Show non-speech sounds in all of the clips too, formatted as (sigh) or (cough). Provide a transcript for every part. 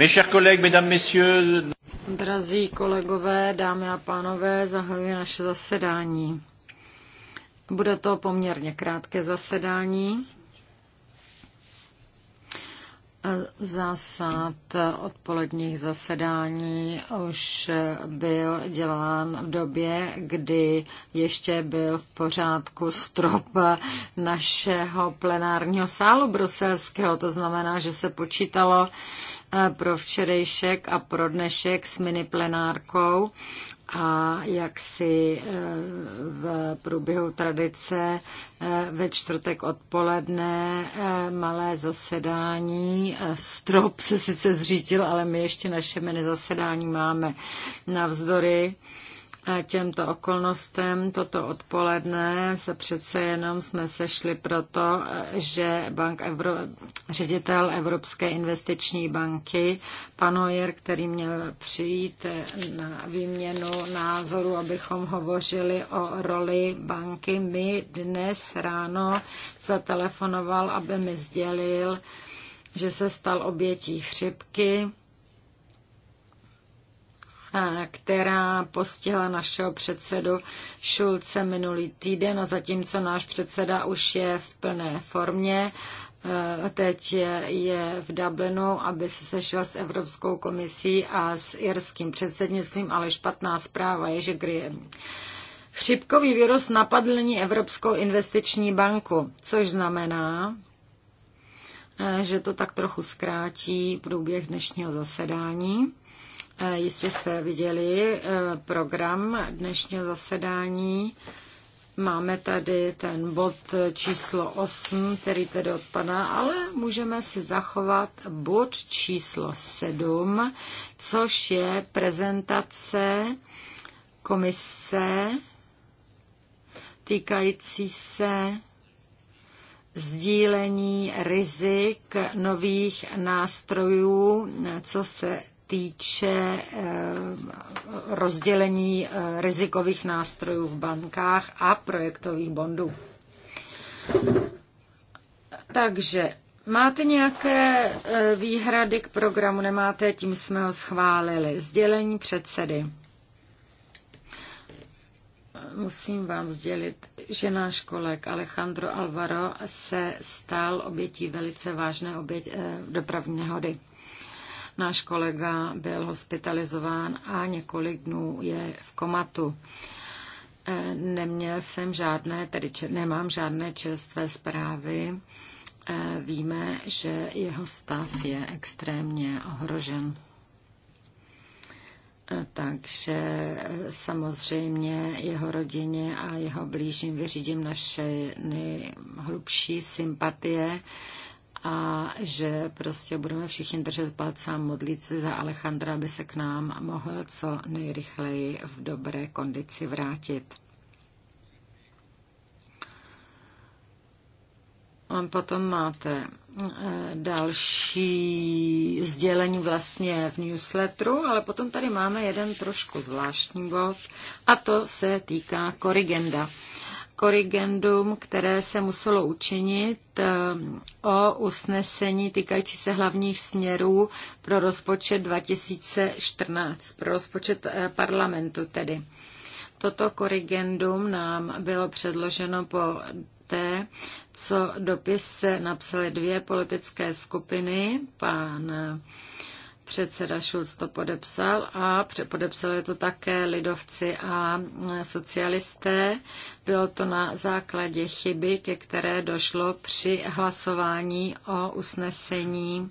Mes chers collègues, mesdames, messieurs. Drazí kolegové, dámy a pánové, zahajuji naše zasedání. Bude to poměrně krátké zasedání. Zásad odpoledních zasedání už byl dělán v době, kdy ještě byl v pořádku strop našeho plenárního sálu bruselského. To znamená, že se počítalo eh, pro včerejšek a pro dnešek s mini plenárkou a jak si eh, v průběhu tradice eh, ve čtvrtek odpoledne eh, malé zasedání. Strop se sice zřítil, ale my ještě naše mini zasedání máme navzdory těmto okolnostem toto odpoledne se přece jenom jsme sešli proto, že bank Evro, ředitel Evropské investiční banky, pan Hoyer, který měl přijít na výměnu názoru, abychom hovořili o roli banky, mi dnes ráno zatelefonoval, aby mi sdělil, že se stal obětí chřipky která postihla našeho předsedu Šulce minulý týden a zatímco náš předseda už je v plné formě, e, teď je, je v Dublinu, aby se sešel s Evropskou komisí a s irským předsednictvím, ale špatná zpráva je, že kdy Chřipkový virus napadl nyní Evropskou investiční banku, což znamená, e, že to tak trochu zkrátí průběh dnešního zasedání. Jistě jste viděli eh, program dnešního zasedání. Máme tady ten bod číslo 8, který tedy odpadá, ale můžeme si zachovat bod číslo 7, což je prezentace komise týkající se sdílení rizik nových nástrojů, co se týče eh, rozdělení eh, rizikových nástrojů v bankách a projektových bondů. Takže máte nějaké eh, výhrady k programu? Nemáte, tím jsme ho schválili. Sdělení předsedy. Musím vám sdělit, že náš kolek Alejandro Alvaro se stal obětí velice vážné oběť, dopravní nehody Náš kolega byl hospitalizován a několik dnů je v komatu. E, neměl jsem žádné, tedy nemám žádné čerstvé zprávy. E, víme, že jeho stav je extrémně ohrožen. E, takže samozřejmě jeho rodině a jeho blížím vyřídím naše nejhlubší sympatie a že prostě budeme všichni držet palce a modlit se za Alejandra, aby se k nám mohl co nejrychleji v dobré kondici vrátit. A Potom máte eh, další sdělení vlastně v newsletteru, ale potom tady máme jeden trošku zvláštní bod a to se týká korigenda korrigendum, které se muselo učinit eh, o usnesení týkající se hlavních směrů pro rozpočet 2014, pro rozpočet eh, parlamentu tedy. Toto korrigendum nám bylo předloženo po té, co dopis se napsaly dvě politické skupiny, pan Předseda Schulz to podepsal a podepsali to také lidovci a socialisté. Bylo to na základě chyby, ke které došlo při hlasování o usnesení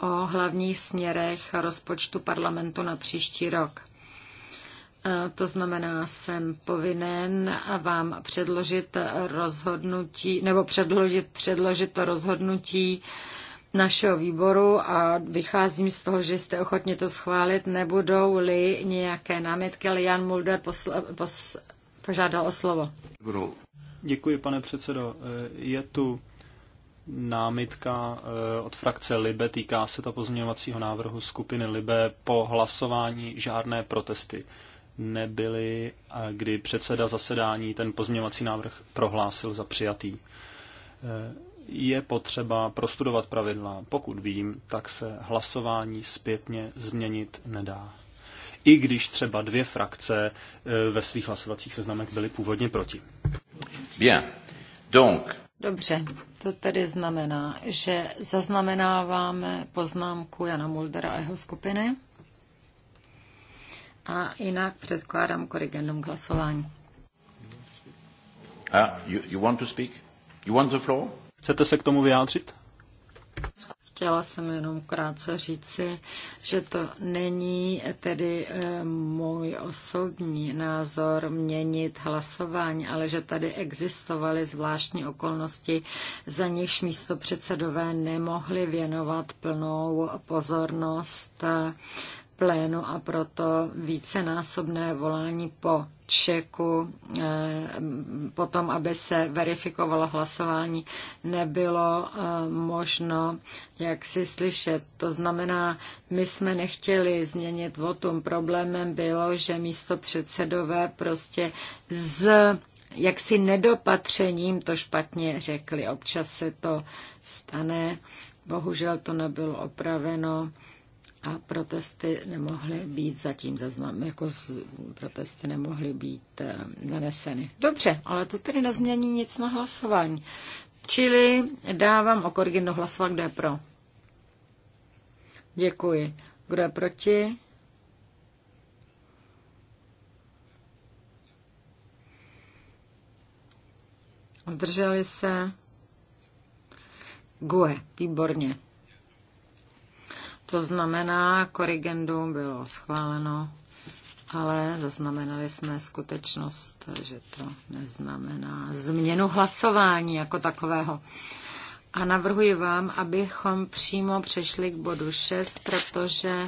o hlavních směrech rozpočtu parlamentu na příští rok. E, to znamená, jsem povinen vám předložit rozhodnutí, nebo předložit, předložit to rozhodnutí našeho výboru a vycházím z toho, že jste ochotně to schválit, nebudou-li nějaké námitky, ale Jan Mulder posl- pos- požádal o slovo. Děkuji, pane předsedo. Eh, je tu námitka eh, od frakce Libe, týká se to pozměňovacího návrhu skupiny Libe. Po hlasování žádné protesty nebyly, kdy předseda zasedání ten pozměňovací návrh prohlásil za přijatý. Eh, je potřeba prostudovat pravidla. Pokud vím, tak se hlasování zpětně změnit nedá. I když třeba dvě frakce eh, ve svých hlasovacích seznamech byly původně proti. Bien. Donc. Dobře, to tedy znamená, že zaznamenáváme poznámku Jana Muldera a jeho skupiny a jinak předkládám korigendum k hlasování. Ah, you, you want to speak? You want the floor? Chcete se k tomu vyjádřit? Chtěla jsem jenom krátce říci, že to není tedy eh, můj osobní názor měnit hlasování, ale že tady existovaly zvláštní okolnosti, za nichž místo předsedové nemohli věnovat plnou pozornost plénu a proto vícenásobné volání po čeku, eh, potom, aby se verifikovalo hlasování, nebylo eh, možno, jak si slyšet. To znamená, my jsme nechtěli změnit votum. Problémem bylo, že místo předsedové prostě z jaksi nedopatřením to špatně řekli. Občas se to stane. Bohužel to nebylo opraveno a protesty nemohly být zatím zaznam, jako protesty nemohly být eh, zaneseny. Dobře, ale to tedy nezmění nic na hlasování. Čili dávám o koriginu hlasovat, kdo je pro. Děkuji. Kdo je proti? Zdrželi se? Gue, výborně. To znamená, korigendum bylo schváleno, ale zaznamenali jsme skutečnost, že to neznamená změnu hlasování jako takového. A navrhuji vám, abychom přímo přešli k bodu 6, protože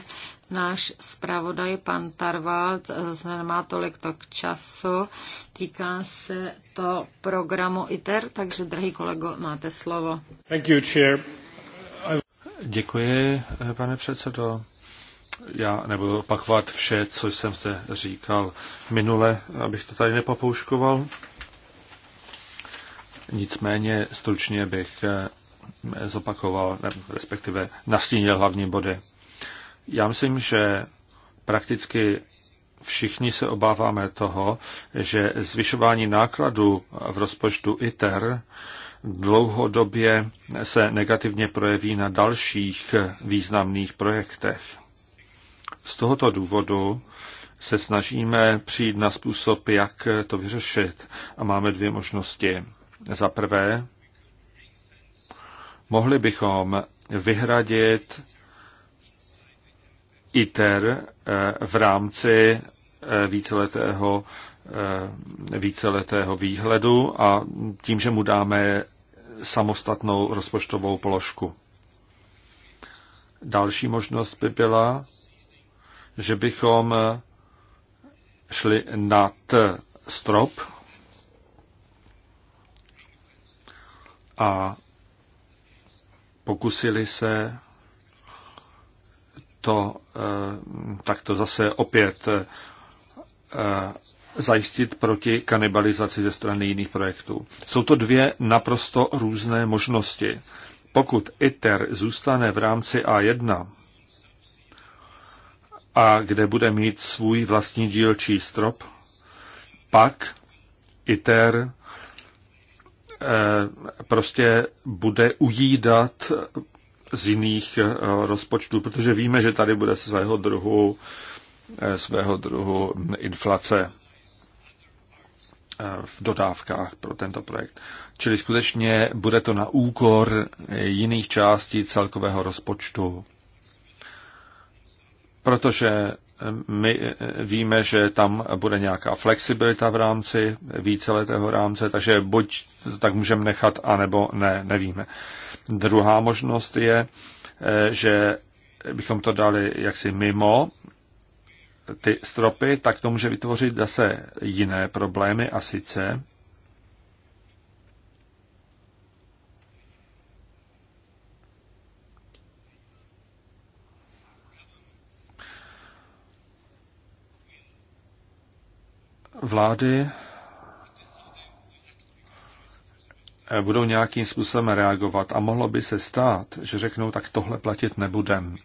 náš zpravodaj pan Tarvald zase nemá tolik tak času. Týká se to programu ITER, takže, drahý kolego, máte slovo. Thank you, chair. Děkuji, eh, pane předsedo. Já nebudu opakovat vše, co jsem zde říkal minule, abych to tady nepopouškoval. Nicméně stručně bych eh, zopakoval, ne, respektive nastínil hlavní body. Já myslím, že prakticky všichni se obáváme toho, že zvyšování nákladů v rozpočtu ITER dlouhodobě se negativně projeví na dalších významných projektech. Z tohoto důvodu se snažíme přijít na způsob, jak to vyřešit. A máme dvě možnosti. Za prvé, mohli bychom vyhradit ITER eh, v rámci eh, víceletého, eh, víceletého výhledu a tím, že mu dáme samostatnou rozpočtovou položku. Další možnost by byla, že bychom šli nad strop a pokusili se to eh, takto zase opět eh, zajistit proti kanibalizaci ze strany jiných projektů. Jsou to dvě naprosto různé možnosti. Pokud ITER zůstane v rámci A1, a kde bude mít svůj vlastní dílčí strop, pak ITER eh, prostě bude ujídat z jiných eh, rozpočtů, protože víme, že tady bude svého druhu, eh, svého druhu inflace. Eh, v dodávkách pro tento projekt. Čili skutečně bude to na úkor eh, jiných částí celkového rozpočtu. Protože eh, my víme, že tam bude nějaká flexibilita v rámci víceletého rámce, takže buď tak můžeme nechat, anebo ne, nevíme. Druhá možnost je, že bychom to dali jaksi mimo ty stropy, tak to může vytvořit zase jiné problémy a sice vlády eh, budou nějakým způsobem reagovat a mohlo by se stát, že řeknou, tak tohle platit nebudem.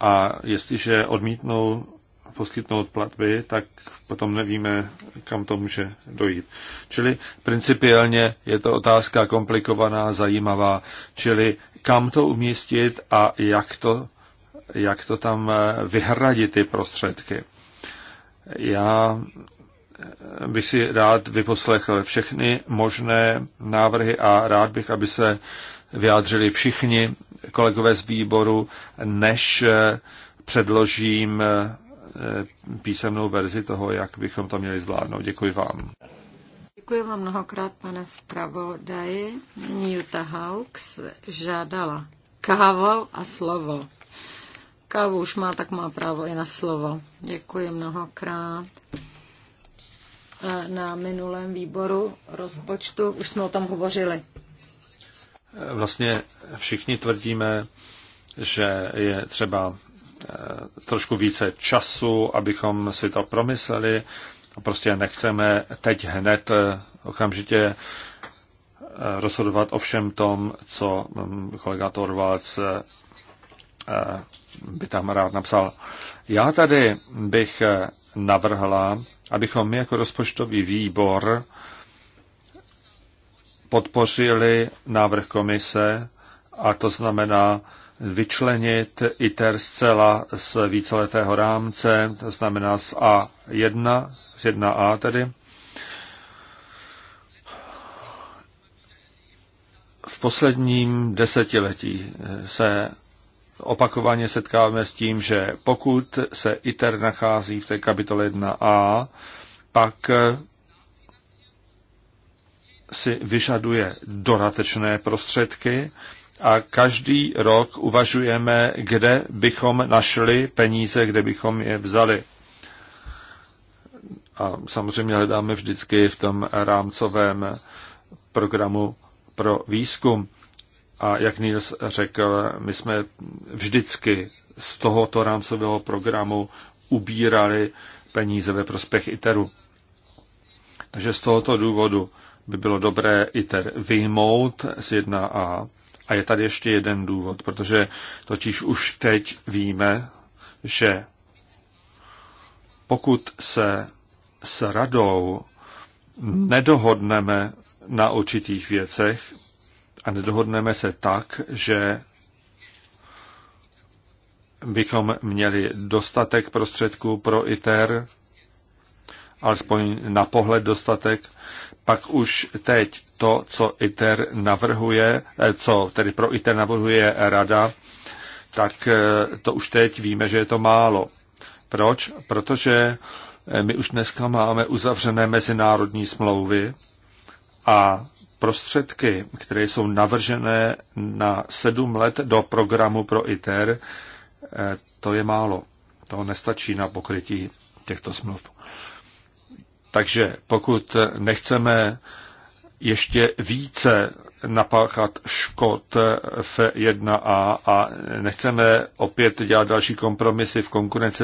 A jestliže odmítnou poskytnout platby, tak potom nevíme, kam to může dojít. Čili principiálně je to otázka komplikovaná, zajímavá, čili kam to umístit a jak to, jak to tam eh, vyhradit ty prostředky. Já eh, bych si rád vyposlechl všechny možné návrhy a rád bych, aby se vyjádřili všichni kolegové z výboru, než eh, předložím eh, písemnou verzi toho, jak bychom to měli zvládnout. Děkuji vám. Děkuji vám mnohokrát, pane zpravodaji. Nyní Jutta Hawks žádala kávo a slovo. Kávu už má, tak má právo i na slovo. Děkuji mnohokrát. Eh, na minulém výboru rozpočtu už jsme o tom hovořili. Vlastně všichni tvrdíme, že je třeba eh, trošku více času, abychom si to promysleli. Prostě nechceme teď hned eh, okamžitě eh, rozhodovat o všem tom, co mm, kolega Torvalds by tam rád napsal. Já tady bych navrhla, abychom my jako rozpočtový výbor podpořili návrh komise a to znamená vyčlenit ITER zcela z víceletého rámce, to znamená z A1, z 1A tedy. V posledním desetiletí se opakovaně setkáváme s tím, že pokud se ITER nachází v té kapitole 1a, pak si vyžaduje dodatečné prostředky a každý rok uvažujeme, kde bychom našli peníze, kde bychom je vzali. A samozřejmě hledáme vždycky v tom rámcovém programu pro výzkum. A jak Nils řekl, my jsme vždycky z tohoto rámcového programu ubírali peníze ve prospěch ITERu. Takže z tohoto důvodu by bylo dobré ITER vyjmout z 1A. A je tady ještě jeden důvod, protože totiž už teď víme, že pokud se s radou nedohodneme na určitých věcech a nedohodneme se tak, že bychom měli dostatek prostředků pro ITER, alespoň na pohled dostatek, pak už teď to, co ITER navrhuje, eh, co tedy pro ITER navrhuje rada, tak eh, to už teď víme, že je to málo. Proč? Protože eh, my už dneska máme uzavřené mezinárodní smlouvy a prostředky, které jsou navržené na sedm let do programu pro ITER, to je málo. To nestačí na pokrytí těchto smluv. Takže pokud nechceme ještě více napáchat škod F1A a nechceme opět dělat další kompromisy v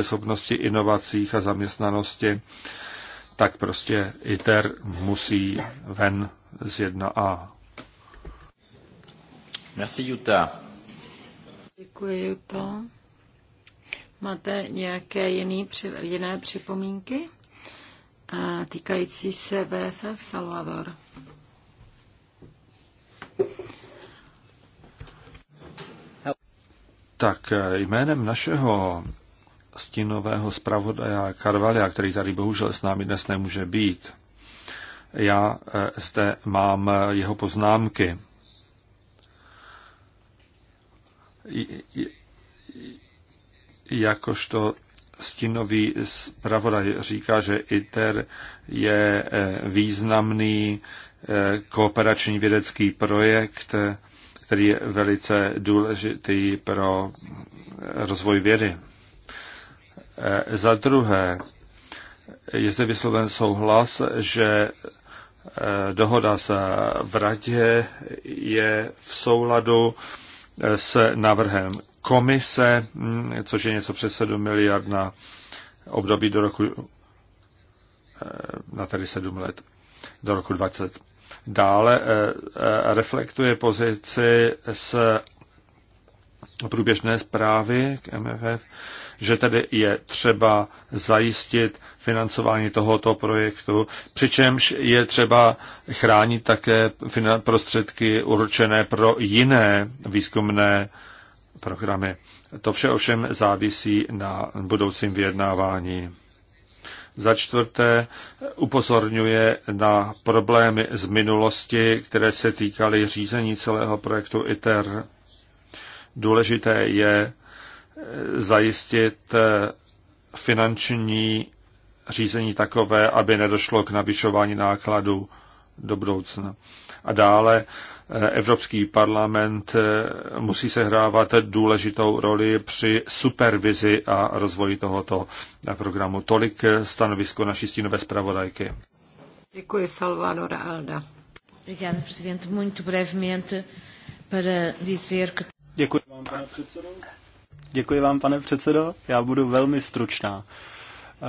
schopnosti, inovacích a zaměstnanosti, tak prostě ITER musí ven z 1A. Merci, Juta. Děkuji, Juta. Máte nějaké jiné připomínky? týkající se VFF Salvador. Tak jménem našeho stínového zpravodaja Karvalia, který tady bohužel s námi dnes nemůže být, já eh, zde mám eh, jeho poznámky. Jakožto stínový zpravodaj říká, že ITER je eh, významný eh, kooperační vědecký projekt, který je velice důležitý pro eh, rozvoj vědy. Za druhé, je zde vysloven souhlas, že dohoda se v radě je v souladu s návrhem komise, mm, což je něco přes 7 miliard na období do roku, eh, na tedy 7 let, do roku 20. Dále eh, eh, reflektuje pozici z průběžné zprávy k MFF, že tedy je třeba zajistit financování tohoto projektu, přičemž je třeba chránit také prostředky určené pro jiné výzkumné programy. To vše ovšem závisí na budoucím vyjednávání. Za čtvrté upozorňuje na problémy z minulosti, které se týkaly řízení celého projektu ITER. Důležité je eh, zajistit eh, finanční řízení takové, aby nedošlo k navyšování nákladů do budoucna. A dále Evropský parlament eh, musí sehrávat důležitou roli při supervizi a rozvoji tohoto programu. Tolik eh, stanovisko naší stínové zpravodajky. Děkuji, Salvador Alda. Obrigada, Presidente. Muito brevemente para dizer que... Děkuji vám, pane předsedo. Děkuji vám, pane předsedo. Já budu velmi stručná.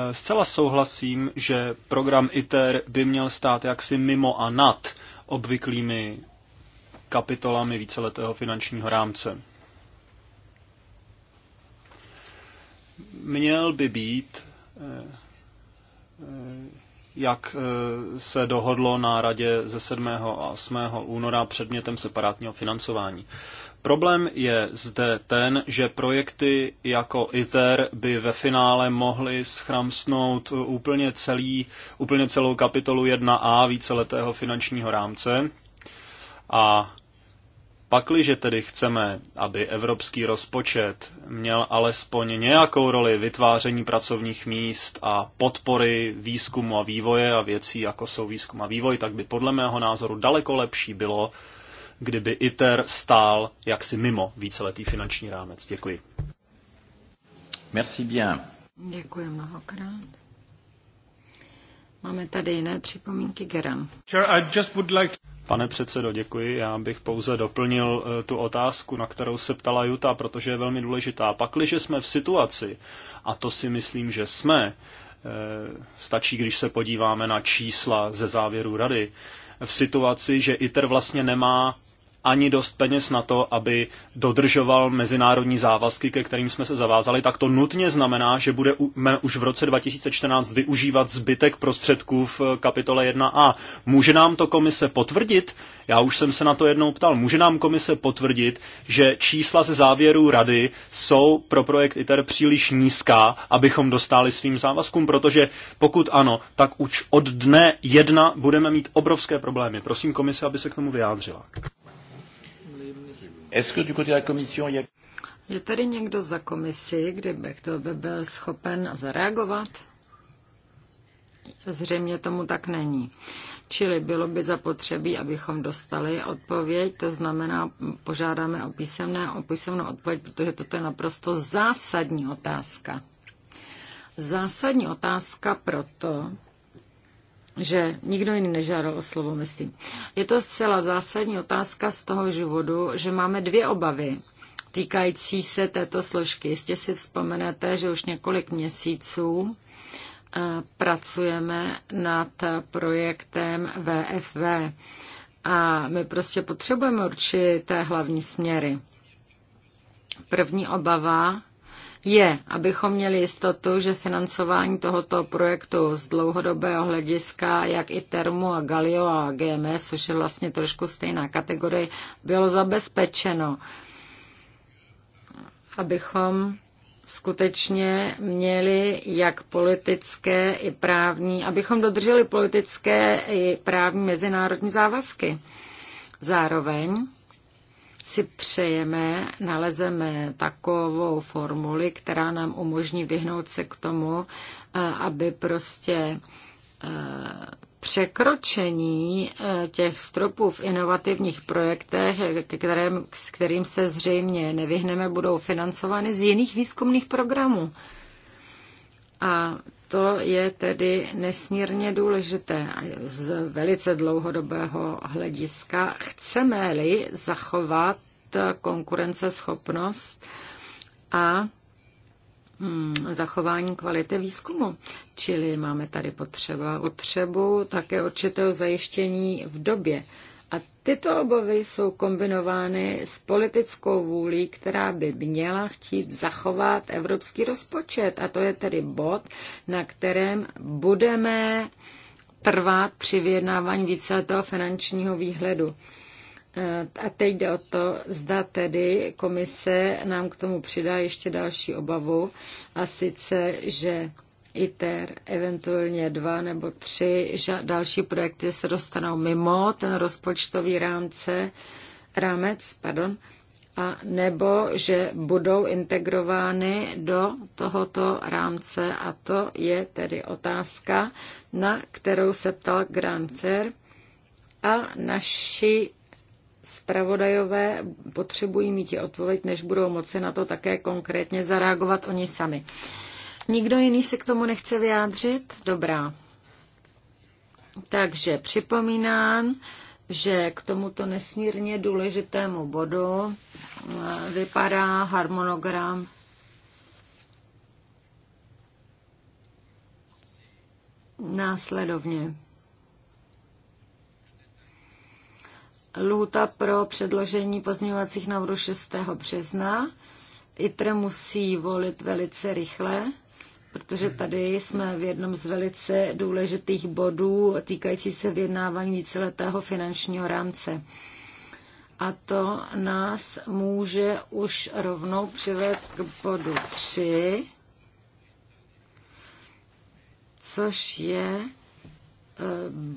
Eh, zcela souhlasím, že program ITER by měl stát jaksi mimo a nad obvyklými kapitolami víceletého finančního rámce. Měl by být, eh, eh, jak eh, se dohodlo na radě ze 7. a 8. února, předmětem separátního financování. Problém je zde ten, že projekty jako ITER by ve finále mohly schramsnout úplně, celý, úplně celou kapitolu 1a víceletého finančního rámce a Pakliže tedy chceme, aby evropský rozpočet měl alespoň nějakou roli vytváření pracovních míst a podpory výzkumu a vývoje a věcí, jako jsou výzkum a vývoj, tak by podle mého názoru daleko lepší bylo, kdyby ITER stál jaksi mimo víceletý finanční rámec. Děkuji. Merci bien. Děkuji mnohokrát. Máme tady jiné připomínky, Geran. Pane předsedo, děkuji. Já bych pouze doplnil eh, tu otázku, na kterou se ptala Juta, protože je velmi důležitá. Pakliže jsme v situaci, a to si myslím, že jsme, eh, stačí, když se podíváme na čísla ze závěru rady, v situaci, že ITER vlastně nemá ani dost peněz na to, aby dodržoval mezinárodní závazky, ke kterým jsme se zavázali, tak to nutně znamená, že budeme už v roce 2014 využívat zbytek prostředků v eh, kapitole 1a. Může nám to komise potvrdit? Já už jsem se na to jednou ptal. Může nám komise potvrdit, že čísla ze závěrů rady jsou pro projekt ITER příliš nízká, abychom dostali svým závazkům, protože pokud ano, tak už od dne jedna budeme mít obrovské problémy. Prosím komise, aby se k tomu vyjádřila. Je tady někdo za komisi, kdyby kdo by byl schopen zareagovat? Zřejmě tomu tak není. Čili bylo by zapotřebí, abychom dostali odpověď, to znamená, požádáme o, písemné, o písemnou odpověď, protože toto je naprosto zásadní otázka. Zásadní otázka proto, že nikdo jiný nežádal o slovo, myslím. Je to zcela zásadní otázka z toho důvodu, že máme dvě obavy týkající se této složky. Jistě si vzpomenete, že už několik měsíců eh, pracujeme nad projektem VFV a my prostě potřebujeme určité hlavní směry. První obava je, abychom měli jistotu, že financování tohoto projektu z dlouhodobého hlediska, jak i Termu a Galio a GMS, což je vlastně trošku stejná kategorie, bylo zabezpečeno. Abychom skutečně měli jak politické i právní, abychom dodrželi politické i právní mezinárodní závazky. Zároveň si přejeme, nalezeme takovou formuli, která nám umožní vyhnout se k tomu, eh, aby prostě eh, překročení eh, těch stropů v inovativních projektech, kterým, s kterým se zřejmě nevyhneme, budou financovány z jiných výzkumných programů. A to je tedy nesmírně důležité z velice dlouhodobého hlediska. Chceme-li zachovat konkurenceschopnost a hm, zachování kvality výzkumu. Čili máme tady potřeba, potřebu také určitého zajištění v době. Tyto obavy jsou kombinovány s politickou vůlí, která by měla chtít zachovat evropský rozpočet. A to je tedy bod, na kterém budeme trvat při vyjednávání víceletého finančního výhledu. E, a teď jde o to, zda tedy komise nám k tomu přidá ještě další obavu, a sice, že ITER, eventuálně dva nebo tři další projekty se dostanou mimo ten rozpočtový rámce, rámec, pardon, a nebo že budou integrovány do tohoto rámce a to je tedy otázka, na kterou se ptal Grand Fair a naši spravodajové potřebují mít odpověď, než budou moci na to také konkrétně zareagovat oni sami. Nikdo jiný se k tomu nechce vyjádřit? Dobrá. Takže připomínám, že k tomuto nesmírně důležitému bodu eh, vypadá harmonogram následovně. Lůta pro předložení pozměňovacích návrhů 6. března. ITRE musí volit velice rychle protože tady jsme v jednom z velice důležitých bodů týkající se vyjednávání víceletého finančního rámce. A to nás může už rovnou přivést k bodu 3, což je eh,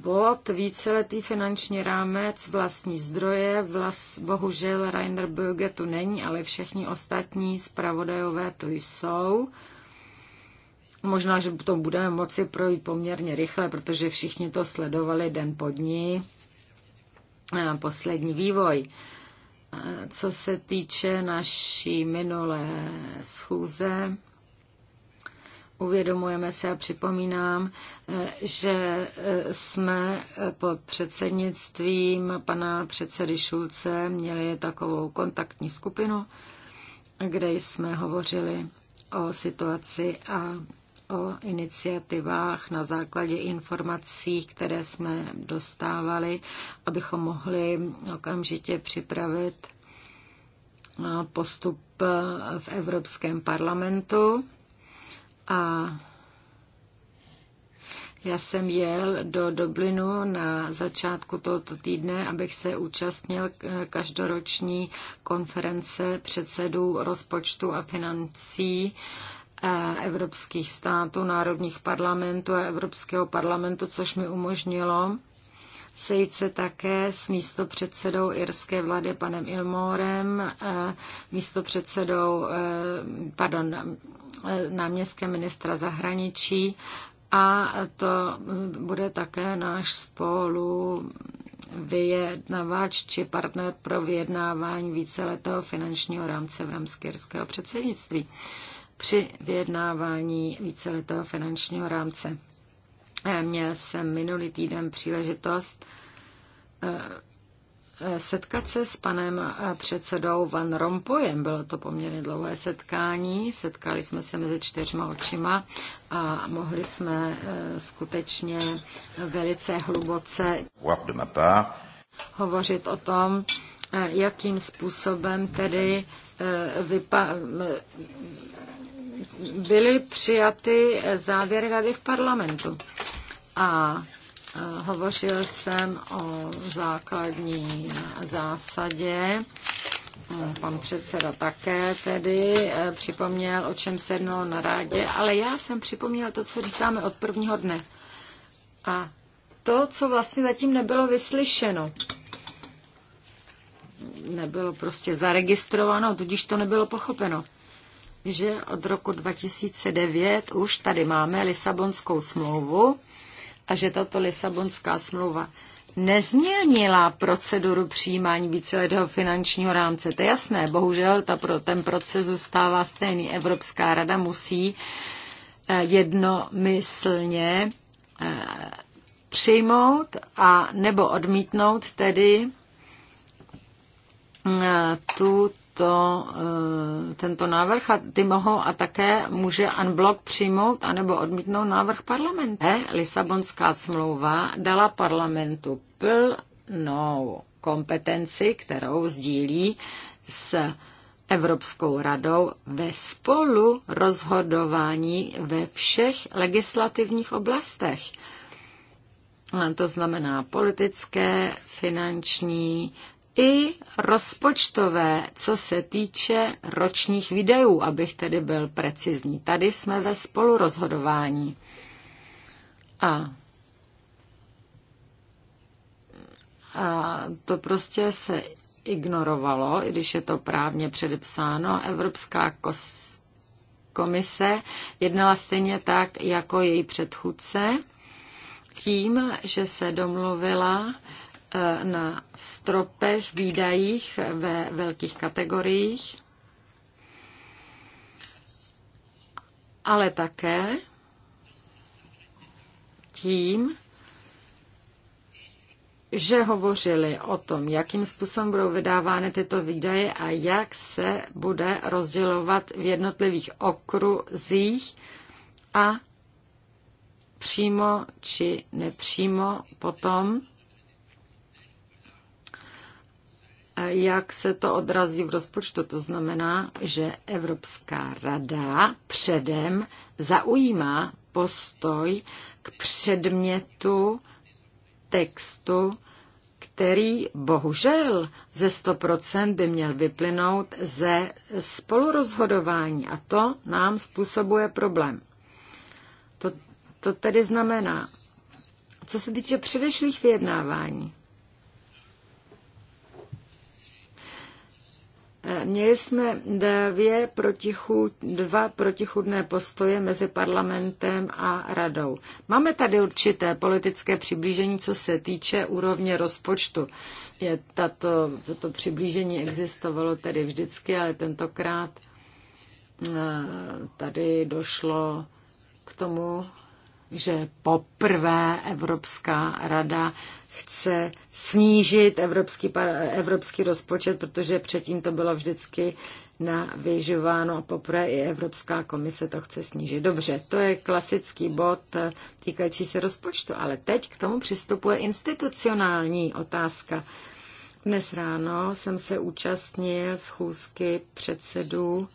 bod víceletý finanční rámec, vlastní zdroje, vlast, bohužel Rainer Böge tu není, ale všichni ostatní zpravodajové tu jsou. Možná, že to budeme moci projít poměrně rychle, protože všichni to sledovali den po dní. Poslední vývoj. Co se týče naší minulé schůze, uvědomujeme se a připomínám, že jsme pod předsednictvím pana předsedy Šulce měli takovou kontaktní skupinu, kde jsme hovořili o situaci a o iniciativách na základě informací, které jsme dostávali, abychom mohli okamžitě připravit eh, postup eh, v Evropském parlamentu. A já jsem jel do Dublinu na začátku tohoto týdne, abych se účastnil eh, každoroční konference předsedů rozpočtu a financí evropských států, národních parlamentů a Evropského parlamentu, což mi umožnilo sejít se také s místopředsedou irské vlády panem Ilmorem, eh, místopředsedou, eh, pardon, eh, náměstkem ministra zahraničí a to bude také náš spolu vyjednavač či partner pro vyjednávání víceletého finančního rámce v rámci irského předsednictví při vyjednávání víceletého finančního rámce. Eh, měl jsem minulý týden příležitost eh, eh, setkat se s panem předsedou Van Rompojem. Bylo to poměrně dlouhé setkání, setkali jsme se mezi čtyřma očima a mohli jsme skutečně velice hluboce hovořit o tom, jakým způsobem tedy vypa- byly přijaty závěry rady v parlamentu. A hovořil jsem o základní zásadě. Pan předseda také tedy e, připomněl, o čem se jednalo na rádě, ale já jsem připomněl to, co říkáme od prvního dne. A to, co vlastně zatím nebylo vyslyšeno, nebylo prostě zaregistrováno, tudíž to nebylo pochopeno že od roku 2009 už tady máme Lisabonskou smlouvu a že tato Lisabonská smlouva nezměnila proceduru přijímání víceletého finančního rámce. To je jasné, bohužel ta pro, ten proces zůstává stejný. Evropská rada musí eh, jednomyslně eh, přijmout a nebo odmítnout tedy mm, eh, tu tuto, eh, tento návrh a ty mohou a také může unblock přijmout anebo odmítnout návrh parlamentu. Eh, Lisabonská smlouva dala parlamentu plnou kompetenci, kterou sdílí s Evropskou radou ve spolu rozhodování ve všech legislativních oblastech. Eh, to znamená politické, finanční, i rozpočtové, co se týče ročních videů, abych tedy byl precizní. Tady jsme ve spolurozhodování. A A to prostě se ignorovalo, i když je to právně předepsáno. Evropská komise jednala stejně tak jako její předchůdce tím, že se domluvila Eh, na stropech výdajích ve velkých kategoriích, ale také tím, že hovořili o tom, jakým způsobem budou vydávány tyto výdaje a jak se bude rozdělovat v jednotlivých okruzích a přímo či nepřímo potom jak se to odrazí v rozpočtu. To znamená, že Evropská rada předem zaujímá postoj k předmětu textu, který bohužel ze 100% by měl vyplynout ze spolurozhodování a to nám způsobuje problém. To, to tedy znamená, co se týče předešlých vyjednávání, Eh, měli jsme dvě protichud, dva protichudné postoje mezi parlamentem a radou. Máme tady určité politické přiblížení, co se týče úrovně rozpočtu. Je tato, toto přiblížení existovalo tedy vždycky, ale tentokrát eh, tady došlo k tomu, že poprvé Evropská rada chce snížit evropský, evropský rozpočet, protože předtím to bylo vždycky navěžováno a poprvé i Evropská komise to chce snížit. Dobře, to je klasický bod eh, týkající se rozpočtu, ale teď k tomu přistupuje institucionální otázka. Dnes ráno jsem se účastnil schůzky předsedů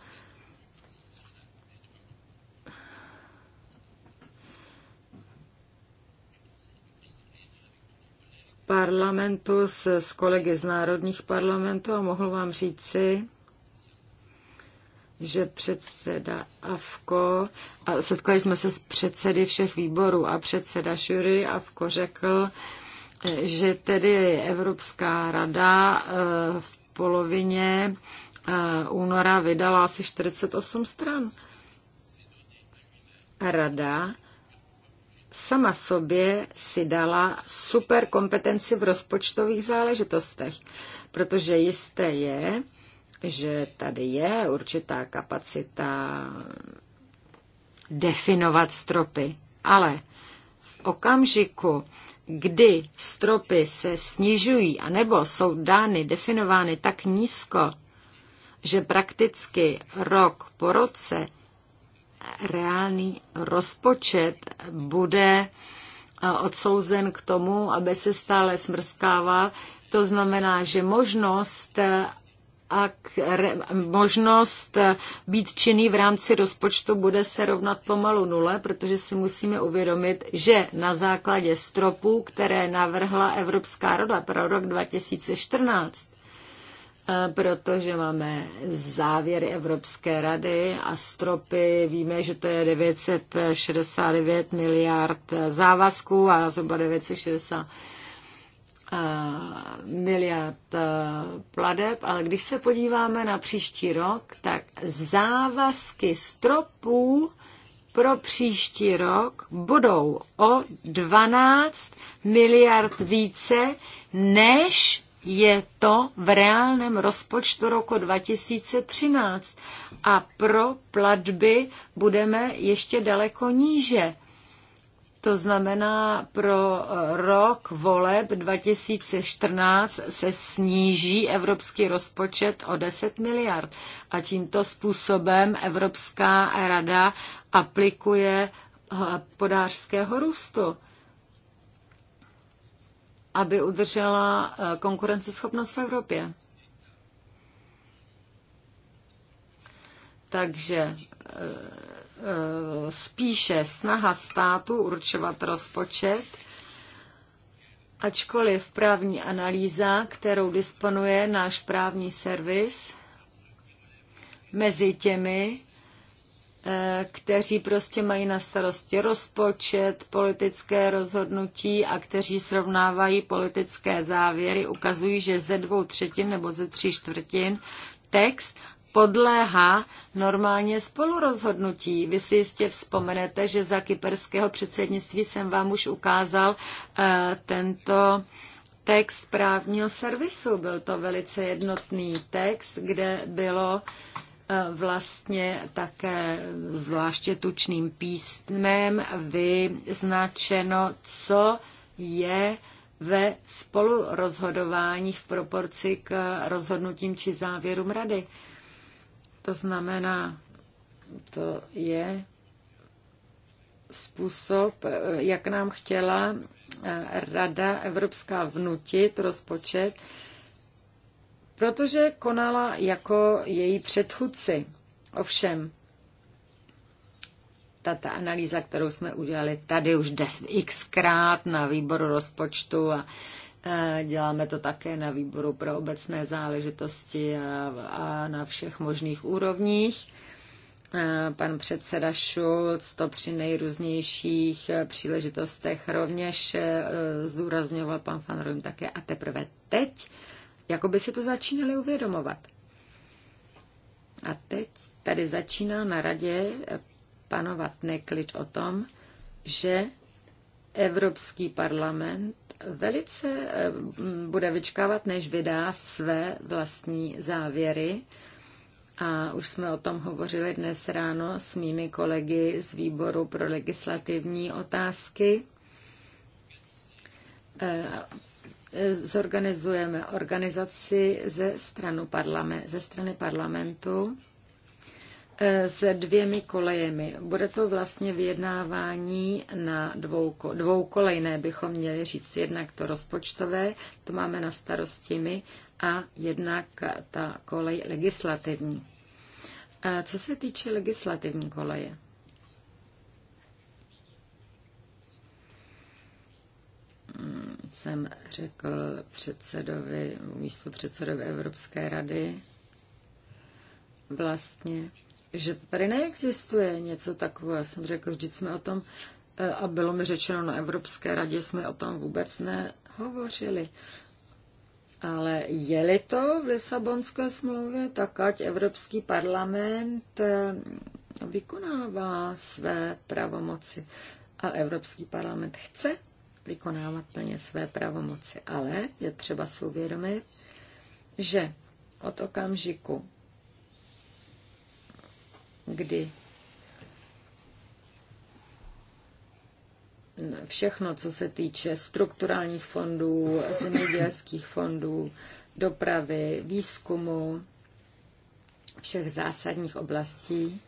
parlamentu s, s kolegy z národních parlamentů a mohl vám říci, že předseda AFKO, a setkali jsme se s předsedy všech výborů a předseda Šury AFKO řekl, že tedy Evropská rada eh, v polovině eh, února vydala asi 48 stran. Rada sama sobě si dala super kompetenci v rozpočtových záležitostech, protože jisté je, že tady je určitá kapacita definovat stropy, ale v okamžiku, kdy stropy se snižují a nebo jsou dány, definovány tak nízko, že prakticky rok po roce reálný rozpočet bude eh, odsouzen k tomu, aby se stále smrskával. To znamená, že možnost eh, a re, možnost eh, být činný v rámci rozpočtu bude se rovnat pomalu nule, protože si musíme uvědomit, že na základě stropů, které navrhla Evropská rada pro rok 2014, protože máme závěry Evropské rady a stropy, víme, že to je 969 miliard závazků a zhruba 960 miliard pladeb, ale když se podíváme na příští rok, tak závazky stropů pro příští rok budou o 12 miliard více, než je to v reálném rozpočtu roku 2013 a pro platby budeme ještě daleko níže. To znamená, pro rok voleb 2014 se sníží evropský rozpočet o 10 miliard. A tímto způsobem Evropská rada aplikuje eh, podářského růstu aby udržela eh, konkurenceschopnost v Evropě. Takže eh, eh, spíše snaha státu určovat rozpočet, ačkoliv právní analýza, kterou disponuje náš právní servis, mezi těmi, Eh, kteří prostě mají na starosti rozpočet, politické rozhodnutí a kteří srovnávají politické závěry, ukazují, že ze dvou třetin nebo ze tří čtvrtin text podléhá normálně spolurozhodnutí. Vy si jistě vzpomenete, že za kyperského předsednictví jsem vám už ukázal eh, tento text právního servisu. Byl to velice jednotný text, kde bylo E, vlastně také zvláště tučným písmem vyznačeno, co je ve spolurozhodování v proporci k rozhodnutím či závěrům rady. To znamená, to je způsob, e, jak nám chtěla e, Rada Evropská vnutit rozpočet, protože konala jako její předchůdci. Ovšem, ta analýza, kterou jsme udělali tady už xkrát na výboru rozpočtu a e, Děláme to také na výboru pro obecné záležitosti a, a na všech možných úrovních. E, pan předseda Šulc to při nejrůznějších e, příležitostech rovněž zdůrazňoval pan Van také a teprve teď jako by si to začínali uvědomovat. A teď tady začíná na radě panovat neklid o tom, že Evropský parlament velice eh, bude vyčkávat, než vydá své vlastní závěry. A už jsme o tom hovořili dnes ráno s mými kolegy z výboru pro legislativní otázky. Eh, zorganizujeme organizaci ze, stranu parlame, ze strany parlamentu eh, se dvěmi kolejemi. Bude to vlastně vyjednávání na dvou, dvou kolejné, bychom měli říct. Jednak to rozpočtové, to máme na starosti my, a jednak ta kolej legislativní. Eh, co se týče legislativní koleje, jsem řekl předsedovi, místo předsedovi Evropské rady, vlastně, že to tady neexistuje něco takového. Já jsem řekl, vždyť jsme o tom, eh, a bylo mi řečeno na Evropské radě, jsme o tom vůbec nehovořili. Ale je-li to v Lisabonské smlouvě, tak ať Evropský parlament eh, vykonává své pravomoci. A Evropský parlament chce vykonávat plně své pravomoci. Ale je třeba si uvědomit, že od okamžiku, kdy všechno, co se týče strukturálních fondů, zemědělských fondů, dopravy, výzkumu, všech zásadních oblastí,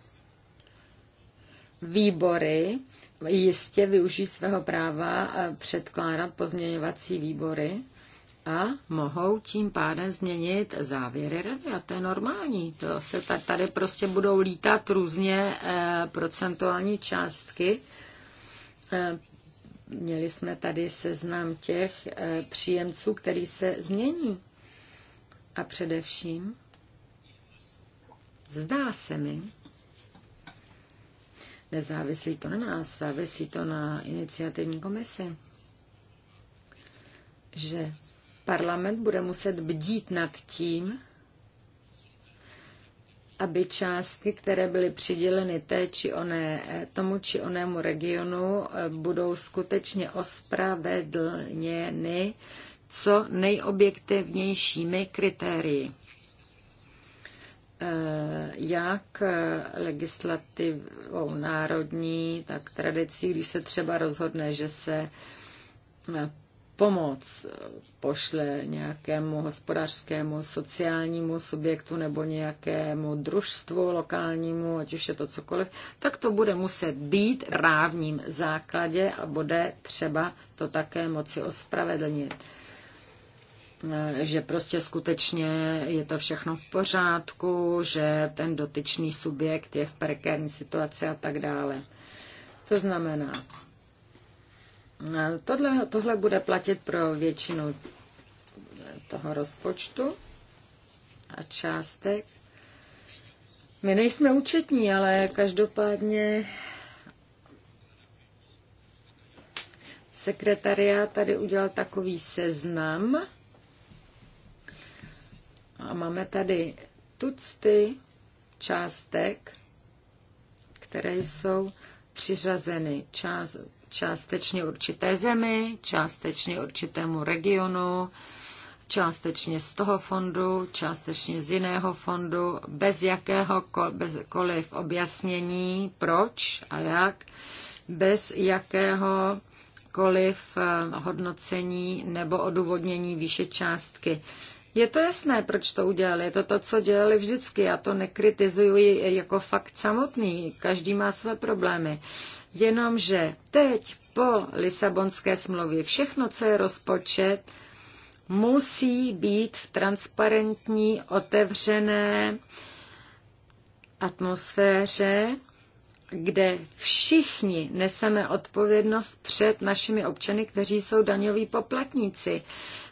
výbory jistě využijí svého práva eh, předkládat pozměňovací výbory a mohou tím pádem změnit závěry rady a to je normální. To se tady prostě budou lítat různě eh, procentuální částky. Eh, měli jsme tady seznam těch příjemců, který se změní. A především zdá se mi, Nezávislí to na nás, závisí to na iniciativní komisi. Že parlament bude muset bdít nad tím, aby částky, které byly přiděleny té či oné, tomu či onému regionu, eh, budou skutečně ospravedlněny co nejobjektivnějšími kritérii. Eh, jak eh, legislativou národní, tak tradicí, když se třeba rozhodne, že se eh, pomoc pošle nějakému hospodářskému, sociálnímu subjektu nebo nějakému družstvu lokálnímu, ať už je to cokoliv, tak to bude muset být rávním základě a bude třeba to také moci ospravedlnit že prostě skutečně je to všechno v pořádku, že ten dotyčný subjekt je v prekérní situaci a tak dále. To znamená, tohle, tohle bude platit pro většinu toho rozpočtu a částek. My nejsme účetní, ale každopádně sekretariát tady udělal takový seznam, a máme tady tucty částek, které jsou přiřazeny část, částečně určité zemi, částečně určitému regionu, částečně z toho fondu, částečně z jiného fondu, bez jakéhokoliv objasnění, proč a jak, bez jakéhokoliv eh, hodnocení nebo odůvodnění výše částky. Je to jasné, proč to udělali. Je to to, co dělali vždycky. Já to nekritizuji jako fakt samotný. Každý má své problémy. Jenomže teď po Lisabonské smlouvě všechno, co je rozpočet, musí být v transparentní, otevřené atmosféře, kde všichni neseme odpovědnost před našimi občany, kteří jsou daňoví poplatníci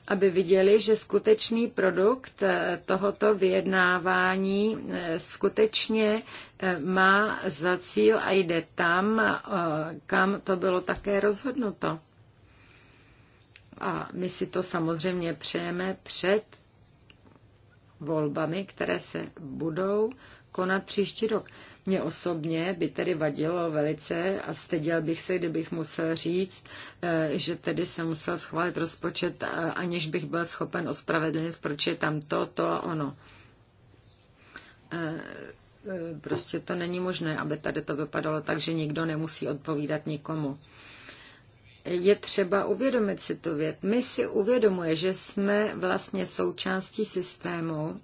aby viděli, že skutečný produkt eh, tohoto vyjednávání eh, skutečně eh, má za cíl a jde tam, kam to bylo také rozhodnuto. A my si to samozřejmě přejeme před volbami, které se budou konat příští rok. Mně osobně by tedy vadilo velice a styděl bych se, kdybych musel říct, eh, že tedy se musel schválit rozpočet, eh, aniž bych byl schopen ospravedlnit, proč je tam to, to a ono. Eh, prostě to není možné, aby tady to vypadalo tak, že nikdo nemusí odpovídat nikomu je třeba uvědomit si tu věc. My si uvědomuje, že jsme vlastně součástí systému,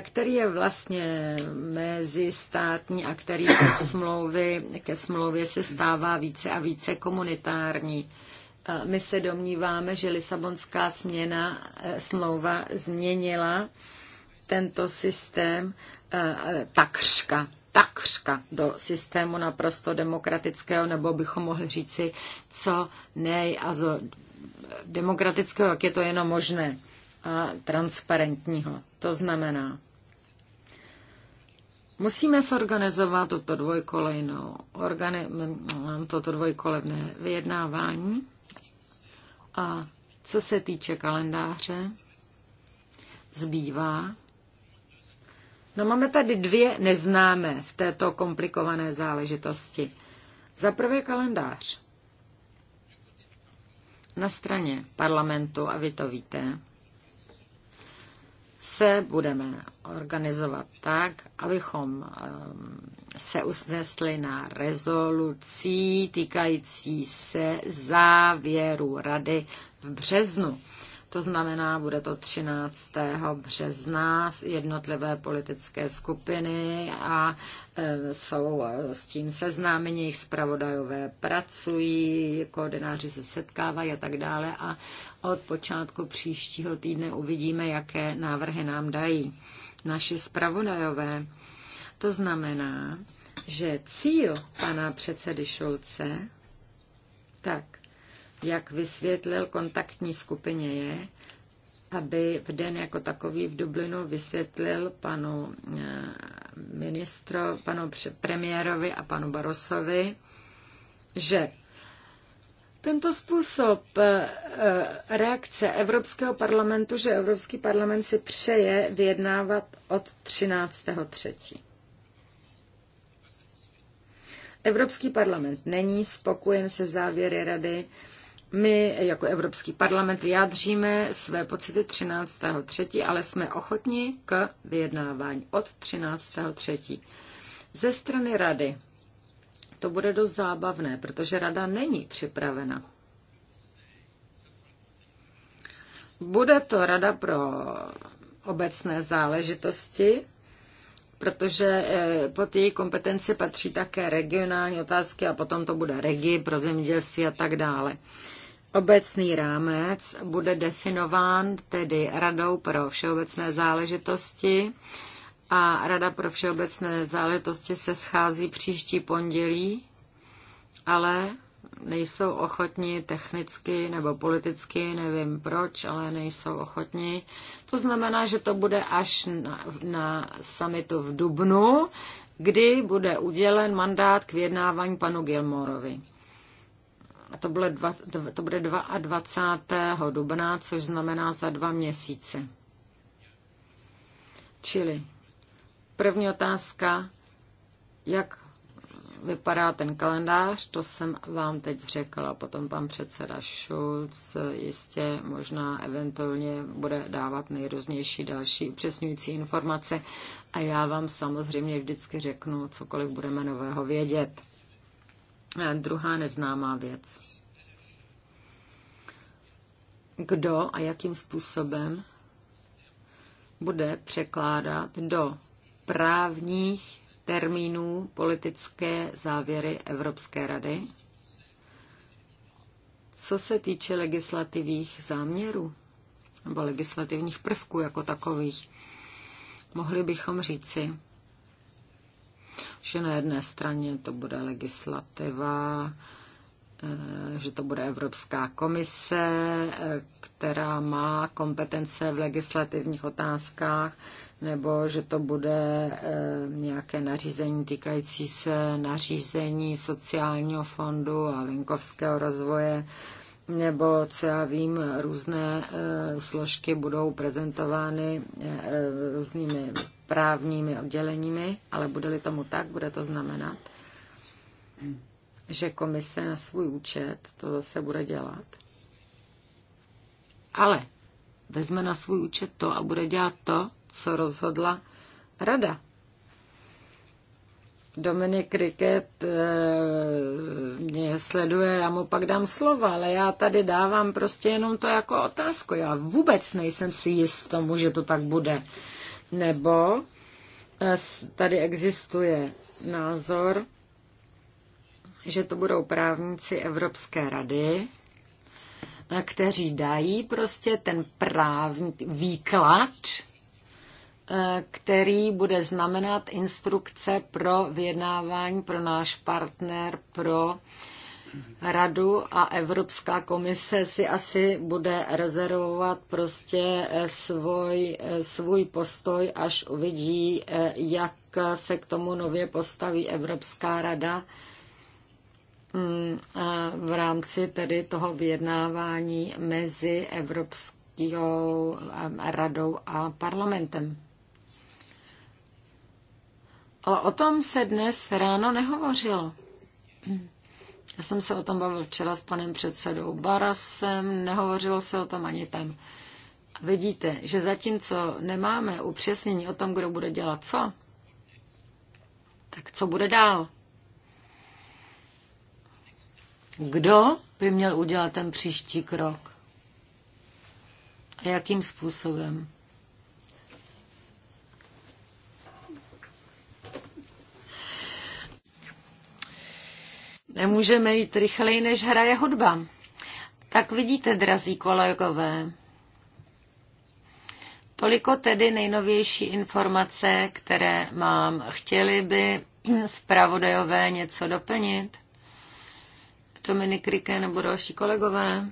který je vlastně mezi státní a který smlouvy ke smlouvě se stává více a více komunitární. My se domníváme, že Lisabonská směna, e, smlouva změnila tento systém e, takřka, takřka do systému naprosto demokratického, nebo bychom mohli říci, co nej a demokratického, jak je to jenom možné a transparentního. To znamená, musíme zorganizovat toto dvojkolejnou, organi, mm, toto dvojkolevné vyjednávání a co se týče kalendáře, zbývá. No máme tady dvě neznámé v této komplikované záležitosti. Za prvé kalendář. Na straně parlamentu, a vy to víte, se budeme organizovat tak, abychom ehm, se usnesli na rezolucí týkající se závěru rady v březnu. To znamená, bude to 13. března jednotlivé politické skupiny a e, jsou e, s tím seznámení, jejich zpravodajové pracují, koordináři se setkávají a tak dále a od počátku příštího týdne uvidíme, jaké návrhy nám dají naši zpravodajové. To znamená, že cíl pana předsedy Šulce, tak jak vysvětlil kontaktní skupině je, aby v den jako takový v Dublinu vysvětlil panu eh, ministro, panu premiérovi a panu Barosovi, že tento způsob eh, eh, reakce Evropského parlamentu, že Evropský parlament si přeje vyjednávat od 13.3. Evropský parlament není spokojen se závěry rady, my jako Evropský parlament vyjádříme své pocity 13.3., ale jsme ochotni k vyjednávání od 13.3. Ze strany rady to bude dost zábavné, protože rada není připravena. Bude to rada pro obecné záležitosti, protože eh, pod její kompetenci patří také regionální otázky a potom to bude regi pro zemědělství a tak dále. Obecný rámec bude definován tedy Radou pro všeobecné záležitosti a Rada pro všeobecné záležitosti se schází příští pondělí, ale nejsou ochotni technicky nebo politicky, nevím proč, ale nejsou ochotni. To znamená, že to bude až na, na summitu v Dubnu, kdy bude udělen mandát k vyjednávání panu Gilmorovi to, bude dva, to bude 22. dubna, což znamená za dva měsíce. Čili první otázka, jak vypadá ten kalendář, to jsem vám teď řekla. Potom pan předseda Schulz jistě možná eventuálně bude dávat nejrůznější další upřesňující informace a já vám samozřejmě vždycky řeknu, cokoliv budeme nového vědět druhá neznámá věc. Kdo a jakým způsobem bude překládat do právních termínů politické závěry Evropské rady? Co se týče legislativních záměrů nebo legislativních prvků jako takových, mohli bychom říci, že na jedné straně to bude legislativa, eh, že to bude Evropská komise, eh, která má kompetence v legislativních otázkách, nebo že to bude eh, nějaké nařízení týkající se nařízení sociálního fondu a venkovského rozvoje nebo co já vím, různé e, složky budou prezentovány e, různými právními odděleními, ale bude-li tomu tak, bude to znamenat, že komise na svůj účet to zase bude dělat. Ale vezme na svůj účet to a bude dělat to, co rozhodla rada. Dominik Riket eh, mě sleduje, já mu pak dám slova, ale já tady dávám prostě jenom to jako otázku. Já vůbec nejsem si jist tomu, že to tak bude. Nebo eh, tady existuje názor, že to budou právníci Evropské rady, eh, kteří dají prostě ten právní výklad který bude znamenat instrukce pro vyjednávání pro náš partner, pro radu a Evropská komise si asi bude rezervovat prostě eh, svůj, eh, svůj postoj, až uvidí, eh, jak se k tomu nově postaví Evropská rada mm, v rámci tedy toho vyjednávání mezi Evropskou radou a parlamentem. Ale o tom se dnes ráno nehovořilo. Já jsem se o tom bavil včera s panem předsedou Barasem, nehovořilo se o tom ani tam. A vidíte, že zatímco nemáme upřesnění o tom, kdo bude dělat co, tak co bude dál? Kdo by měl udělat ten příští krok? A jakým způsobem? Nemůžeme jít rychleji, než hraje hudba. Tak vidíte, drazí kolegové. Toliko tedy nejnovější informace, které mám. Chtěli by zpravodajové něco doplnit? Dominik Rike nebo další kolegové?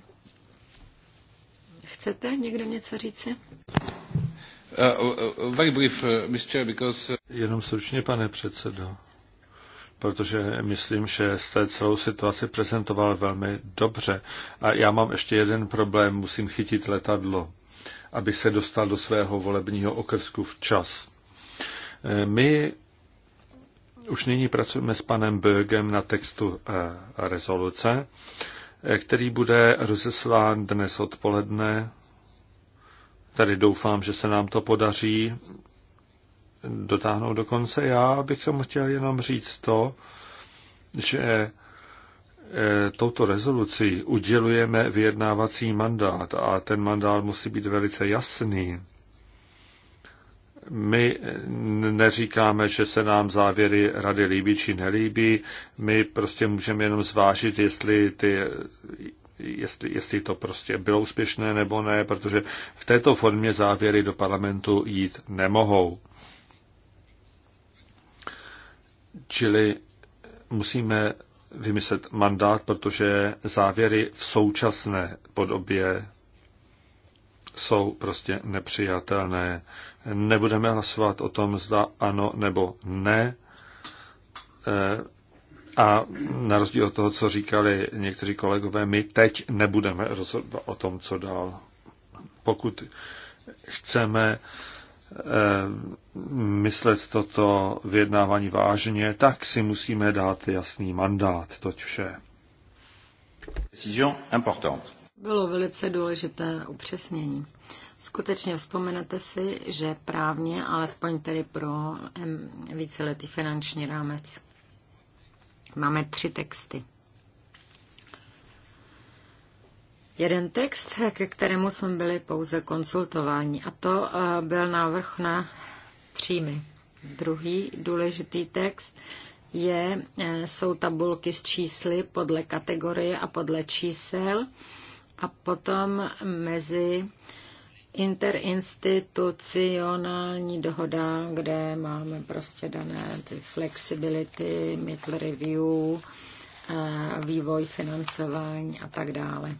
Chcete někdo něco říci? Uh, uh, uh very brief, uh, Mr. Chair, because... Uh, Jenom stručně, pane předsedo protože myslím, že jste celou situaci prezentoval velmi dobře. A já mám ještě jeden problém, musím chytit letadlo, aby se dostal do svého volebního okrsku včas. Eh, my už nyní pracujeme s panem Bögem na textu eh, rezoluce, eh, který bude rozeslán dnes odpoledne. Tady doufám, že se nám to podaří dotáhnout do konce. Já bych tomu chtěl jenom říct to, že e, touto rezolucí udělujeme vyjednávací mandát a ten mandát musí být velice jasný. My neříkáme, že se nám závěry rady líbí či nelíbí, my prostě můžeme jenom zvážit, jestli ty jestli, jestli to prostě bylo úspěšné nebo ne, protože v této formě závěry do parlamentu jít nemohou. Čili musíme vymyslet mandát, protože závěry v současné podobě jsou prostě nepřijatelné. Nebudeme hlasovat o tom, zda ano nebo ne. Eh, a na rozdíl od toho, co říkali někteří kolegové, my teď nebudeme rozhodovat o tom, co dál. Pokud chceme Eh, myslet toto vyjednávání vážně, tak si musíme dát jasný mandát. Toť vše. Bylo velice důležité upřesnění. Skutečně vzpomenete si, že právně, alespoň tedy pro víceletý finanční rámec, máme tři texty. jeden text, ke kterému jsme byli pouze konsultováni, a to eh, byl návrh na příjmy. Druhý důležitý text je, eh, jsou tabulky s čísly podle kategorie a podle čísel a potom mezi interinstitucionální dohoda, kde máme prostě dané ty flexibility, mid review, eh, vývoj financování a tak dále.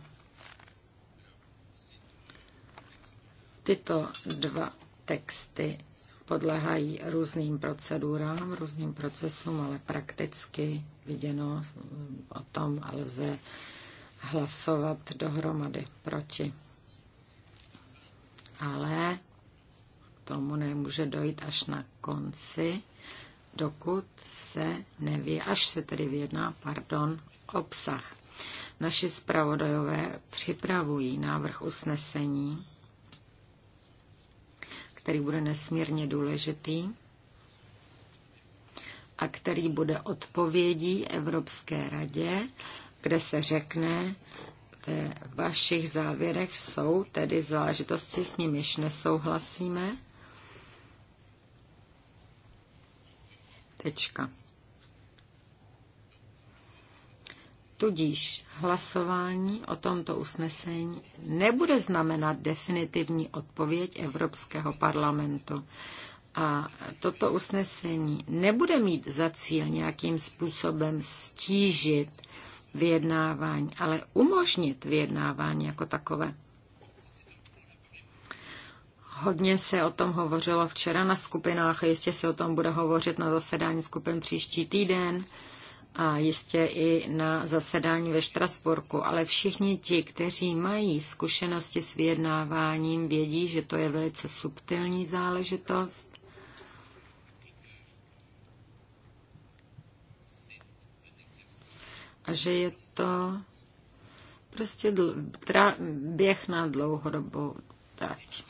Tyto dva texty podléhají různým procedurám, různým procesům, ale prakticky viděno mm, o tom lze hlasovat dohromady proti. Ale tomu nemůže dojít až na konci, dokud se neví, až se tedy vyjedná, pardon, obsah. Naši zpravodajové připravují návrh usnesení, který bude nesmírně důležitý a který bude odpovědí Evropské radě, kde se řekne, ve vašich závěrech jsou tedy záležitosti, s nimiž nesouhlasíme. Tečka. Tudíž hlasování o tomto usnesení nebude znamenat definitivní odpověď Evropského parlamentu. A toto usnesení nebude mít za cíl nějakým způsobem stížit vyjednávání, ale umožnit vyjednávání jako takové. Hodně se o tom hovořilo včera na skupinách a jistě se o tom bude hovořit na zasedání skupin příští týden a jistě i na zasedání ve Štrasburku, ale všichni ti, kteří mají zkušenosti s vyjednáváním, vědí, že to je velice subtilní záležitost. A že je to prostě dl- běh na dlouhodobou trať.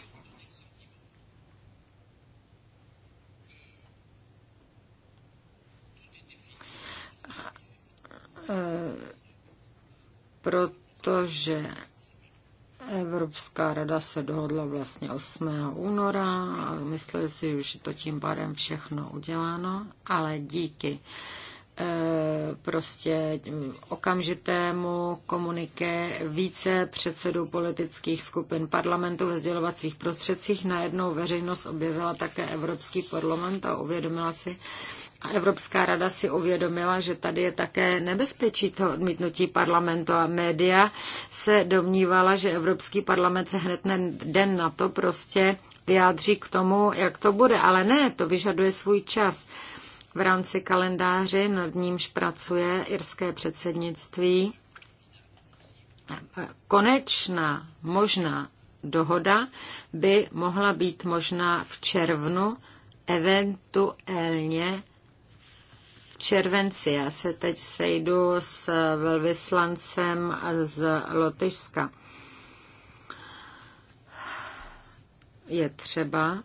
protože Evropská rada se dohodla vlastně 8. února a mysleli si, že už je to tím pádem všechno uděláno, ale díky eh, prostě okamžitému komuniké více předsedů politických skupin parlamentu ve sdělovacích prostředcích. Najednou veřejnost objevila také Evropský parlament a uvědomila si, a Evropská rada si uvědomila, že tady je také nebezpečí to odmítnutí parlamentu a média se domnívala, že Evropský parlament se hned den na to prostě vyjádří k tomu, jak to bude. Ale ne, to vyžaduje svůj čas. V rámci kalendáře nad nímž pracuje irské předsednictví. Konečná možná dohoda by mohla být možná v červnu, eventuálně červenci. Já se teď sejdu s velvyslancem z Lotyšska. Je třeba,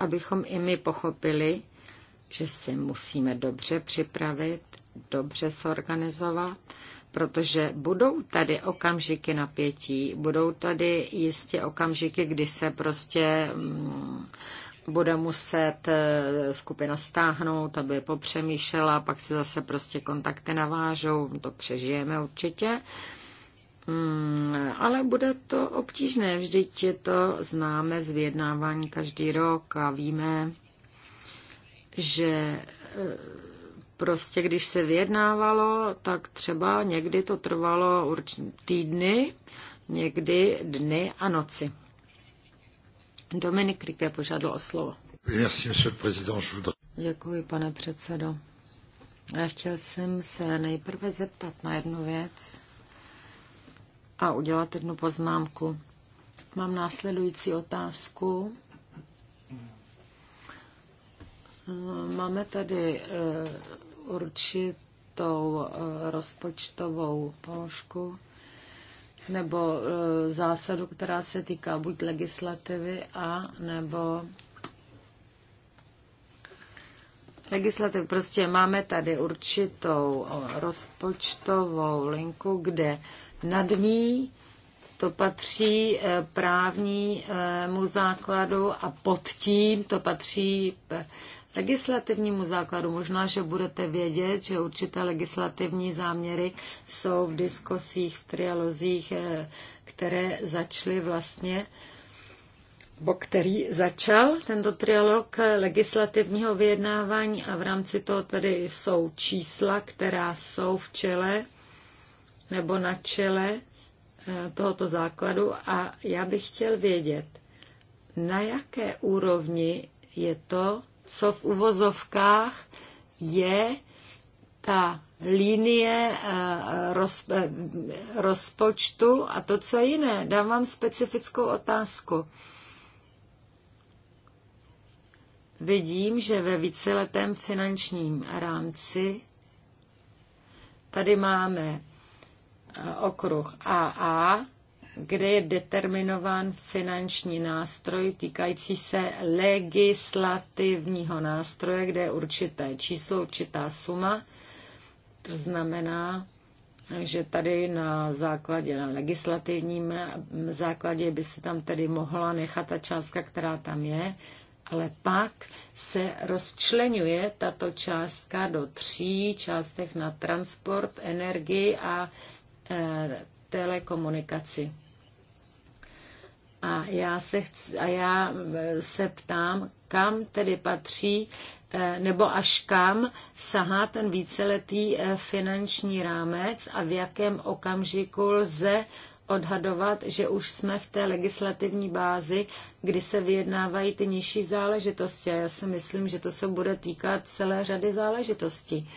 abychom i my pochopili, že si musíme dobře připravit, dobře zorganizovat, protože budou tady okamžiky napětí, budou tady jistě okamžiky, kdy se prostě mm, bude muset eh, skupina stáhnout, aby popřemýšlela, pak si zase prostě kontakty navážou, to přežijeme určitě. Hmm, ale bude to obtížné, vždyť je to známe z vyjednávání každý rok a víme, že eh, prostě když se vyjednávalo, tak třeba někdy to trvalo určitý týdny, někdy dny a noci. Dominik Rike požádal o slovo. Merci, monsieur le président. Děkuji, pane předsedo. Já chtěl jsem se nejprve zeptat na jednu věc a udělat jednu poznámku. Mám následující otázku. Máme tady eh, určitou eh, rozpočtovou položku, nebo e, zásadu, která se týká buď legislativy a nebo legislativy. Prostě máme tady určitou rozpočtovou linku, kde nad ní to patří e, právnímu základu a pod tím to patří e, legislativnímu základu. Možná, že budete vědět, že určité legislativní záměry jsou v diskosích, v trialozích, eh, které začaly vlastně bo který začal tento trialog eh, legislativního vyjednávání a v rámci toho tedy jsou čísla, která jsou v čele nebo na čele eh, tohoto základu a já bych chtěl vědět, na jaké úrovni je to co v uvozovkách je ta linie eh, roz, rozpočtu a to, co je jiné. Dám vám specifickou otázku. Vidím, že ve víceletém finančním rámci tady máme eh, okruh AA, kde je determinován finanční nástroj týkající se legislativního nástroje, kde je určité číslo, určitá suma. To znamená, že tady na základě, na legislativním základě by se tam tedy mohla nechat ta částka, která tam je, ale pak se rozčlenuje tato částka do tří částech na transport, energii a eh, telekomunikaci. A já se, chci, a já e, se ptám, kam tedy patří e, nebo až kam sahá ten víceletý e, finanční rámec a v jakém okamžiku lze odhadovat, že už jsme v té legislativní bázi, kdy se vyjednávají ty nižší záležitosti. A já si myslím, že to se bude týkat celé řady záležitostí.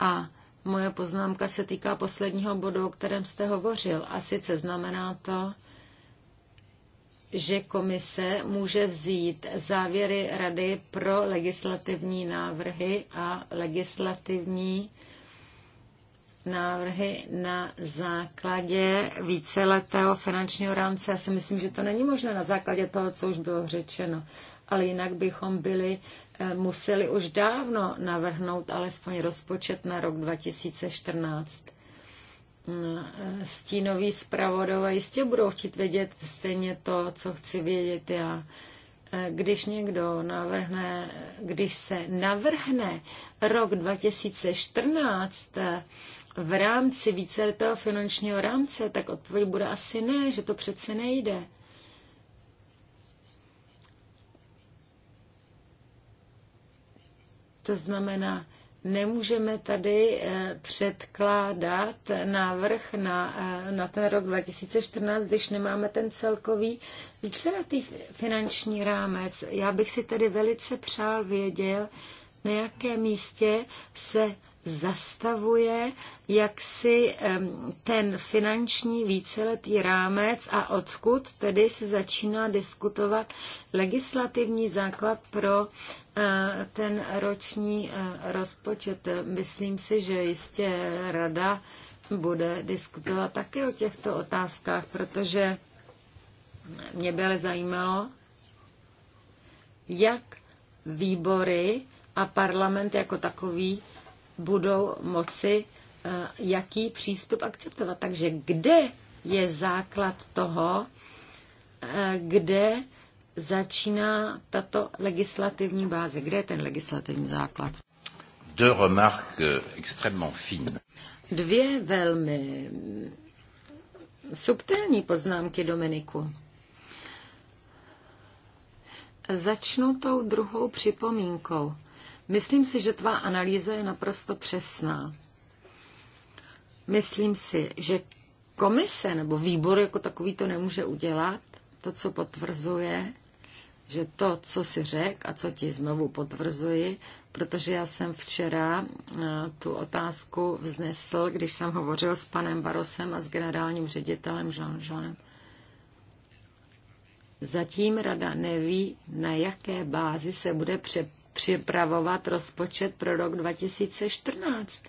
A moje poznámka se týká posledního bodu, o kterém jste hovořil. A sice znamená to, že komise může vzít závěry rady pro legislativní návrhy a legislativní návrhy na základě víceletého finančního rámce. Já si myslím, že to není možné na základě toho, co už bylo řečeno, ale jinak bychom byli eh, museli už dávno navrhnout alespoň rozpočet na rok 2014 Stínový zpravodové jistě budou chtít vědět stejně to, co chci vědět já. E, když někdo navrhne, když se navrhne rok 2014 e, v rámci toho finančního rámce, tak odpověď bude asi ne, že to přece nejde. To znamená, nemůžeme tady eh, předkládat návrh na, eh, na ten rok 2014, když nemáme ten celkový víceletý finanční rámec. Já bych si tedy velice přál věděl, na jakém místě se zastavuje jaksi ten finanční víceletý rámec a odkud tedy se začíná diskutovat legislativní základ pro eh, ten roční eh, rozpočet. Myslím si, že jistě rada bude diskutovat také o těchto otázkách, protože mě by ale zajímalo, jak výbory a parlament jako takový budou moci eh, jaký přístup akceptovat. Takže kde je základ toho, eh, kde začíná tato legislativní báze? Kde je ten legislativní základ? Deux remarques euh, extrêmement fines. Dvě velmi subtilní poznámky Dominiku. Začnu tou druhou připomínkou. Myslím si, že tvá analýza je naprosto přesná. Myslím si, že komise nebo výbor jako takový to nemůže udělat. To, co potvrzuje, že to, co si řek a co ti znovu potvrzuji, protože já jsem včera eh, tu otázku vznesl, když jsem hovořil s panem Barosem a s generálním ředitelem Jean Jeanem. Zatím rada neví, na jaké bázi se bude přepávat připravovat rozpočet pro rok 2014.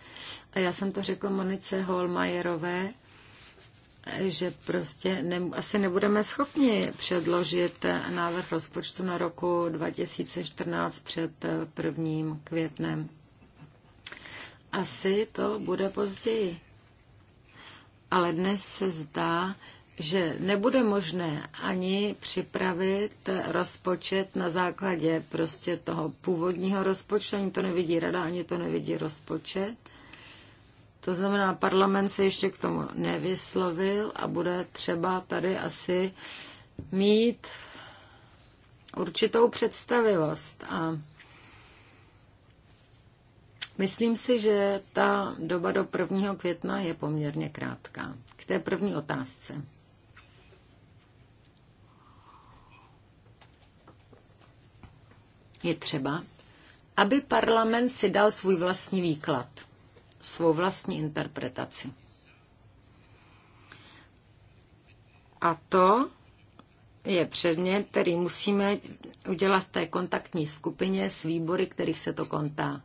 A já jsem to řekla Monice Holmajerové, že prostě ne, asi nebudeme schopni předložit návrh rozpočtu na roku 2014 před prvním květnem. Asi to bude později. Ale dnes se zdá, že nebude možné ani připravit rozpočet na základě prostě toho původního rozpočtu, ani to nevidí rada, ani to nevidí rozpočet. To znamená, parlament se ještě k tomu nevyslovil a bude třeba tady asi mít určitou představivost. A myslím si, že ta doba do 1. května je poměrně krátká. K té první otázce. je třeba, aby parlament si dal svůj vlastní výklad, svou vlastní interpretaci. A to je předmět, který musíme udělat v té kontaktní skupině s výbory, kterých se to kontá.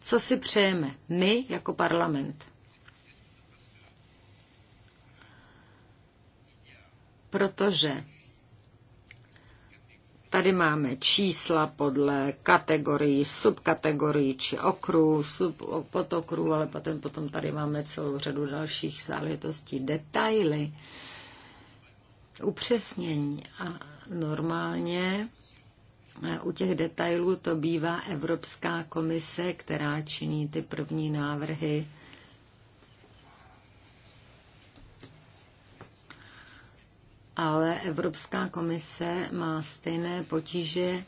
Co si přejeme my jako parlament? Protože Tady máme čísla podle kategorii, subkategorii či okrů, sub, potokrů, ale potom, potom tady máme celou řadu dalších záležitostí, detaily, upřesnění a normálně eh, u těch detailů to bývá Evropská komise, která činí ty první návrhy ale Evropská komise má stejné potíže,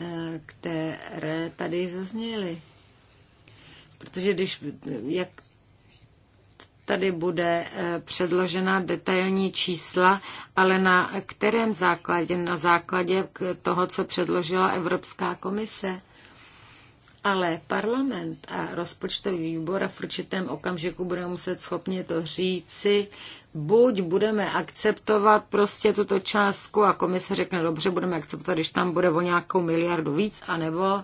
eh, které tady zazněly. Protože když, jak tady bude eh, předložena detailní čísla, ale na kterém základě? Na základě toho, co předložila Evropská komise. Ale parlament a rozpočtový výbor a v určitém okamžiku budeme muset schopně to říci, buď budeme akceptovat prostě tuto částku a komise řekne, dobře, budeme akceptovat, když tam bude o nějakou miliardu víc, anebo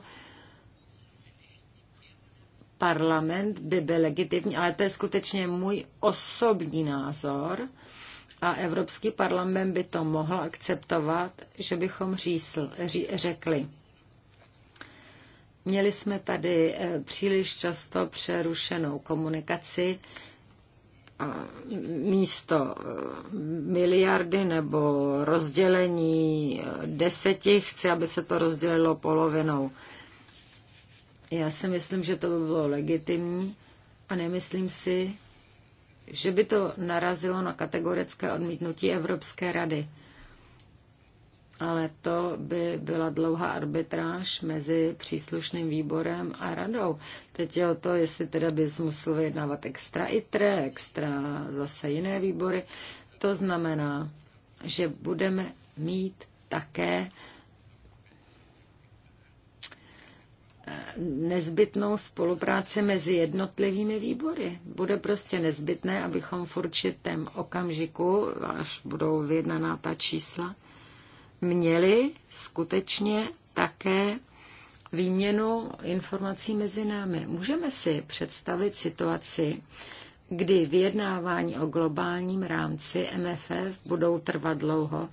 parlament by byl legitimní, ale to je skutečně můj osobní názor a Evropský parlament by to mohl akceptovat, že bychom řísl, ří, řekli Měli jsme tady eh, příliš často přerušenou komunikaci a místo eh, miliardy nebo rozdělení eh, deseti chci, aby se to rozdělilo polovinou. Já si myslím, že to by bylo legitimní a nemyslím si, že by to narazilo na kategorické odmítnutí Evropské rady ale to by byla dlouhá arbitráž mezi příslušným výborem a radou. Teď je o to, jestli teda by musel vyjednávat extra ITRE, extra zase jiné výbory. To znamená, že budeme mít také eh, nezbytnou spolupráci mezi jednotlivými výbory. Bude prostě nezbytné, abychom v určitém okamžiku, až budou vyjednaná ta čísla, měli skutečně také výměnu informací mezi námi. Můžeme si představit situaci, kdy vyjednávání o globálním rámci MFF budou trvat dlouho,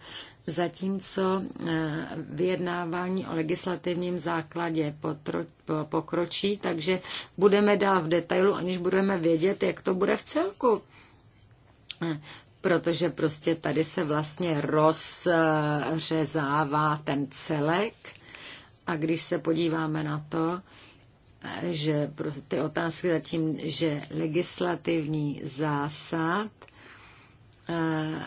zatímco eh, vyjednávání o legislativním základě pokročí, takže budeme dál v detailu, aniž budeme vědět, jak to bude v celku. Eh, protože prostě tady se vlastně rozřezává ten celek. A když se podíváme na to, že ty otázky zatím, že legislativní zásad, eh,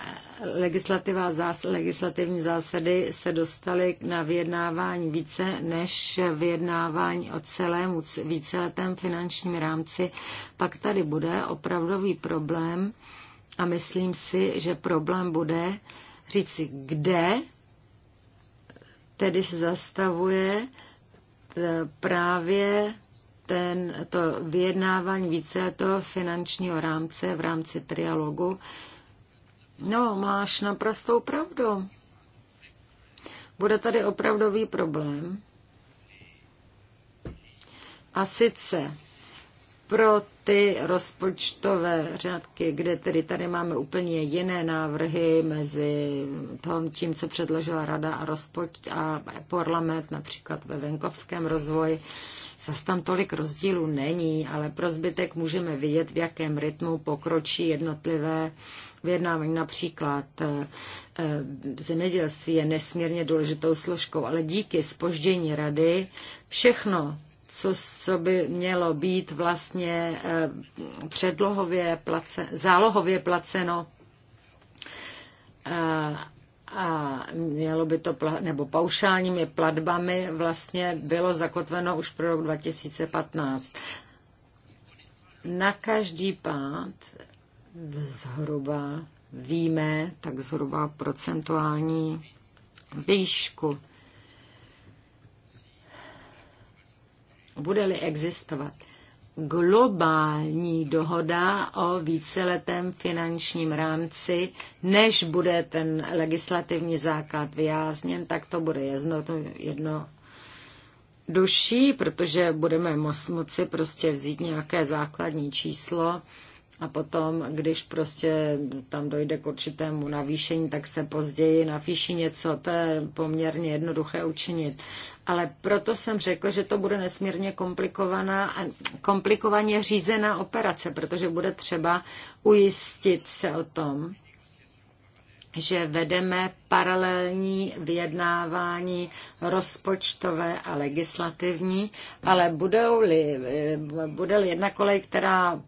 legislativa zás, legislativní zásady se dostaly na vyjednávání více než vyjednávání o celém víceletém finančním rámci, pak tady bude opravdový problém, a myslím si, že problém bude říci, kde tedy se zastavuje e, právě ten, to vyjednávání více toho finančního rámce v rámci trialogu. No, máš naprostou pravdu. Bude tady opravdový problém. A sice pro ty rozpočtové řádky, kde tedy tady máme úplně jiné návrhy mezi tím, co předložila Rada a, rozpočt a parlament, například ve venkovském rozvoji, Zas tam tolik rozdílů není, ale pro zbytek můžeme vidět, v jakém rytmu pokročí jednotlivé vyjednávání. Například eh, eh, zemědělství je nesmírně důležitou složkou, ale díky spoždění rady všechno co, co by mělo být vlastně eh, předlohově place, zálohově placeno a, eh, a mělo by to, nebo paušálními platbami vlastně bylo zakotveno už pro rok 2015. Na každý pád zhruba víme tak zhruba procentuální výšku bude-li existovat globální dohoda o víceletém finančním rámci, než bude ten legislativní základ vyjázněn, tak to bude jedno, to jedno duší, protože budeme moci prostě vzít nějaké základní číslo a potom, když prostě tam dojde k určitému navýšení, tak se později navýší něco. To je poměrně jednoduché učinit. Ale proto jsem řekl, že to bude nesmírně komplikovaná, komplikovaně řízená operace, protože bude třeba ujistit se o tom, že vedeme paralelní vyjednávání rozpočtové a legislativní, ale budou-li, bude-li jedna kolej, která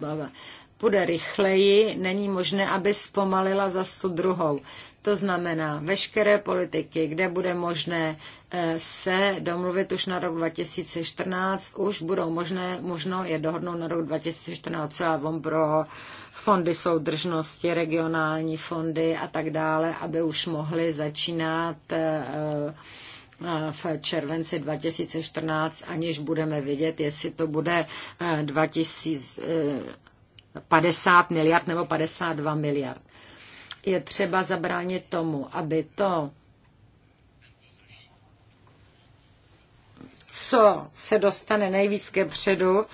půjde rychleji, není možné, aby zpomalila za tu druhou. To znamená, veškeré politiky, kde bude možné eh, se domluvit už na rok 2014, už budou možné, možno je dohodnout na rok 2014, co já vám pro fondy soudržnosti, regionální fondy a tak dále, aby už mohly začínat eh, v červenci 2014, aniž budeme vědět, jestli to bude 2000, eh, 50 miliard nebo 52 miliard. Je třeba zabránit tomu, aby to, co se dostane nejvíc ke předu,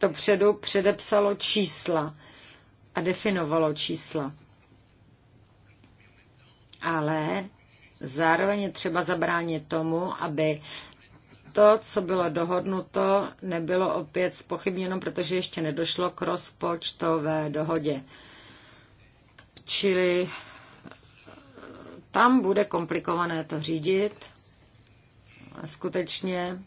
dopředu předepsalo čísla a definovalo čísla. Ale zároveň je třeba zabránit tomu, aby to, co bylo dohodnuto, nebylo opět spochybněno, protože ještě nedošlo k rozpočtové dohodě. Čili eh, tam bude komplikované to řídit. A skutečně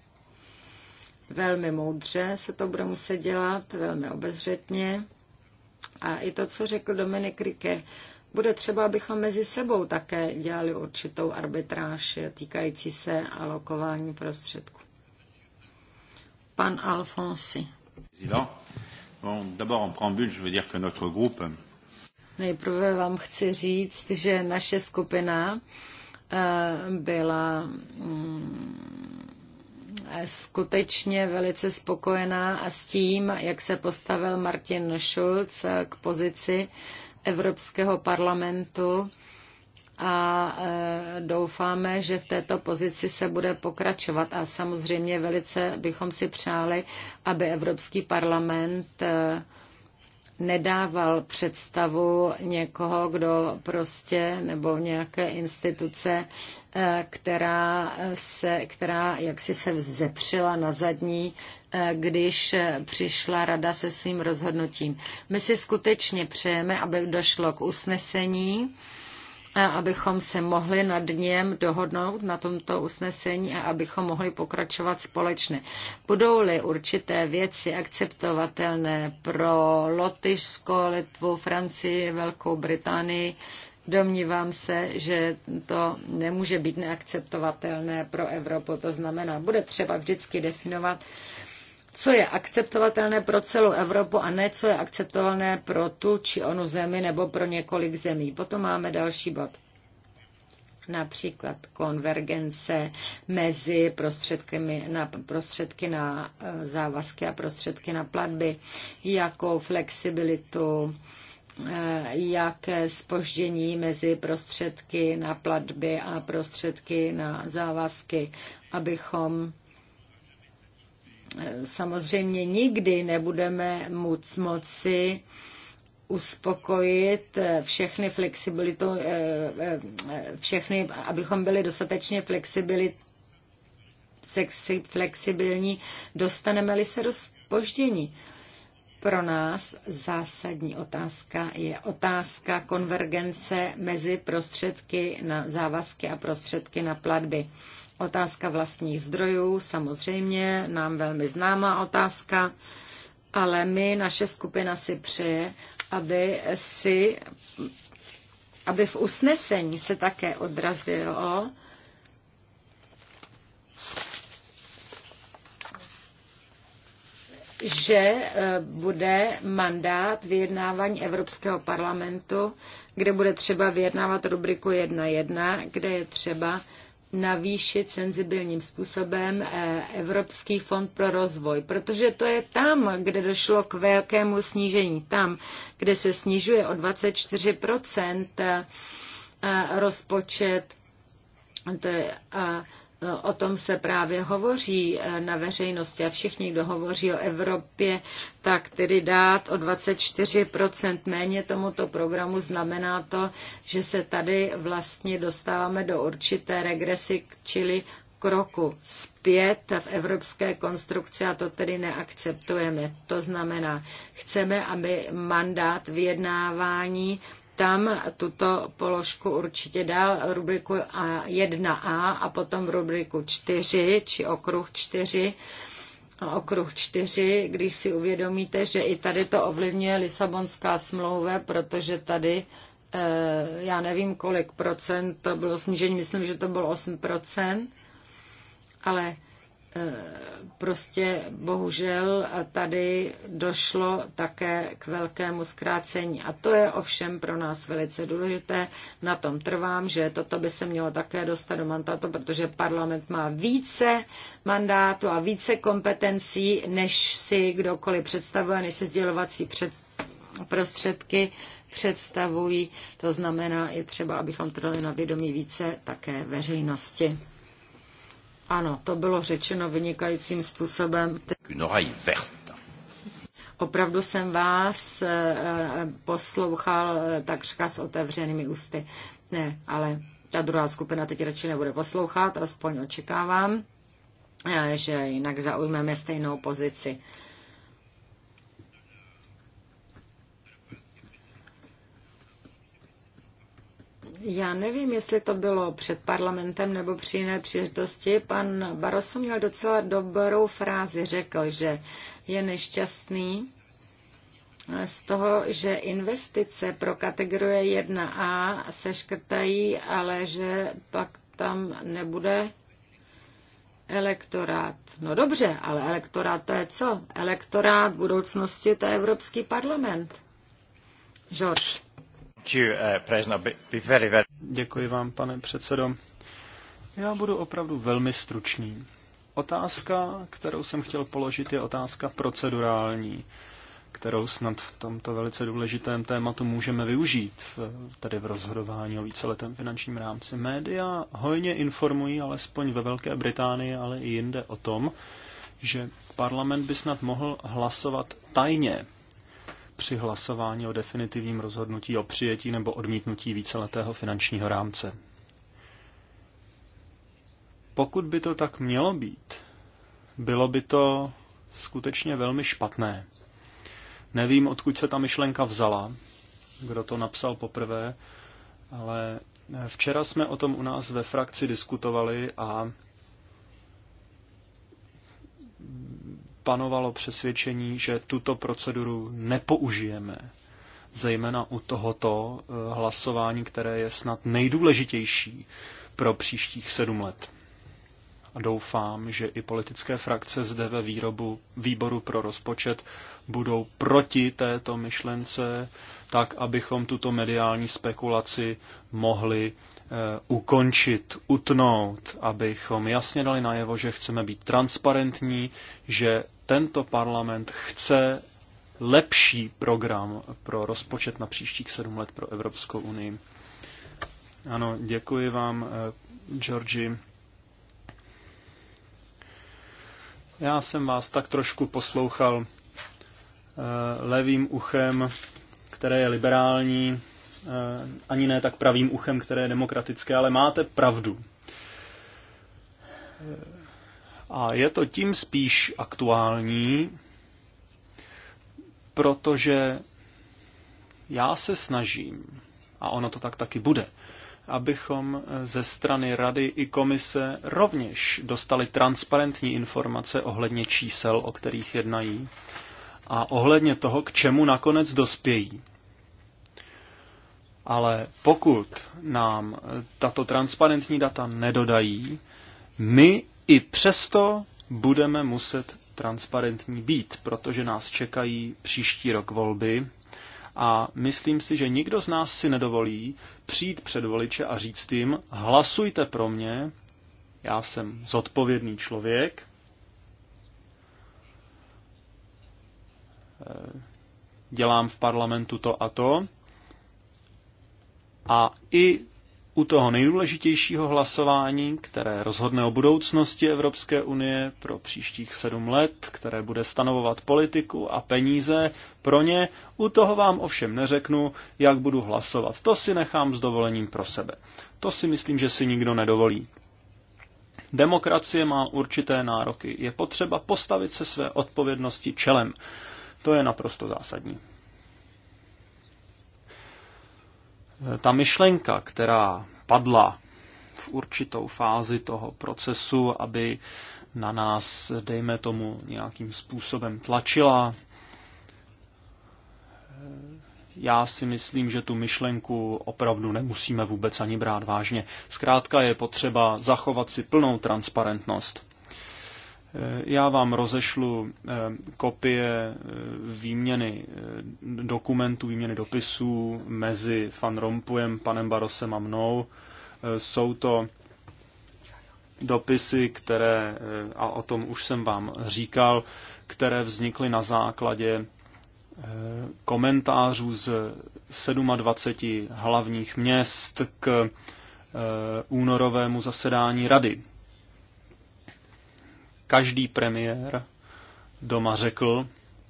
velmi moudře se to bude muset dělat, velmi obezřetně. A i to, co řekl Dominik Rike, bude třeba, abychom mezi sebou také dělali určitou arbitráž týkající se alokování prostředků. Pan Alfonsi. Nejprve vám chci říct, že naše skupina eh, byla mm, skutečně velice spokojená a s tím, jak se postavil Martin Schulz k pozici, Evropského parlamentu a e, doufáme, že v této pozici se bude pokračovat. A samozřejmě velice bychom si přáli, aby Evropský parlament e, nedával představu někoho, kdo prostě, nebo nějaké instituce, eh, která, se, která jaksi se vzepřila na zadní, eh, když přišla rada se svým rozhodnutím. My si skutečně přejeme, aby došlo k usnesení, abychom se mohli nad něm dohodnout na tomto usnesení a abychom mohli pokračovat společně. Budou-li určité věci akceptovatelné pro Lotyšsko, Litvu, Francii, Velkou Británii, Domnívám se, že to nemůže být neakceptovatelné pro Evropu. To znamená, bude třeba vždycky definovat, co je akceptovatelné pro celou Evropu a ne co je akceptovatelné pro tu či onu zemi nebo pro několik zemí. Potom máme další bod například konvergence mezi prostředky na, prostředky na eh, závazky a prostředky na platby, jakou flexibilitu, eh, jaké spoždění mezi prostředky na platby a prostředky na závazky, abychom samozřejmě nikdy nebudeme moc moci uspokojit eh, všechny flexibilitu, eh, eh, všechny, abychom byli dostatečně flexibilní, dostaneme-li se do spoždění. Pro nás zásadní otázka je otázka konvergence mezi prostředky na závazky a prostředky na platby. Otázka vlastních zdrojů, samozřejmě nám velmi známá otázka, ale my, naše skupina si přeje, aby si aby v usnesení se také odrazilo, že e, bude mandát vyjednávání Evropského parlamentu, kde bude třeba vyjednávat rubriku 1.1, kde je třeba navýšit senzibilním způsobem eh, Evropský fond pro rozvoj, protože to je tam, kde došlo k velkému snížení, tam, kde se snižuje o 24 eh, rozpočet. To je, a, O tom se právě hovoří eh, na veřejnosti a všichni, kdo hovoří o Evropě, tak tedy dát o 24% méně tomuto programu znamená to, že se tady vlastně dostáváme do určité regresy, čili kroku zpět v evropské konstrukci a to tedy neakceptujeme. To znamená, chceme, aby mandát vyjednávání tam tuto položku určitě dal, rubriku 1a a potom v rubriku 4, či okruh 4, okruh 4, když si uvědomíte, že i tady to ovlivňuje Lisabonská smlouva, protože tady eh, já nevím, kolik procent to bylo snížení, myslím, že to bylo 8 procent, ale Eh, prostě bohužel tady došlo také k velkému zkrácení. A to je ovšem pro nás velice důležité. Na tom trvám, že toto by se mělo také dostat do mandátu, protože parlament má více mandátu a více kompetencí, než si kdokoliv představuje, než si sdělovací před, prostředky představují. To znamená i třeba, abychom to dali na vědomí více také veřejnosti. Ano, to bylo řečeno vynikajícím způsobem. Opravdu jsem vás eh, eh, poslouchal eh, takřka s otevřenými ústy. Ne, ale ta druhá skupina teď radši nebude poslouchat, aspoň očekávám, že jinak zaujmeme stejnou pozici. Já nevím, jestli to bylo před parlamentem nebo při jiné příležitosti. Pan Barroso měl docela dobrou frázi. Řekl, že je nešťastný z toho, že investice pro kategorie 1A se škrtají, ale že pak tam nebude elektorát. No dobře, ale elektorát to je co? Elektorát v budoucnosti to je Evropský parlament. George. Uh, Děkuji vám, pane předsedo. Já budu opravdu velmi stručný. Otázka, kterou jsem chtěl položit, je otázka procedurální, kterou snad v tomto velice důležitém tématu můžeme využít, v, tedy v rozhodování o víceletém finančním rámci. Média hojně informují, alespoň ve Velké Británii, ale i jinde o tom, že parlament by snad mohl hlasovat tajně při hlasování o definitivním rozhodnutí o přijetí nebo odmítnutí víceletého finančního rámce. Pokud by to tak mělo být, bylo by to skutečně velmi špatné. Nevím, odkud se ta myšlenka vzala, kdo to napsal poprvé, ale včera jsme o tom u nás ve frakci diskutovali a panovalo přesvědčení, že tuto proceduru nepoužijeme, zejména u tohoto eh, hlasování, které je snad nejdůležitější pro příštích sedm let. A doufám, že i politické frakce zde ve výrobu, výboru pro rozpočet budou proti této myšlence, tak abychom tuto mediální spekulaci mohli Eh, ukončit, utnout, abychom jasně dali najevo, že chceme být transparentní, že tento parlament chce lepší program pro rozpočet na příštích sedm let pro Evropskou unii. Ano, děkuji vám, eh, Georgi. Já jsem vás tak trošku poslouchal eh, levým uchem, které je liberální, Eh, ani ne tak pravým uchem, které je demokratické, ale máte pravdu. Eh, a je to tím spíš aktuální, protože já se snažím, a ono to tak taky bude, abychom ze strany Rady i Komise rovněž dostali transparentní informace ohledně čísel, o kterých jednají, a ohledně toho, k čemu nakonec dospějí. Ale pokud nám tato transparentní data nedodají, my i přesto budeme muset transparentní být, protože nás čekají příští rok volby a myslím si, že nikdo z nás si nedovolí přijít před voliče a říct jim, hlasujte pro mě, já jsem zodpovědný člověk, eh, dělám v parlamentu to a to a i u toho nejdůležitějšího hlasování, které rozhodne o budoucnosti Evropské unie pro příštích sedm let, které bude stanovovat politiku a peníze pro ně, u toho vám ovšem neřeknu, jak budu hlasovat. To si nechám s dovolením pro sebe. To si myslím, že si nikdo nedovolí. Demokracie má určité nároky. Je potřeba postavit se své odpovědnosti čelem. To je naprosto zásadní. Eh, ta myšlenka, která padla v určitou fázi toho procesu, aby na nás, dejme tomu, nějakým způsobem tlačila. Eh, já si myslím, že tu myšlenku opravdu nemusíme vůbec ani brát vážně. Zkrátka je potřeba zachovat si plnou transparentnost. Eh, já vám rozešlu eh, kopie eh, výměny dokumentů, výměny dopisů mezi Van Rompuyem, panem Barosem a mnou. Jsou to dopisy, které, a o tom už jsem vám říkal, které vznikly na základě komentářů z 27 hlavních měst k únorovému zasedání rady každý premiér doma řekl,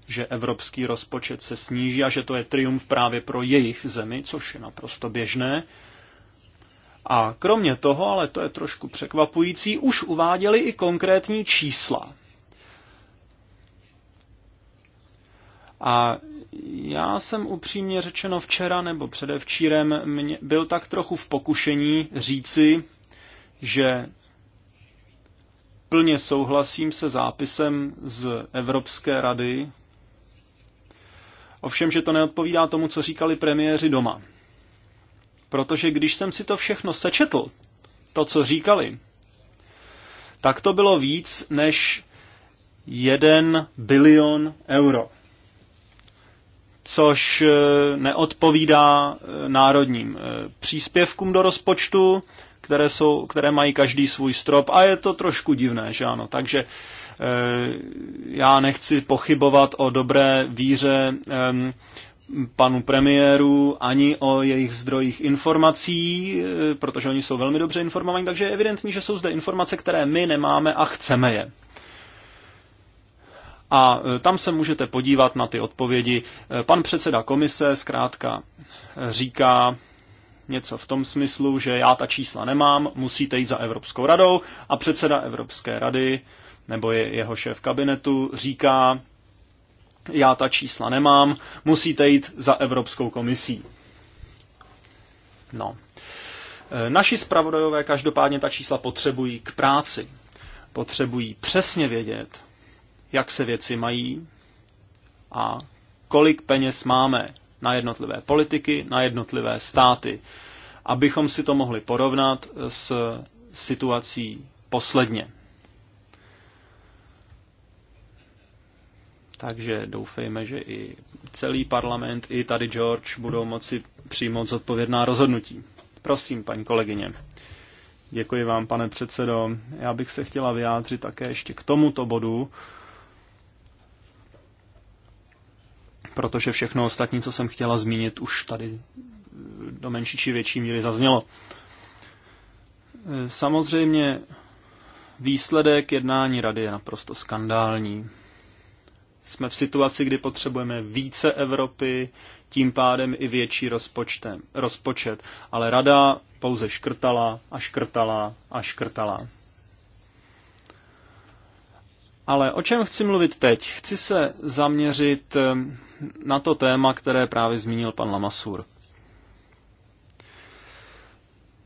že evropský rozpočet se sníží a že to je triumf právě pro jejich zemi, což je naprosto běžné. A kromě toho, ale to je trošku překvapující, už uváděli i konkrétní čísla. A já jsem upřímně řečeno včera nebo předevčírem mě, byl tak trochu v pokušení říci, že plně souhlasím se zápisem z Evropské rady, ovšem, že to neodpovídá tomu, co říkali premiéři doma. Protože když jsem si to všechno sečetl, to, co říkali, tak to bylo víc než 1 bilion euro, což eh, neodpovídá eh, národním eh, příspěvkům do rozpočtu, které, jsou, které mají každý svůj strop a je to trošku divné, že ano. Takže eh, já nechci pochybovat o dobré víře eh, panu premiéru ani o jejich zdrojích informací, eh, protože oni jsou velmi dobře informovaní, takže je evidentní, že jsou zde informace, které my nemáme a chceme je. A tam se můžete podívat na ty odpovědi. Pan předseda komise zkrátka říká, Něco v tom smyslu, že já ta čísla nemám, musíte jít za Evropskou radou a předseda Evropské rady nebo je, jeho šéf kabinetu říká, já ta čísla nemám, musíte jít za Evropskou komisí. No. E, naši zpravodajové každopádně ta čísla potřebují k práci. Potřebují přesně vědět, jak se věci mají a kolik peněz máme na jednotlivé politiky, na jednotlivé státy, abychom si to mohli porovnat s situací posledně. Takže doufejme, že i celý parlament, i tady George budou moci přijmout zodpovědná rozhodnutí. Prosím, paní kolegyně. Děkuji vám, pane předsedo. Já bych se chtěla vyjádřit také ještě k tomuto bodu, protože všechno ostatní, co jsem chtěla zmínit, už tady eh, do menší či větší míry zaznělo. Eh, samozřejmě výsledek jednání rady je naprosto skandální. Jsme v situaci, kdy potřebujeme více Evropy, tím pádem i větší rozpočtem, rozpočet. Ale rada pouze škrtala a škrtala a škrtala. Ale o čem chci mluvit teď? Chci se zaměřit eh, na to téma, které právě zmínil pan Lamasur.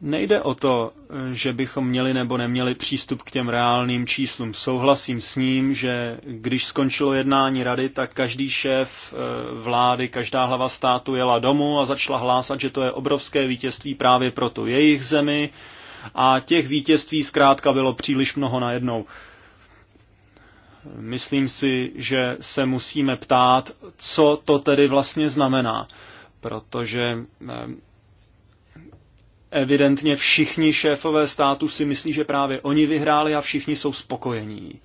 Nejde o to, eh, že bychom měli nebo neměli přístup k těm reálným číslům. Souhlasím s ním, že když skončilo jednání rady, tak každý šéf eh, vlády, každá hlava státu jela domů a začala hlásat, že to je obrovské vítězství právě pro tu jejich zemi a těch vítězství zkrátka bylo příliš mnoho najednou. jednou. Myslím si, že se musíme ptát, co to tedy vlastně znamená, protože eh, evidentně všichni šéfové státu si myslí, že právě oni vyhráli a všichni jsou spokojení.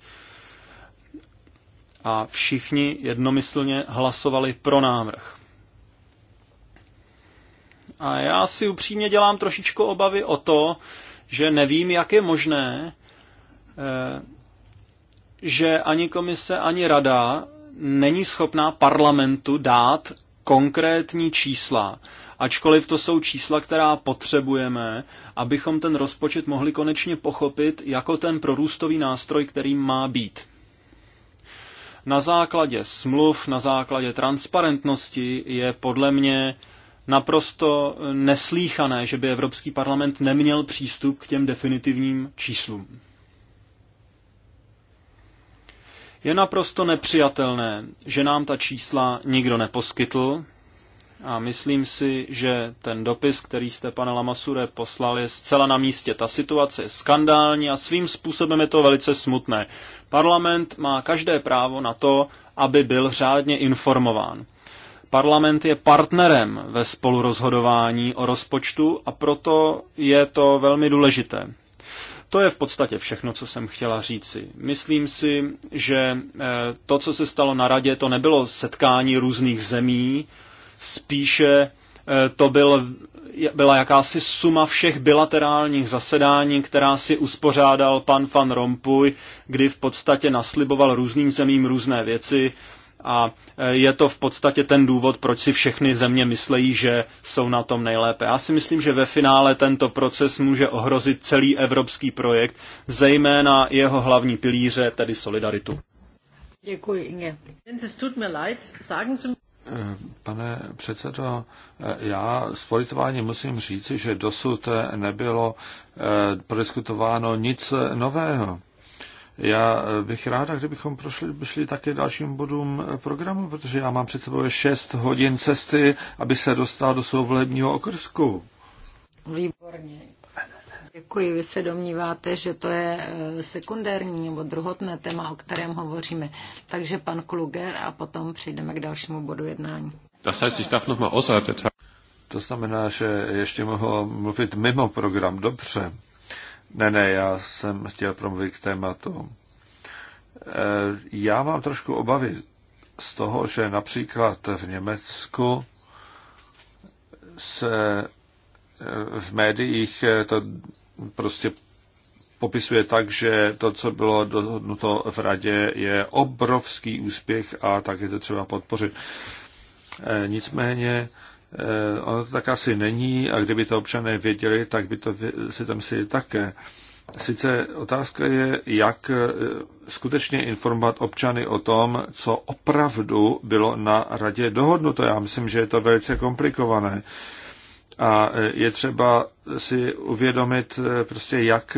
A všichni jednomyslně hlasovali pro návrh. A já si upřímně dělám trošičku obavy o to, že nevím, jak je možné eh, že ani komise, ani rada není schopná parlamentu dát konkrétní čísla, ačkoliv to jsou čísla, která potřebujeme, abychom ten rozpočet mohli konečně pochopit jako ten prorůstový nástroj, kterým má být. Na základě smluv, na základě transparentnosti je podle mě naprosto neslíchané, že by Evropský parlament neměl přístup k těm definitivním číslům. Je naprosto nepřijatelné, že nám ta čísla nikdo neposkytl a myslím si, že ten dopis, který jste, pane Lamasure, poslal, je zcela na místě. Ta situace je skandální a svým způsobem je to velice smutné. Parlament má každé právo na to, aby byl řádně informován. Parlament je partnerem ve spolurozhodování o rozpočtu a proto je to velmi důležité. To je v podstatě všechno, co jsem chtěla říci. Myslím si, že eh, to, co se stalo na radě, to nebylo setkání různých zemí, spíše eh, to byl, byla jakási suma všech bilaterálních zasedání, která si uspořádal pan Van Rompuy, kdy v podstatě nasliboval různým zemím různé věci, a e, je to v podstatě ten důvod, proč si všechny země myslejí, že jsou na tom nejlépe. Já si myslím, že ve finále tento proces může ohrozit celý evropský projekt, zejména jeho hlavní pilíře, tedy solidaritu. Děkuji, Inge. Eh, pane předsedo, eh, já s politováním musím říci, že dosud eh, nebylo prodiskutováno nic nového. Já eh, bych ráda, kdybychom prošli, šli také dalším bodům eh, programu, protože já mám před sebou 6 hodin cesty, aby se dostal do svého volebního okrsku. Výborně. Děkuji. Vy se domníváte, že to je eh, sekundární nebo druhotné téma, o kterém hovoříme. Takže pan Kluger a potom přejdeme k dalšímu bodu jednání. Das heißt, ich darf noch mal to znamená, že ještě mohu mluvit mimo program. Dobře. Ne, ne, já jsem chtěl promluvit k tématu. E, já mám trošku obavy z toho, že například v Německu se e, v médiích e, to prostě popisuje tak, že to, co bylo dohodnuto v radě, je obrovský úspěch a tak je to třeba podpořit. Nicméně Eh, ono to tak asi není a kdyby to občané věděli, tak by to si tam si také. Sice otázka je, jak eh, skutečně informovat občany o tom, co opravdu bylo na radě dohodnuto. Já myslím, že je to velice komplikované. A eh, je třeba si uvědomit prostě, jak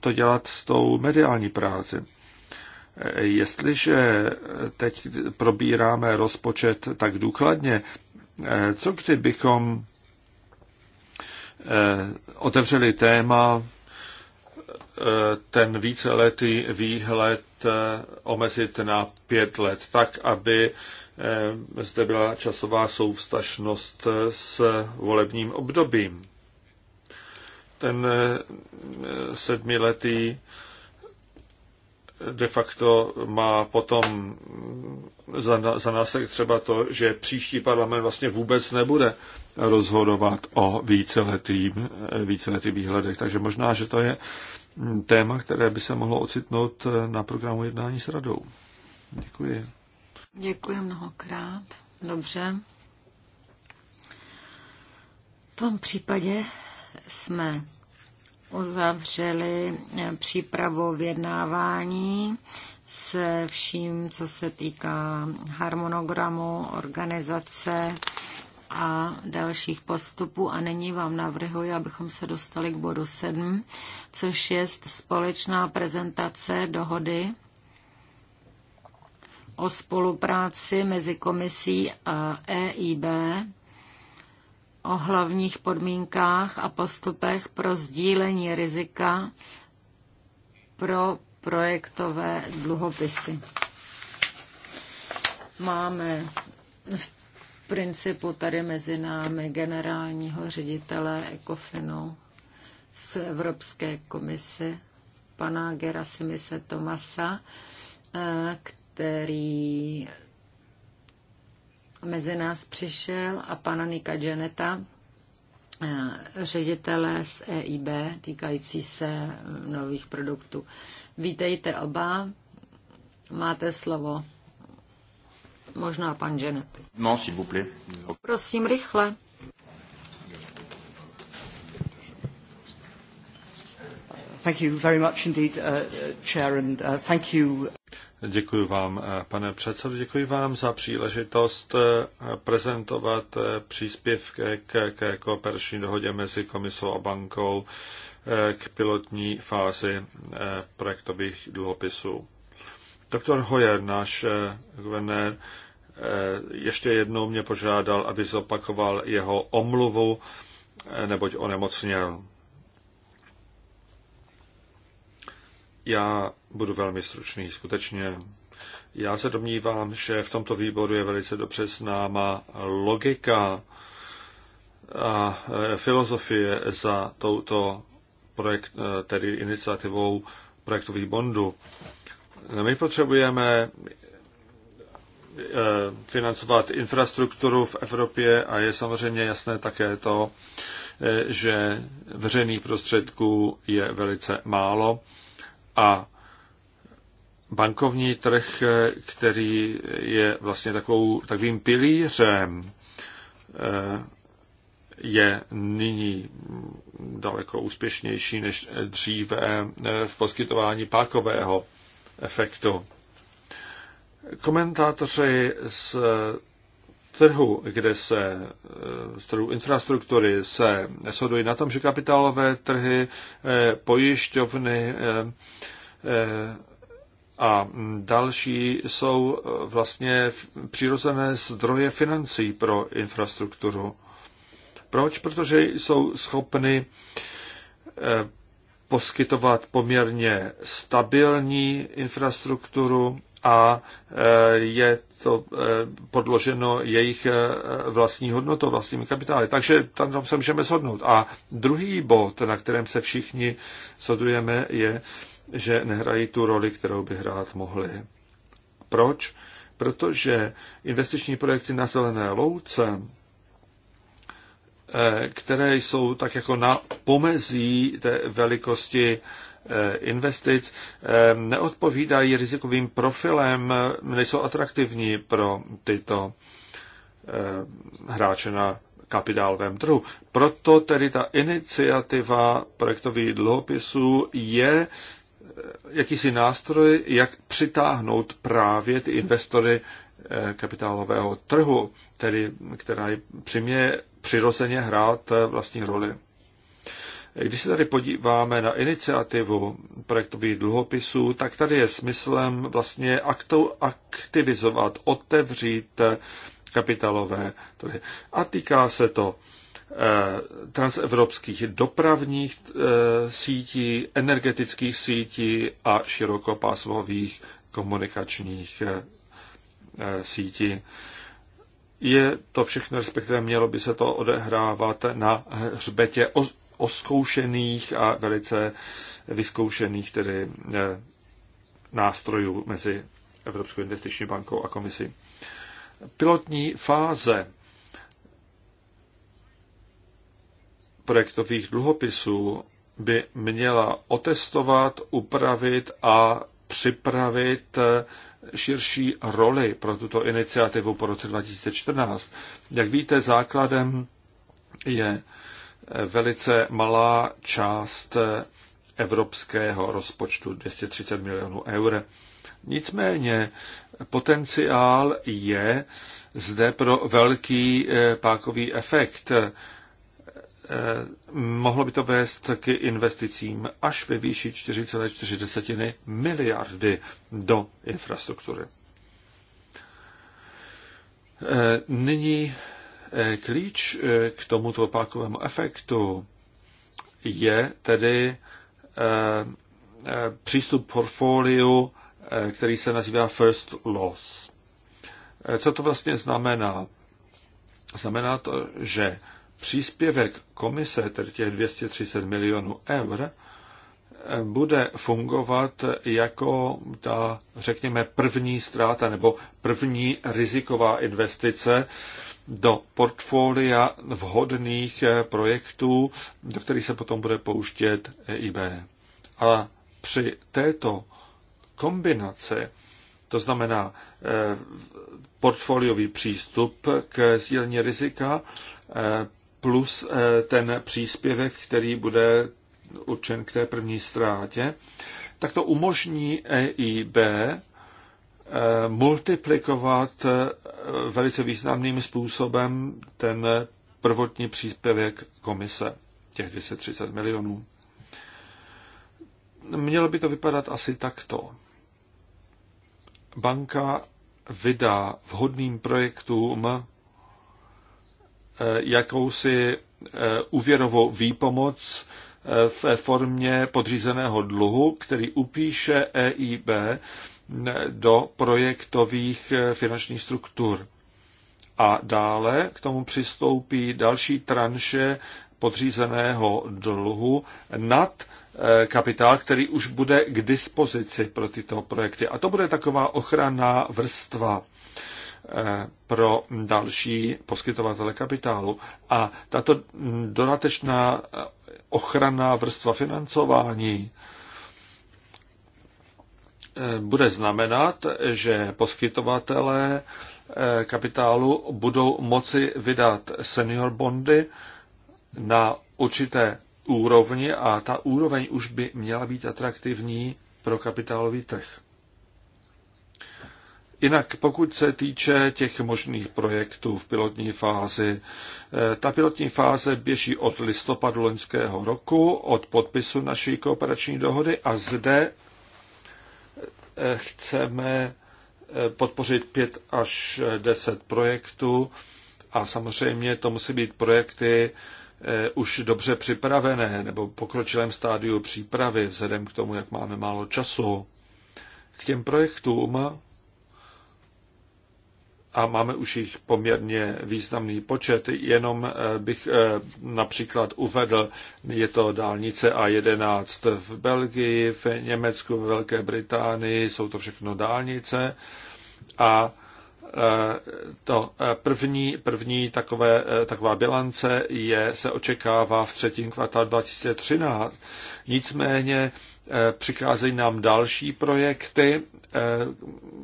to dělat s tou mediální práci. Jestliže teď probíráme rozpočet tak důkladně, Eh, co kdybychom eh, otevřeli téma eh, ten víceletý výhled omezit na pět let, tak aby zde byla časová soustašnost s volebním obdobím. Ten sedmiletý de facto má potom za, za následek třeba to, že příští parlament vlastně vůbec nebude rozhodovat o víceletým, víceletých výhledech. Takže možná, že to je téma, které by se mohlo ocitnout na programu jednání s radou. Děkuji. Děkuji mnohokrát. Dobře. V tom případě jsme uzavřeli eh, přípravu vyjednávání se vším, co se týká harmonogramu, organizace a dalších postupů. A nyní vám navrhuji, abychom se dostali k bodu 7, což je společná prezentace dohody o spolupráci mezi komisí a EIB o hlavních podmínkách a postupech pro sdílení rizika pro projektové dluhopisy. Máme v principu tady mezi námi generálního ředitele Ecofinu z Evropské komise, pana Gerasimise Tomasa, eh, který mezi nás přišel a pana Nika Geneta, eh, ředitele z EIB týkající se eh, nových produktů. Vítejte oba, máte slovo. Možná pan Genet. No, s'il vous plaît. Prosím, rychle. Thank you very much indeed, uh, chair, and uh, thank you. Děkuji vám, uh, pane předsedo, děkuji vám za příležitost uh, prezentovat uh, příspěvek k, k kooperační dohodě mezi komisou a bankou k pilotní fázi projektových dluhopisů. Doktor Hoyer, náš guvernér, ještě jednou mě požádal, aby zopakoval jeho omluvu, neboť onemocněl. Já budu velmi stručný, skutečně. Já se domnívám, že v tomto výboru je velice dobře známa logika a e, filozofie za touto projekt, e, tedy iniciativou projektových bondů. My potřebujeme e, financovat infrastrukturu v Evropě a je samozřejmě jasné také to, že veřejných prostředků je velice málo a bankovní trh, který je vlastně takovou, takovým pilířem, eh, je nyní daleko úspěšnější než dříve eh, v poskytování pákového efektu. Komentátoři z trhu, kde se eh, z trhu infrastruktury se shodují na tom, že kapitálové trhy, pojišťovny, Eh, a další jsou eh, vlastně přirozené zdroje financí pro infrastrukturu. Proč? Protože jsou schopny eh, poskytovat poměrně stabilní infrastrukturu a je to podloženo jejich vlastní hodnotou, vlastními kapitály. Takže tam, tam se můžeme shodnout. A druhý bod, na kterém se všichni shodujeme, je, že nehrají tu roli, kterou by hrát mohli. Proč? Protože investiční projekty na zelené louce, eh, které jsou tak jako na pomezí té velikosti eh, investic, eh, neodpovídají rizikovým profilem, nejsou atraktivní pro tyto hráče na kapitálovém trhu. Proto tedy ta iniciativa projektových dluhopisů je jakýsi nástroj, jak přitáhnout právě ty investory eh, kapitálového trhu, tedy která přimě přirozeně hrát eh, vlastní roli. Když se tady podíváme na iniciativu projektových dluhopisů, tak tady je smyslem vlastně aktivizovat, otevřít eh, kapitalové trhy. A týká se to Eh, transevropských dopravních eh, sítí, energetických sítí a širokopásmových komunikačních eh, sítí. Je to všechno, respektive mělo by se to odehrávat na hřbetě oskoušených a velice vyzkoušených tedy nástrojů mezi Evropskou investiční bankou a komisí. Pilotní fáze projektových dluhopisů by měla otestovat, upravit a připravit širší roli pro tuto iniciativu po roce 2014. Jak víte, základem je velice malá část evropského rozpočtu 230 milionů eur. Nicméně potenciál je zde pro velký eh, pákový efekt. Eh, mohlo by to vést k investicím až ve výši 4,4 miliardy do infrastruktury. Eh, nyní eh, klíč k tomuto opakovému efektu je tedy přístup portfoliu, který se nazývá first loss. Co to vlastně znamená? Znamená to, že příspěvek komise, tedy těch 230 milionů eur, bude fungovat jako ta, řekněme, první ztráta nebo první riziková investice do portfolia vhodných projektů, do kterých se potom bude pouštět EIB. A při této kombinaci, to znamená eh, portfoliový přístup k sdílení rizika, eh, plus eh, ten příspěvek, který bude určen k té první ztrátě, tak to umožní EIB eh, multiplikovat eh, velice významným způsobem ten prvotní příspěvek komise, těch 230 milionů. Mělo by to vypadat asi takto. Banka vydá vhodným projektům Eh, jakousi eh, úvěrovou výpomoc eh, ve formě podřízeného dluhu, který upíše EIB do projektových finančních struktur. A dále k tomu přistoupí další tranše podřízeného dluhu nad kapitál, který už bude k dispozici pro tyto projekty. A to bude taková ochranná vrstva pro další poskytovatele kapitálu. A tato dodatečná ochranná vrstva financování eh, bude znamenat, že poskytovatelé eh, kapitálu budou moci vydat senior bondy na určité úrovni a ta úroveň už by měla být atraktivní pro kapitálový trh. Jinak pokud se týče těch možných projektů v pilotní fázi, eh, ta pilotní fáze běží od listopadu loňského roku, od podpisu naší kooperační dohody a zde eh, chceme eh, podpořit 5 až 10 projektů a samozřejmě to musí být projekty už dobře připravené nebo pokročilém stádiu přípravy vzhledem k tomu, jak máme málo času. K těm projektům a máme už jich poměrně významný počet. Jenom eh, bych eh, například uvedl, je to dálnice A11 v Belgii, v Německu, v Velké Británii, jsou to všechno dálnice. A eh, to první, první takové, taková bilance je, se očekává v třetím kvartálu 2013. Nicméně přicházejí nám další projekty Eh,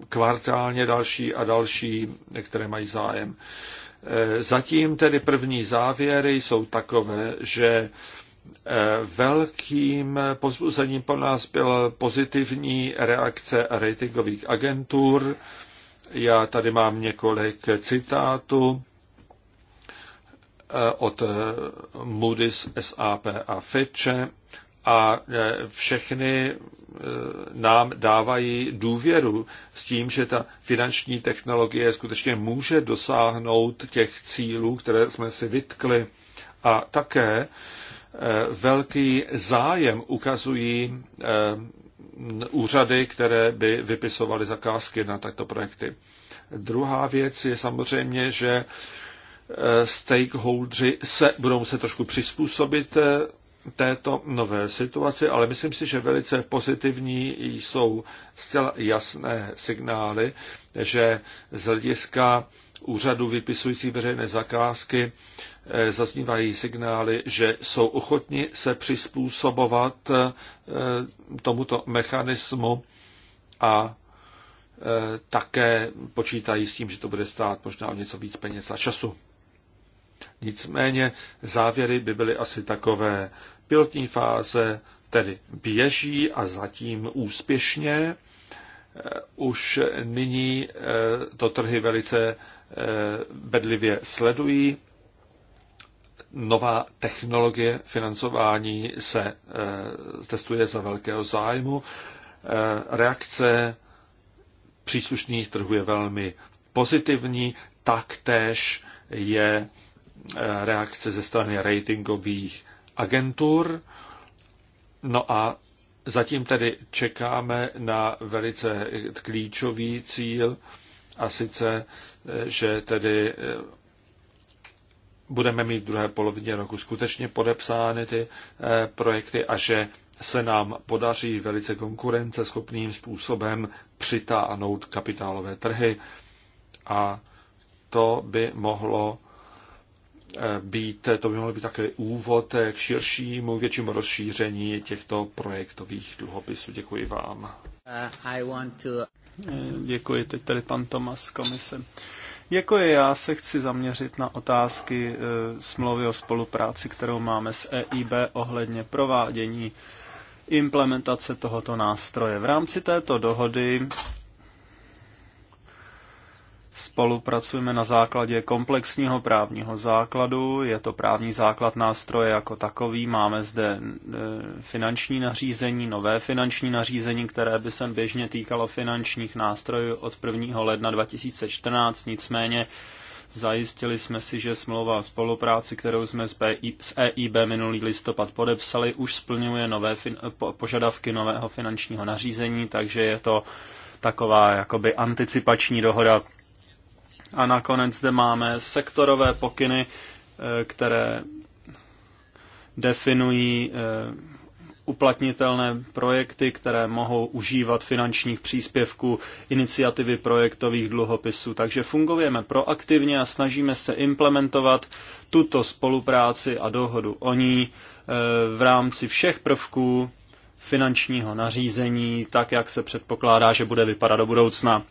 kvartálně další a další, které mají zájem. Eh, zatím tedy první závěry jsou takové, že eh, velkým pozbuzením pro nás byl pozitivní reakce ratingových agentur. Já tady mám několik citátů od Moody's, SAP a Fitche a e, všechny e, nám dávají důvěru s tím, že ta finanční technologie skutečně může dosáhnout těch cílů, které jsme si vytkli. A také e, velký zájem ukazují úřady, které by vypisovaly zakázky na takto projekty. Druhá věc je samozřejmě, že stakeholdři se budou muset trošku přizpůsobit této nové situaci, ale myslím si, že velice pozitivní jsou zcela jasné signály, že z hlediska úřadu vypisující veřejné zakázky eh, zaznívají signály, že jsou ochotni se přizpůsobovat eh, tomuto mechanismu a eh, také počítají s tím, že to bude stát možná o něco víc peněz a času. Nicméně závěry by byly asi takové, Pilotní fáze tedy běží a zatím úspěšně. Eh, už nyní eh, to trhy velice eh, bedlivě sledují. Nová technologie financování se testuje za velkého zájmu. Reakce příslušných trhů je velmi pozitivní, taktéž je reakce ze strany ratingových agentur. No a zatím tedy čekáme na velice klíčový cíl, a sice, že tedy eh, budeme mít v druhé polovině roku skutečně podepsány ty eh, projekty a že se nám podaří velice konkurenceschopným způsobem přitáhnout kapitálové trhy a to by mohlo být, to by mohlo být také úvod k širšímu, většímu rozšíření těchto projektových dluhopisů. Děkuji vám. Uh, I want to... Děkuji, teď tady pan Tomas z komise. Děkuji, jako já se chci zaměřit na otázky e, smlouvy o spolupráci, kterou máme s EIB ohledně provádění implementace tohoto nástroje. V rámci této dohody Spolupracujeme na základě komplexního právního základu, je to právní základ nástroje jako takový, máme zde e, finanční nařízení, nové finanční nařízení, které by se běžně týkalo finančních nástrojů od 1. ledna 2014, nicméně Zajistili jsme si, že smlouva o spolupráci, kterou jsme s EIB minulý listopad podepsali, už splňuje nové požadavky nového finančního nařízení, takže je to taková jakoby anticipační dohoda a nakonec zde máme sektorové pokyny, eh, které definují eh, uplatnitelné projekty, které mohou užívat finančních příspěvků, iniciativy projektových dluhopisů. Takže fungujeme proaktivně a snažíme se implementovat tuto spolupráci a dohodu o ní eh, v rámci všech prvků finančního nařízení, tak jak se předpokládá, že bude vypadat do budoucna.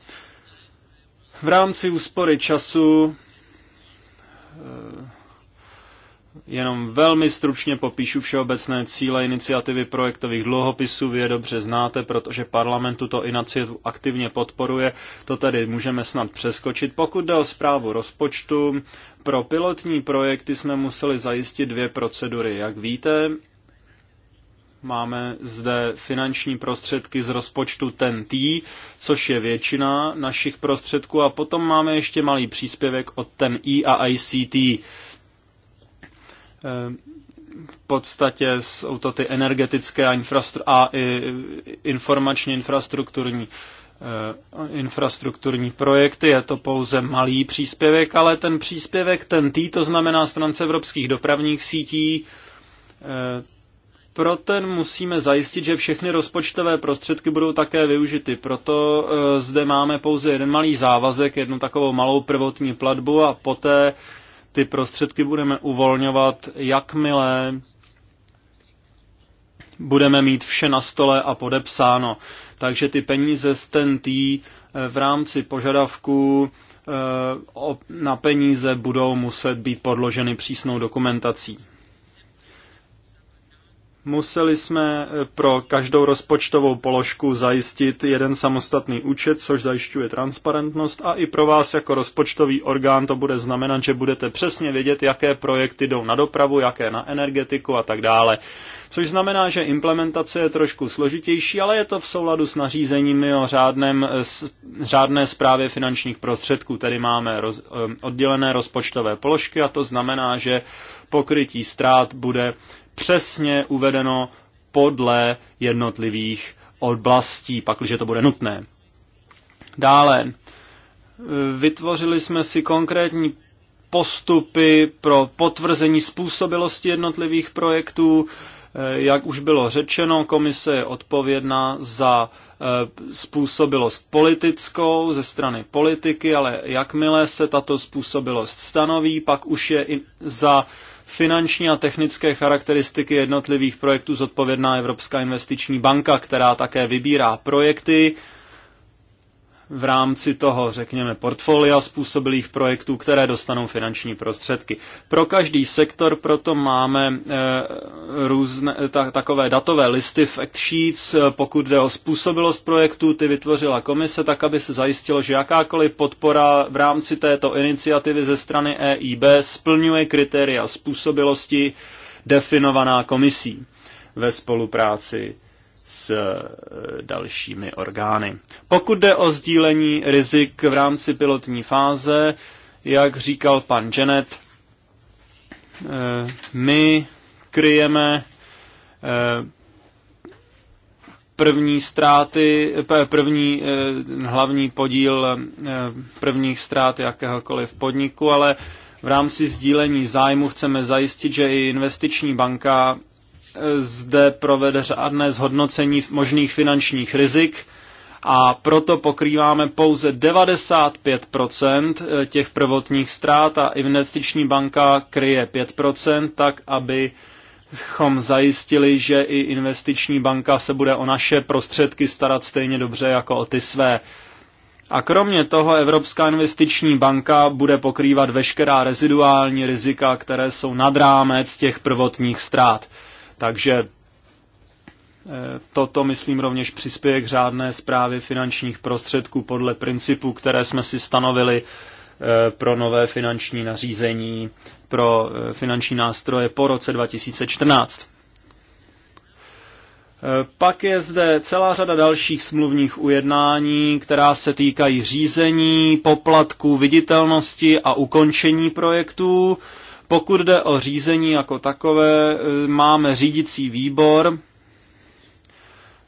V rámci úspory času eh, jenom velmi stručně popíšu všeobecné cíle iniciativy projektových dluhopisů. Vy je dobře znáte, protože parlament tuto iniciativu aktivně podporuje. To tady můžeme snad přeskočit. Pokud jde o zprávu rozpočtu, pro pilotní projekty jsme museli zajistit dvě procedury. Jak víte, Máme zde finanční prostředky z rozpočtu TNT, což je většina našich prostředků a potom máme ještě malý příspěvek od ten i a ICT. Eh, v podstatě jsou to ty energetické a, infrastru- a informačně infrastrukturní eh, infrastrukturní projekty, je to pouze malý příspěvek, ale ten příspěvek, ten T, to znamená z evropských dopravních sítí, eh, pro ten musíme zajistit, že všechny rozpočtové prostředky budou také využity. Proto e, zde máme pouze jeden malý závazek, jednu takovou malou prvotní platbu a poté ty prostředky budeme uvolňovat, jakmile budeme mít vše na stole a podepsáno. Takže ty peníze z TNT e, v rámci požadavků e, na peníze budou muset být podloženy přísnou dokumentací. Museli jsme eh, pro každou rozpočtovou položku zajistit jeden samostatný účet, což zajišťuje transparentnost a i pro vás jako rozpočtový orgán to bude znamenat, že budete přesně vědět, jaké projekty jdou na dopravu, jaké na energetiku a tak dále. Což znamená, že implementace je trošku složitější, ale je to v souladu s nařízeními o řádném, eh, s, řádné zprávě finančních prostředků. Tady máme roz, eh, oddělené rozpočtové položky a to znamená, že pokrytí strát bude přesně uvedeno podle jednotlivých oblastí, pakliže to bude nutné. Dále, eh, vytvořili jsme si konkrétní postupy pro potvrzení způsobilosti jednotlivých projektů. Eh, jak už bylo řečeno, komise je odpovědná za eh, způsobilost politickou ze strany politiky, ale jakmile se tato způsobilost stanoví, pak už je i za finanční a technické charakteristiky jednotlivých projektů zodpovědná Evropská investiční banka, která také vybírá projekty, v rámci toho, řekněme, portfolia způsobilých projektů, které dostanou finanční prostředky. Pro každý sektor proto máme e, různé, ta, takové datové listy v Sheets, pokud jde o způsobilost projektů, ty vytvořila komise, tak aby se zajistilo, že jakákoliv podpora v rámci této iniciativy ze strany EIB splňuje kritéria způsobilosti definovaná komisí ve spolupráci s eh, dalšími orgány. Pokud jde o sdílení rizik v rámci pilotní fáze, jak říkal pan Janet, eh, my kryjeme eh, první ztráty, první hlavní podíl prvních ztrát jakéhokoliv podniku, ale v rámci sdílení zájmu chceme zajistit, že i investiční banka zde provede řádné zhodnocení možných finančních rizik a proto pokrýváme pouze 95% eh, těch prvotních ztrát a investiční banka kryje 5%, tak aby chom zajistili, že i investiční banka se bude o naše prostředky starat stejně dobře jako o ty své. A kromě toho Evropská investiční banka bude pokrývat veškerá reziduální rizika, které jsou nad rámec těch prvotních ztrát. Takže eh, toto, myslím, rovněž přispěje k řádné zprávě finančních prostředků podle principů, které jsme si stanovili eh, pro nové finanční nařízení, pro eh, finanční nástroje po roce 2014. Pak je zde celá řada dalších smluvních ujednání, která se týkají řízení, poplatků, viditelnosti a ukončení projektů. Pokud jde o řízení jako takové, eh, máme řídící výbor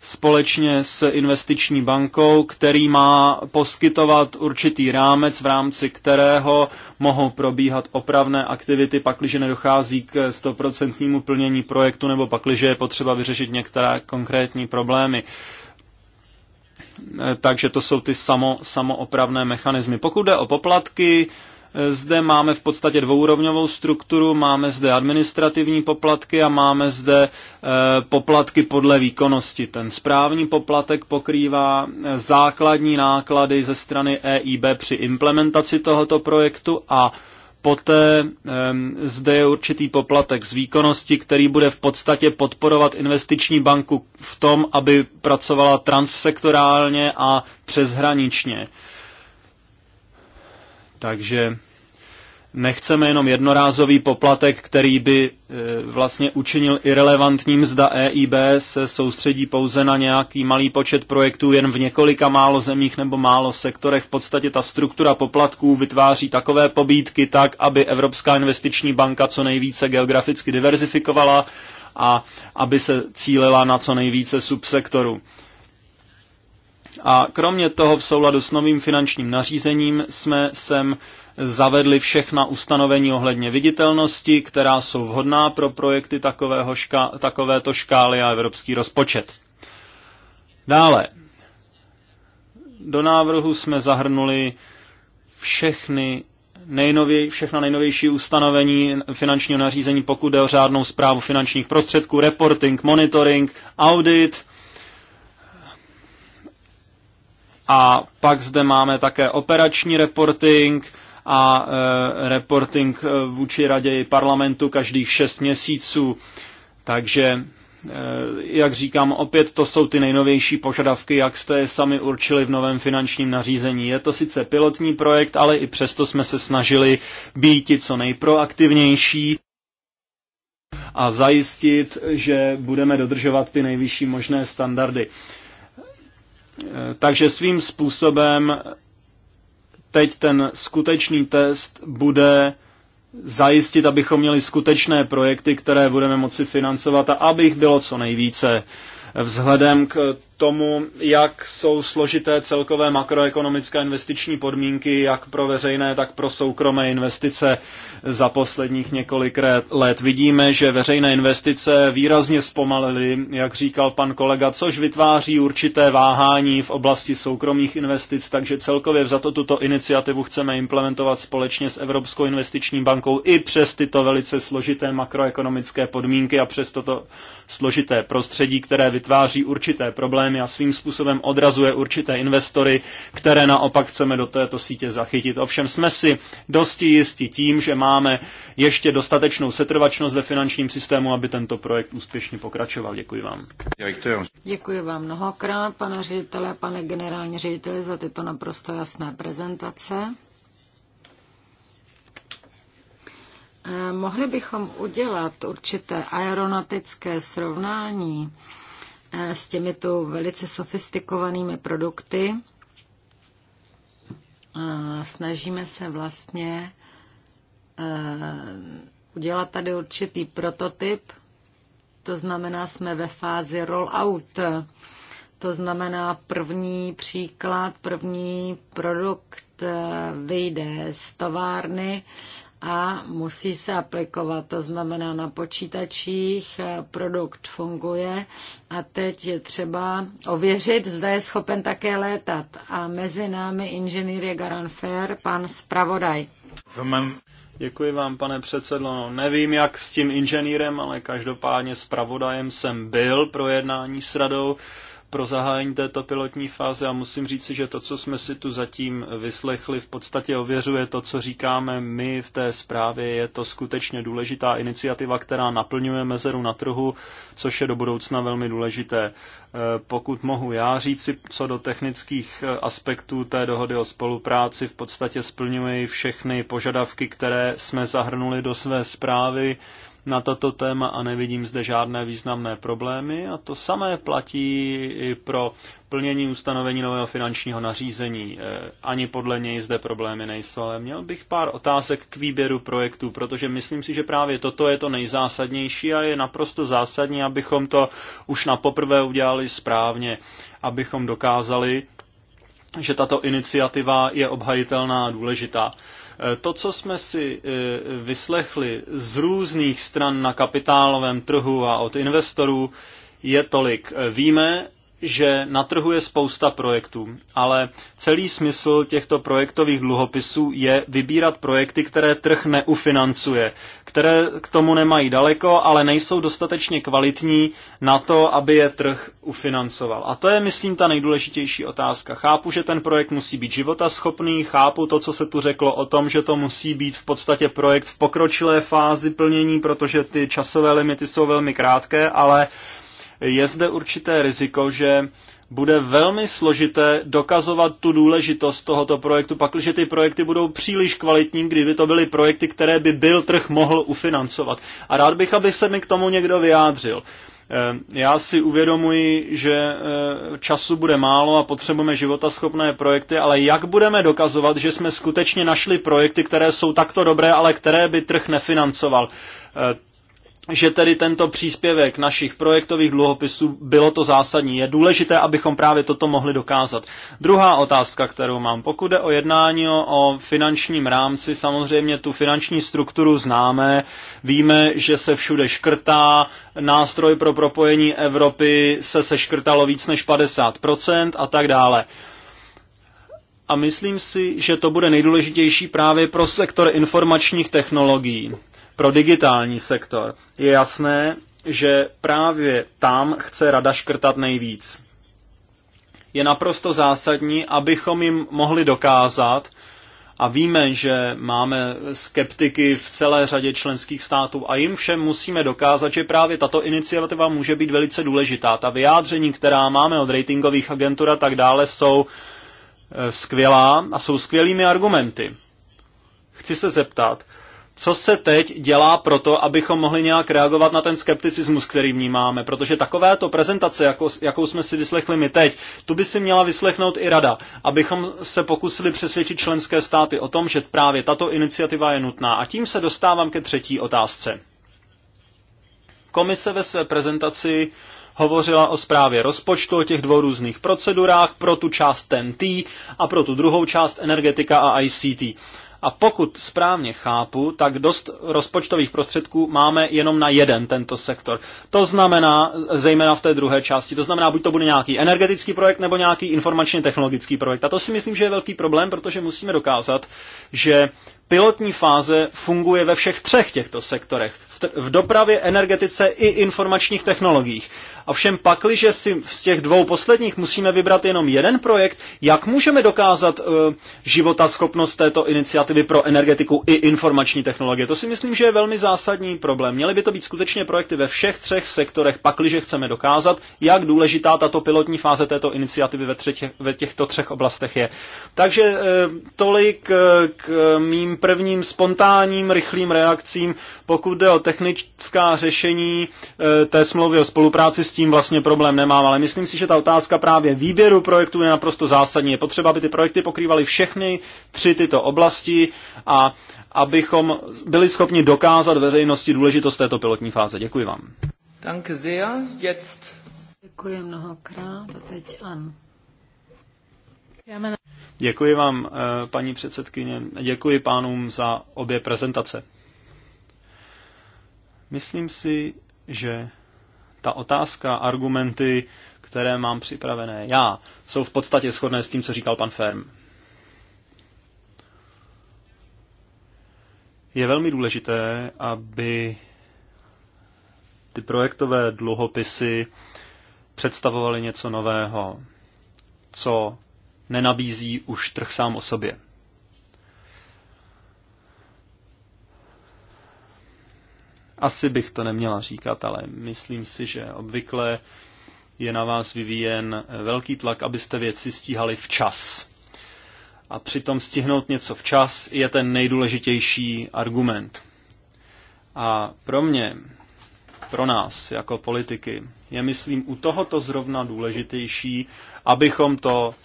společně s investiční bankou, který má poskytovat určitý rámec, v rámci kterého mohou probíhat opravné aktivity, pakliže nedochází k stoprocentnímu plnění projektu nebo pakliže je potřeba vyřešit některé konkrétní problémy. Eh, takže to jsou ty samo, samoopravné mechanismy. Pokud jde o poplatky, zde máme v podstatě dvourovňovou strukturu, máme zde administrativní poplatky a máme zde e, poplatky podle výkonnosti. Ten správní poplatek pokrývá e, základní náklady ze strany EIB při implementaci tohoto projektu a Poté zde je určitý poplatek z výkonnosti, který bude v podstatě podporovat investiční banku v tom, aby pracovala transsektorálně a přeshraničně. Takže nechceme jenom jednorázový poplatek, který by e, vlastně učinil irrelevantním, zda EIB se soustředí pouze na nějaký malý počet projektů jen v několika málo zemích nebo málo sektorech. V podstatě ta struktura poplatků vytváří takové pobídky tak, aby Evropská investiční banka co nejvíce geograficky diverzifikovala a aby se cílila na co nejvíce subsektorů. A kromě toho v souladu s novým finančním nařízením jsme sem zavedli všechna ustanovení ohledně viditelnosti, která jsou vhodná pro projekty takového ška, takovéto škály a evropský rozpočet. Dále, do návrhu jsme zahrnuli všechny nejnověj, všechna nejnovější ustanovení finančního nařízení, pokud jde o řádnou zprávu finančních prostředků, reporting, monitoring, audit – A pak zde máme také operační reporting a e, reporting e, vůči raději parlamentu každých šest měsíců. Takže, e, jak říkám, opět to jsou ty nejnovější požadavky, jak jste je sami určili v novém finančním nařízení. Je to sice pilotní projekt, ale i přesto jsme se snažili být co nejproaktivnější a zajistit, že budeme dodržovat ty nejvyšší možné standardy. Eh, takže svým způsobem teď ten skutečný test bude zajistit, abychom měli skutečné projekty, které budeme moci financovat a abych bylo co nejvíce. Vzhledem k tomu, jak jsou složité celkové makroekonomické investiční podmínky, jak pro veřejné, tak pro soukromé investice za posledních několik let. Vidíme, že veřejné investice výrazně zpomalily, jak říkal pan kolega, což vytváří určité váhání v oblasti soukromých investic, takže celkově za to tuto iniciativu chceme implementovat společně s Evropskou investiční bankou i přes tyto velice složité makroekonomické podmínky a přes toto složité prostředí, které vytváří určité problémy problémy a svým způsobem odrazuje určité investory, které naopak chceme do této sítě zachytit. Ovšem jsme si dosti jisti tím, že máme ještě dostatečnou setrvačnost ve finančním systému, aby tento projekt úspěšně pokračoval. Děkuji vám. Děkuji vám mnohokrát, pane ředitele, pane generální řediteli, za tyto naprosto jasné prezentace. Eh, mohli bychom udělat určité aeronautické srovnání Eh, s těmito velice sofistikovanými produkty. Snažíme se vlastně eh, udělat tady určitý prototyp, to znamená, jsme ve fázi roll-out. To znamená, první příklad, první produkt eh, vyjde z továrny a musí se aplikovat. To znamená, na počítačích eh, produkt funguje a teď je třeba ověřit, zda je schopen také létat. A mezi námi inženýr je Garan Fair, pan zpravodaj. Děkuji vám, pane předsedlo. No, nevím, jak s tím inženýrem, ale každopádně zpravodajem jsem byl pro jednání s radou pro zahájení této pilotní fáze a musím říct, že to, co jsme si tu zatím vyslechli, v podstatě ověřuje to, co říkáme my v té zprávě. Je to skutečně důležitá iniciativa, která naplňuje mezeru na trhu, což je do budoucna velmi důležité. E, pokud mohu já říci, co do technických aspektů té dohody o spolupráci, v podstatě splňuje všechny požadavky, které jsme zahrnuli do své zprávy na toto téma a nevidím zde žádné významné problémy. A to samé platí i pro plnění ustanovení nového finančního nařízení. E, ani podle něj zde problémy nejsou, ale měl bych pár otázek k výběru projektů, protože myslím si, že právě toto je to nejzásadnější a je naprosto zásadní, abychom to už na poprvé udělali správně, abychom dokázali že tato iniciativa je obhajitelná a důležitá. Eh, to, co jsme si eh, vyslechli z různých stran na kapitálovém trhu a od investorů, je tolik. Eh, víme, že na trhu je spousta projektů, ale celý smysl těchto projektových dluhopisů je vybírat projekty, které trh neufinancuje, které k tomu nemají daleko, ale nejsou dostatečně kvalitní na to, aby je trh ufinancoval. A to je, myslím, ta nejdůležitější otázka. Chápu, že ten projekt musí být životaschopný, chápu to, co se tu řeklo o tom, že to musí být v podstatě projekt v pokročilé fázi plnění, protože ty časové limity jsou velmi krátké, ale je zde určité riziko, že bude velmi složité dokazovat tu důležitost tohoto projektu, pakliže ty projekty budou příliš kvalitní, kdyby to byly projekty, které by byl trh mohl ufinancovat. A rád bych, aby se mi k tomu někdo vyjádřil. Eh, já si uvědomuji, že eh, času bude málo a potřebujeme životaschopné projekty, ale jak budeme dokazovat, že jsme skutečně našli projekty, které jsou takto dobré, ale které by trh nefinancoval? Eh, že tedy tento příspěvek našich projektových dluhopisů bylo to zásadní. Je důležité, abychom právě toto mohli dokázat. Druhá otázka, kterou mám. Pokud jde o jednání o, o finančním rámci, samozřejmě tu finanční strukturu známe. Víme, že se všude škrtá. Nástroj pro propojení Evropy se seškrtalo víc než 50% a tak dále a myslím si, že to bude nejdůležitější právě pro sektor informačních technologií pro digitální sektor, je jasné, že právě tam chce rada škrtat nejvíc. Je naprosto zásadní, abychom jim mohli dokázat, a víme, že máme skeptiky v celé řadě členských států a jim všem musíme dokázat, že právě tato iniciativa může být velice důležitá. Ta vyjádření, která máme od ratingových agentur a tak dále, jsou eh, skvělá a jsou skvělými argumenty. Chci se zeptat, co se teď dělá pro to, abychom mohli nějak reagovat na ten skepticismus, který vnímáme? Protože takovéto prezentace, jako, jakou jsme si vyslechli my teď, tu by si měla vyslechnout i rada, abychom se pokusili přesvědčit členské státy o tom, že právě tato iniciativa je nutná. A tím se dostávám ke třetí otázce. Komise ve své prezentaci hovořila o zprávě rozpočtu, o těch dvou různých procedurách pro tu část TNT a pro tu druhou část energetika a ICT. A pokud správně chápu, tak dost rozpočtových prostředků máme jenom na jeden tento sektor. To znamená, zejména v té druhé části, to znamená, buď to bude nějaký energetický projekt nebo nějaký informačně technologický projekt. A to si myslím, že je velký problém, protože musíme dokázat, že pilotní fáze funguje ve všech třech těchto sektorech v, dopravě, energetice i informačních technologiích. A všem když si z těch dvou posledních musíme vybrat jenom jeden projekt, jak můžeme dokázat uh, eh, života schopnost této iniciativy pro energetiku i informační technologie? To si myslím, že je velmi zásadní problém. Měly by to být skutečně projekty ve všech třech sektorech, když chceme dokázat, jak důležitá tato pilotní fáze této iniciativy ve, třetě, ve těchto třech oblastech je. Takže uh, tolik uh, k mým prvním spontánním, rychlým reakcím, pokud jde o technická řešení eh, té smlouvy o spolupráci s tím vlastně problém nemám, ale myslím si, že ta otázka právě výběru projektů je naprosto zásadní. Je potřeba, aby ty projekty pokrývaly všechny tři tyto oblasti a abychom byli schopni dokázat veřejnosti důležitost této pilotní fáze. Děkuji vám. Danke sehr. Jetzt. Děkuji mnohokrát a teď An. Děkuji vám, eh, paní předsedkyně. Děkuji pánům za obě prezentace. Myslím si, že ta otázka, argumenty, které mám připravené já, jsou v podstatě shodné s tím, co říkal pan Ferm. Je velmi důležité, aby ty projektové dluhopisy představovaly něco nového, co nenabízí už trh sám o sobě. Asi bych to neměla říkat, ale myslím si, že obvykle je na vás vyvíjen velký tlak, abyste věci stíhali včas. A přitom stihnout něco včas je ten nejdůležitější argument. A pro mě, pro nás jako politiky, je myslím u tohoto zrovna důležitější, abychom to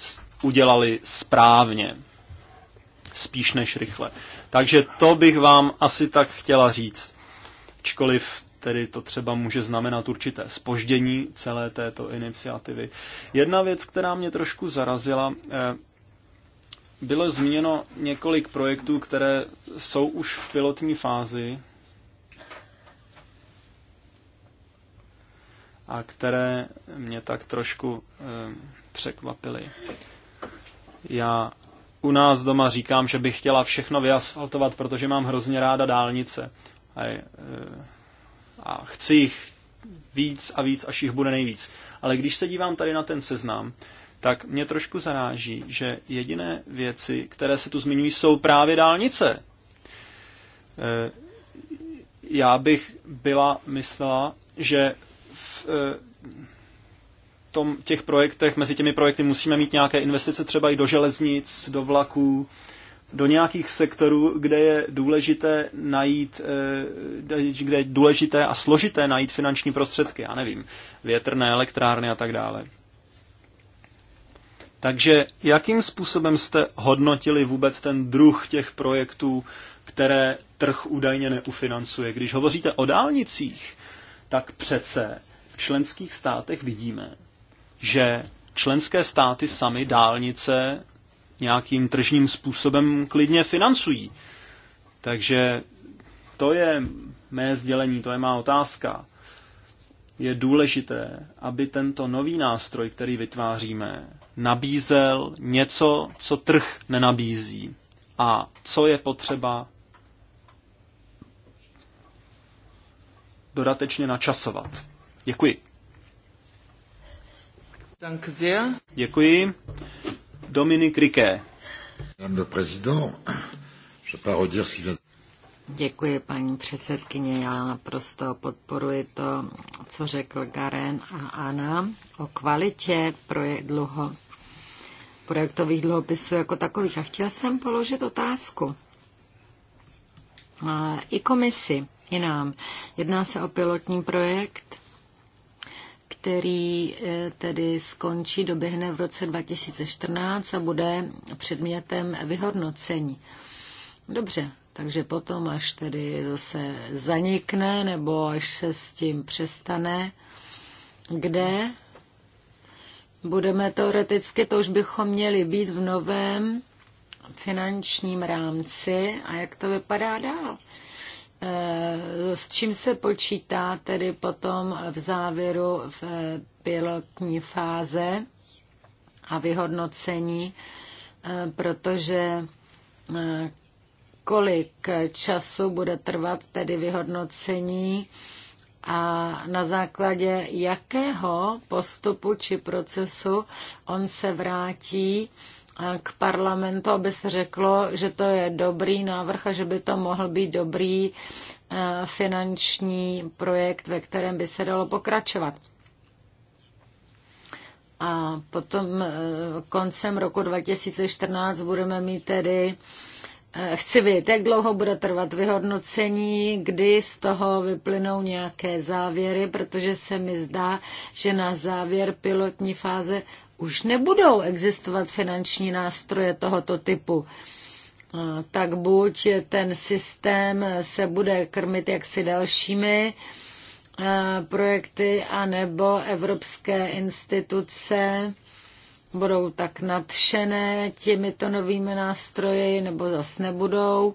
udělali správně, spíš než rychle. Takže to bych vám asi tak chtěla říct ačkoliv tedy to třeba může znamenat určité spoždění celé této iniciativy. Jedna věc, která mě trošku zarazila, eh, bylo zmíněno několik projektů, které jsou už v pilotní fázi a které mě tak trošku eh, překvapily. Já u nás doma říkám, že bych chtěla všechno vyasfaltovat, protože mám hrozně ráda dálnice. Eh, a, chci jich víc a víc, až jich bude nejvíc. Ale když se dívám tady na ten seznam, tak mě trošku zaráží, že jediné věci, které se tu zmiňují, jsou právě dálnice. Eh, já bych byla myslela, že v eh, tom, těch projektech, mezi těmi projekty musíme mít nějaké investice třeba i do železnic, do vlaků, do nějakých sektorů, kde je důležité najít, eh, kde je důležité a složité najít finanční prostředky, já nevím, větrné elektrárny a tak dále. Takže jakým způsobem jste hodnotili vůbec ten druh těch projektů, které trh údajně neufinancuje? Když hovoříte o dálnicích, tak přece v členských státech vidíme, že členské státy sami dálnice nějakým tržním způsobem klidně financují. Takže to je mé sdělení, to je má otázka. Je důležité, aby tento nový nástroj, který vytváříme, nabízel něco, co trh nenabízí a co je potřeba dodatečně načasovat. Děkuji. Děkuji. Dominik Riké. Děkuji, paní předsedkyně. Já naprosto podporuji to, co řekl Garen a Anna o kvalitě projekt dluho, projektových dluhopisů jako takových. A chtěl jsem položit otázku i komisi, i nám. Jedná se o pilotní projekt, který eh, tedy skončí, doběhne v roce 2014 a bude předmětem vyhodnocení. Dobře, takže potom, až tedy zase zanikne nebo až se s tím přestane, kde budeme teoreticky, to už bychom měli být v novém finančním rámci a jak to vypadá dál. Eh, s čím se počítá tedy potom v závěru v eh, pilotní fáze a vyhodnocení, eh, protože kolik času bude trvat tedy vyhodnocení a na základě jakého postupu či procesu on se vrátí k parlamentu, aby se řeklo, že to je dobrý návrh a že by to mohl být dobrý eh, finanční projekt, ve kterém by se dalo pokračovat. A potom eh, koncem roku 2014 budeme mít tedy eh, Chci vědět, jak dlouho bude trvat vyhodnocení, kdy z toho vyplynou nějaké závěry, protože se mi zdá, že na závěr pilotní fáze už nebudou existovat finanční nástroje tohoto typu, tak buď ten systém se bude krmit jaksi dalšími projekty, anebo evropské instituce budou tak nadšené těmito novými nástroji, nebo zas nebudou.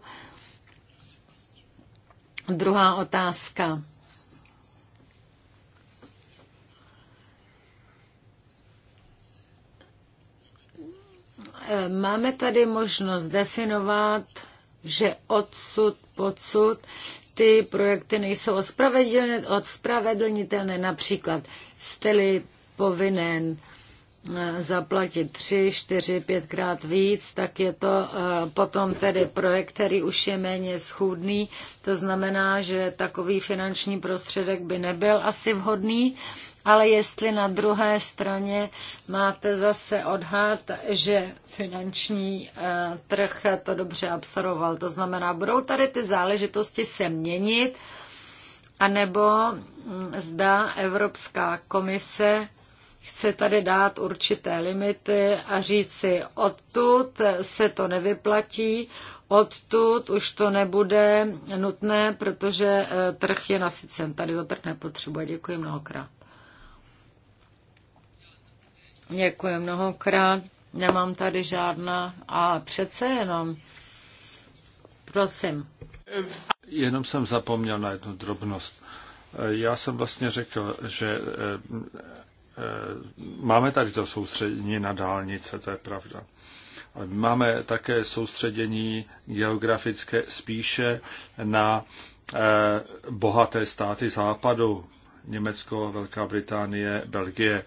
Druhá otázka. Máme tady možnost definovat, že odsud podsud ty projekty nejsou ospravedlnitelné. Například jste-li povinen eh, zaplatit tři, čtyři, pětkrát víc, tak je to eh, potom tedy projekt, který už je méně schůdný. To znamená, že takový finanční prostředek by nebyl asi vhodný ale jestli na druhé straně máte zase odhad, že finanční eh, trh to dobře absorboval. To znamená, budou tady ty záležitosti se měnit, anebo hm, zda Evropská komise chce tady dát určité limity a říci, odtud se to nevyplatí, odtud už to nebude nutné, protože eh, trh je nasycen. Tady to trh nepotřebuje. Děkuji mnohokrát. Děkuji mnohokrát. Nemám tady žádná. A přece jenom. Prosím. Jenom jsem zapomněl na jednu drobnost. Já jsem vlastně řekl, že eh, eh, máme tady to soustředění na dálnice, to je pravda. Ale máme také soustředění geografické spíše na eh, bohaté státy západu, Německo, Velká Británie, Belgie.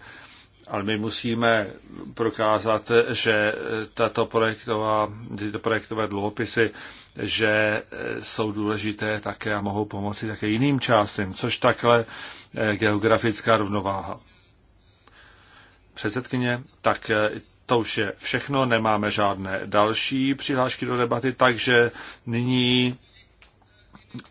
Ale my musíme prokázat, že tato projektová, tyto projektové dluhopisy že jsou důležité také a mohou pomoci také jiným částem, což takhle eh, geografická rovnováha. Předsedkyně, tak eh, to už je všechno, nemáme žádné další přihlášky do debaty, takže nyní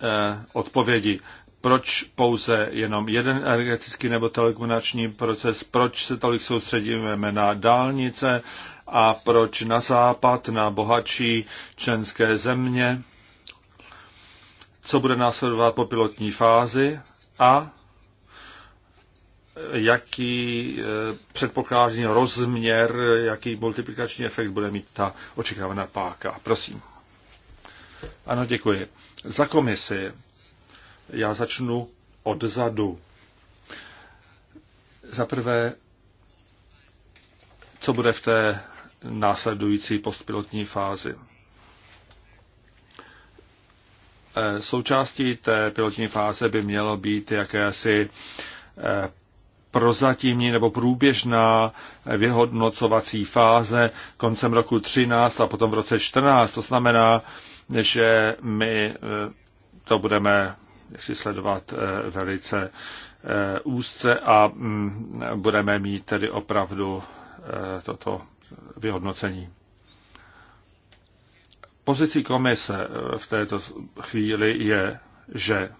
eh, odpovědi proč pouze jenom jeden energetický nebo telekomunikační proces, proč se tolik soustředíme na dálnice a proč na západ, na bohatší členské země, co bude následovat po pilotní fázi a jaký eh, předpokládaný rozměr, jaký multiplikační efekt bude mít ta očekávaná páka. Prosím. Ano, děkuji. Za komisi já začnu odzadu. Za prvé, co bude v té následující postpilotní fázi. Eh, součástí té pilotní fáze by mělo být jakési eh, prozatímní nebo průběžná vyhodnocovací fáze koncem roku 13 a potom v roce 14. To znamená, že my eh, to budeme jaksi sledovat eh, velice eh, úzce a mm, budeme mít tedy opravdu eh, toto vyhodnocení. Pozicí komise v této chvíli je, že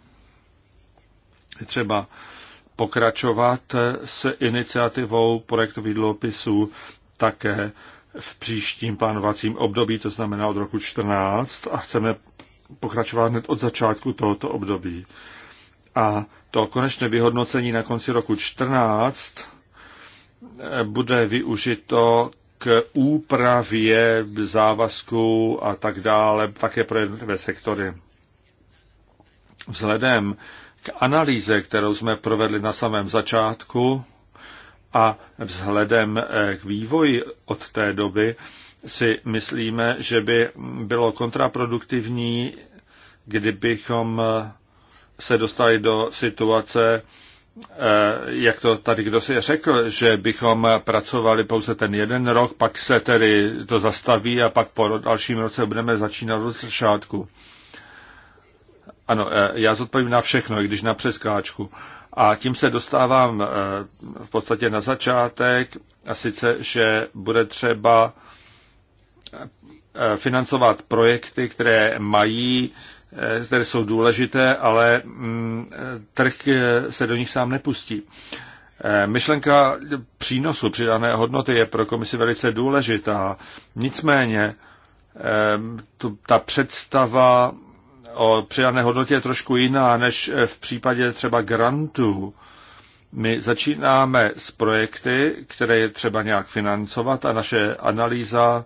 třeba pokračovat s iniciativou projektových dluhopisů také v příštím plánovacím období, to znamená od roku 14, a chceme pokračovala hned od začátku tohoto období. A to konečné vyhodnocení na konci roku 14 eh, bude využito k úpravě závazků a tak dále, také pro jednotlivé sektory. Vzhledem k analýze, kterou jsme provedli na samém začátku a vzhledem eh, k vývoji od té doby, si myslíme, že by bylo kontraproduktivní, kdybychom se dostali do situace, eh, jak to tady kdo si řekl, že bychom pracovali pouze ten jeden rok, pak se tedy to zastaví a pak po dalším roce budeme začínat od začátku. Ano, eh, já zodpovím na všechno, i když na přeskáčku. A tím se dostávám eh, v podstatě na začátek, a sice, že bude třeba Eh, financovat projekty, které mají, eh, které jsou důležité, ale mm, eh, trh se do nich sám nepustí. Myšlenka přínosu přidané hodnoty je pro komisi velice důležitá. Nicméně ta představa o přidané hodnotě je trošku jiná než v případě třeba grantů. My začínáme s projekty, které je třeba nějak financovat a naše analýza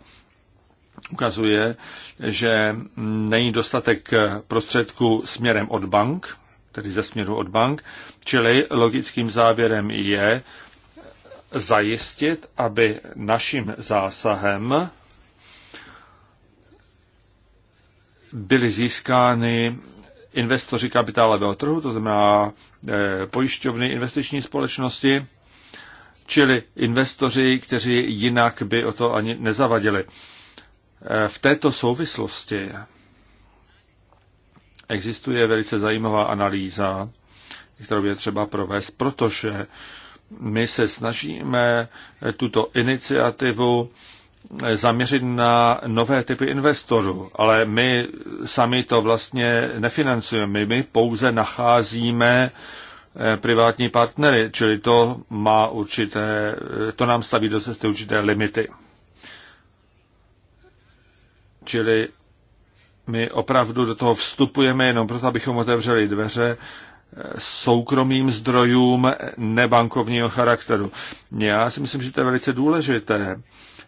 ukazuje, že není dostatek prostředků směrem od bank, tedy ze směru od bank, čili logickým závěrem je zajistit, aby naším zásahem byly získány investoři kapitálového trhu, to znamená eh, pojišťovny investiční společnosti, čili investoři, kteří jinak by o to ani nezavadili. V této souvislosti existuje velice zajímavá analýza, kterou je třeba provést, protože my se snažíme tuto iniciativu zaměřit na nové typy investorů, ale my sami to vlastně nefinancujeme, my pouze nacházíme eh, privátní partnery, čili to má určité, to nám staví do cesty určité limity. Čili my opravdu do toho vstupujeme jenom proto, abychom otevřeli dveře eh, soukromým zdrojům nebankovního charakteru. Já si myslím, že to je velice důležité,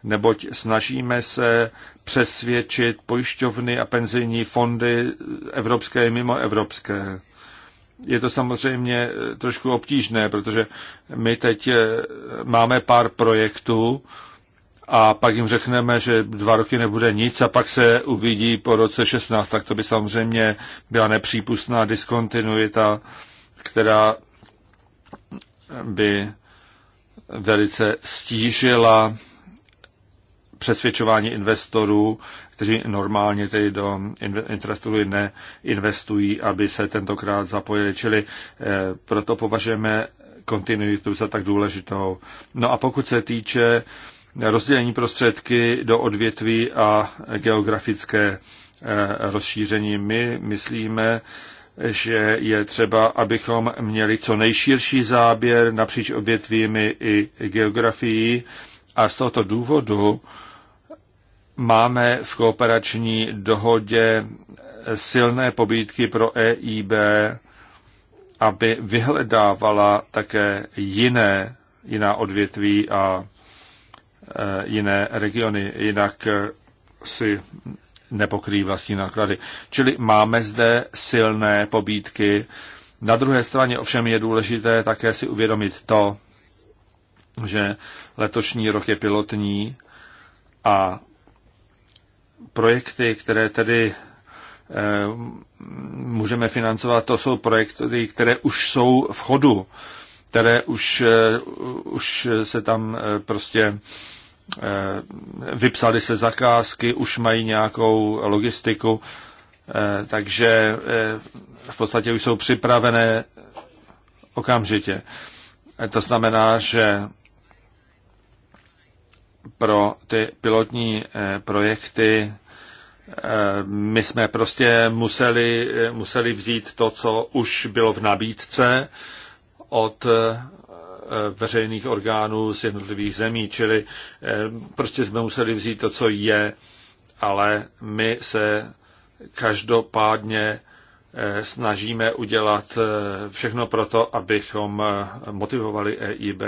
neboť snažíme se přesvědčit pojišťovny a penzijní fondy evropské i mimoevropské. Je to samozřejmě eh, trošku obtížné, protože my teď eh, máme pár projektů, a pak jim řekneme, že dva roky nebude nic a pak se uvidí po roce 16, tak to by samozřejmě byla nepřípustná diskontinuita, která by velice stížila přesvědčování investorů, kteří normálně tedy do infrastruktury neinvestují, aby se tentokrát zapojili. Čili eh, proto považujeme kontinuitu za tak důležitou. No a pokud se týče rozdělení prostředky do odvětví a geografické eh, rozšíření. My myslíme, že je třeba, abychom měli co nejširší záběr napříč odvětvími i geografií a z tohoto důvodu máme v kooperační dohodě silné pobídky pro EIB, aby vyhledávala také jiné, jiná odvětví a Eh, jiné regiony, jinak eh, si nepokryjí vlastní náklady. Čili máme zde silné pobídky. Na druhé straně ovšem je důležité také si uvědomit to, že letošní rok je pilotní a projekty, které tedy eh, můžeme financovat, to jsou projekty, které už jsou v chodu, které už, už se tam prostě Eh, vypsali se zakázky, už mají nějakou logistiku, eh, takže eh, v podstatě už jsou připravené okamžitě. To znamená, že pro ty pilotní projekty my jsme prostě museli, museli vzít to, co už bylo v nabídce od Eh, veřejných orgánů z jednotlivých zemí, čili eh, prostě jsme museli vzít to, co je, ale my se každopádně eh, snažíme udělat všechno pro to, abychom motivovali EIB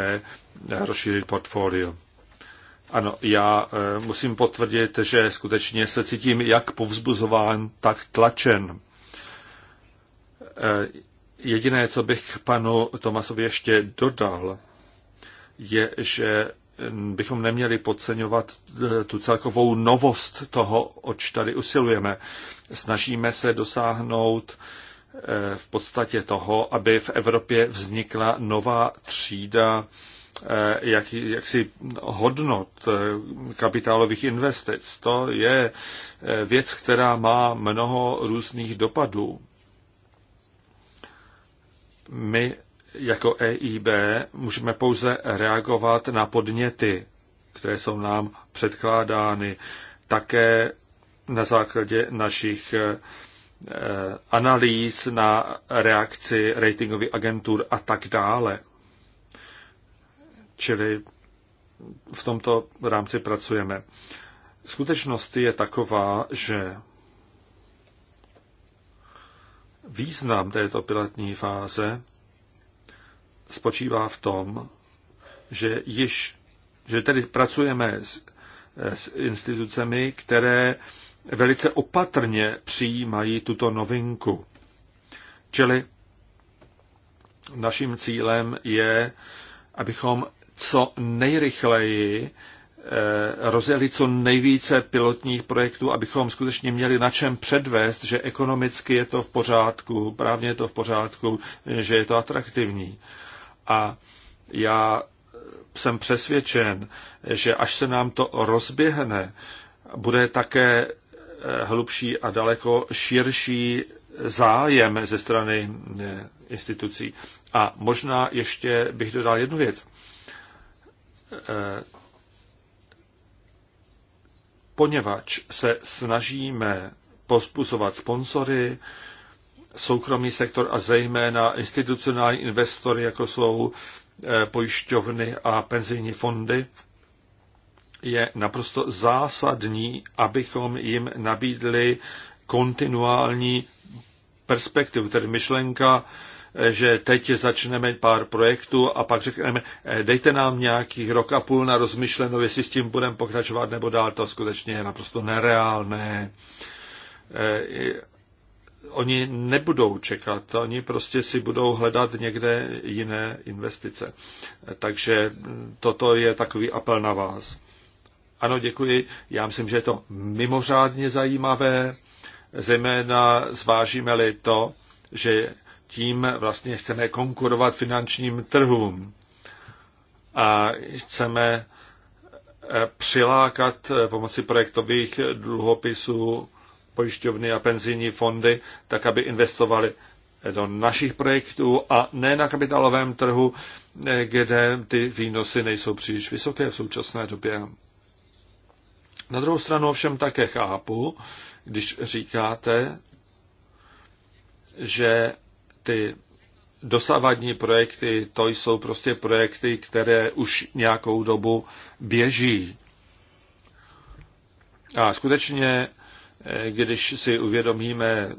rozšířit portfolio. Ano, já musím potvrdit, že skutečně se cítím jak povzbuzován, tak tlačen. Jediné, co bych k panu Tomasovi ještě dodal, je, že bychom neměli podceňovat eh, tu celkovou novost toho, oč tady usilujeme. Snažíme se dosáhnout eh, v podstatě toho, aby v Evropě vznikla nová třída eh, jak, jaksi hodnot kapitálových investic. To je věc, která má mnoho různých dopadů. My jako EIB můžeme pouze reagovat na podněty, které jsou nám předkládány, také na základě našich eh, eh, analýz na reakci ratingových agentur a tak dále. Čili v tomto rámci pracujeme. Skutečnost je taková, že Význam této pilotní fáze spočívá v tom, že již, že tedy pracujeme s, s institucemi, které velice opatrně přijímají tuto novinku. Čili naším cílem je, abychom co nejrychleji Eh, rozjeli co nejvíce pilotních projektů, abychom skutečně měli na čem předvést, že ekonomicky je to v pořádku, právně je to v pořádku, že je to atraktivní. A já jsem přesvědčen, že až se nám to rozběhne, bude také eh, hlubší a daleko širší zájem ze strany eh, institucí. A možná ještě bych dodal jednu věc poněvadž se snažíme pospuzovat sponzory, soukromý sektor a zejména institucionální investory, jako jsou eh, pojišťovny a penzijní fondy, je naprosto zásadní, abychom jim nabídli kontinuální perspektivu, tedy myšlenka že teď začneme pár projektů a pak řekneme, eh, dejte nám nějaký rok a půl na rozmyšlenou, jestli s tím budeme pokračovat nebo dál. To skutečně je naprosto nereálné. Eh, oni nebudou čekat, oni prostě si budou hledat někde jiné investice. Eh, takže mm, toto je takový apel na vás. Ano, děkuji. Já myslím, že je to mimořádně zajímavé, zejména zvážíme-li to, že tím vlastně chceme konkurovat finančním trhům a chceme eh, přilákat eh, pomocí projektových dluhopisů pojišťovny a penzijní fondy, tak aby investovali eh, do našich projektů a ne na kapitálovém trhu, kde ty výnosy nejsou příliš vysoké v současné době. Na druhou stranu ovšem také chápu, když říkáte, že ty dosavadní projekty, to jsou prostě projekty, které už nějakou dobu běží. A skutečně, eh, když si uvědomíme,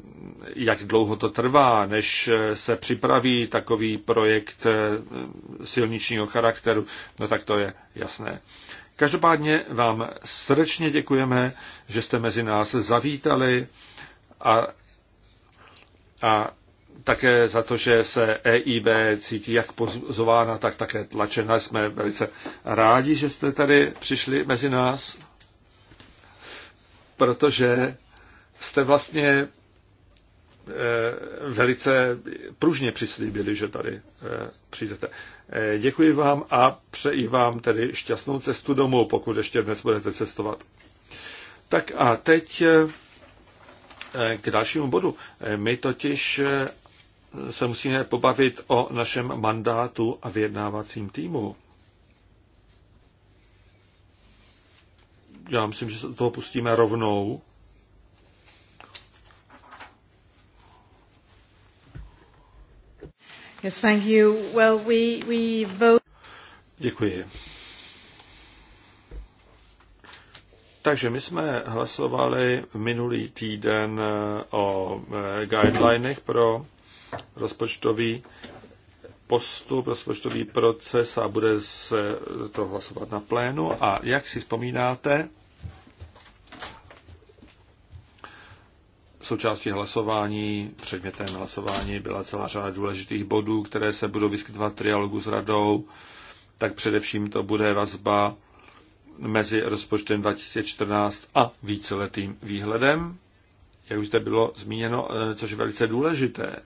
jak dlouho to trvá, než se připraví takový projekt eh, silničního charakteru, no tak to je jasné. Každopádně vám srdečně děkujeme, že jste mezi nás zavítali a, a také za to, že se EIB cítí jak pozvána, tak také tlačena. Jsme velice rádi, že jste tady přišli mezi nás, protože jste vlastně e, velice pružně přislíbili, že tady e, přijdete. E, děkuji vám a přeji vám tedy šťastnou cestu domů, pokud ještě dnes budete cestovat. Tak a teď k dalšímu bodu. My totiž se musíme pobavit o našem mandátu a vyjednávacím týmu. Já myslím, že se do toho pustíme rovnou. Yes, thank you. Well, we, we vote... Děkuji. Takže my jsme hlasovali minulý týden o guidelinech pro rozpočtový postup, rozpočtový proces a bude se to hlasovat na plénu. A jak si vzpomínáte, součástí hlasování, předmětem hlasování byla celá řada důležitých bodů, které se budou vyskytovat v trialogu s radou, tak především to bude vazba mezi rozpočtem 2014 a víceletým výhledem, jak už zde bylo zmíněno, eh, což je velice důležité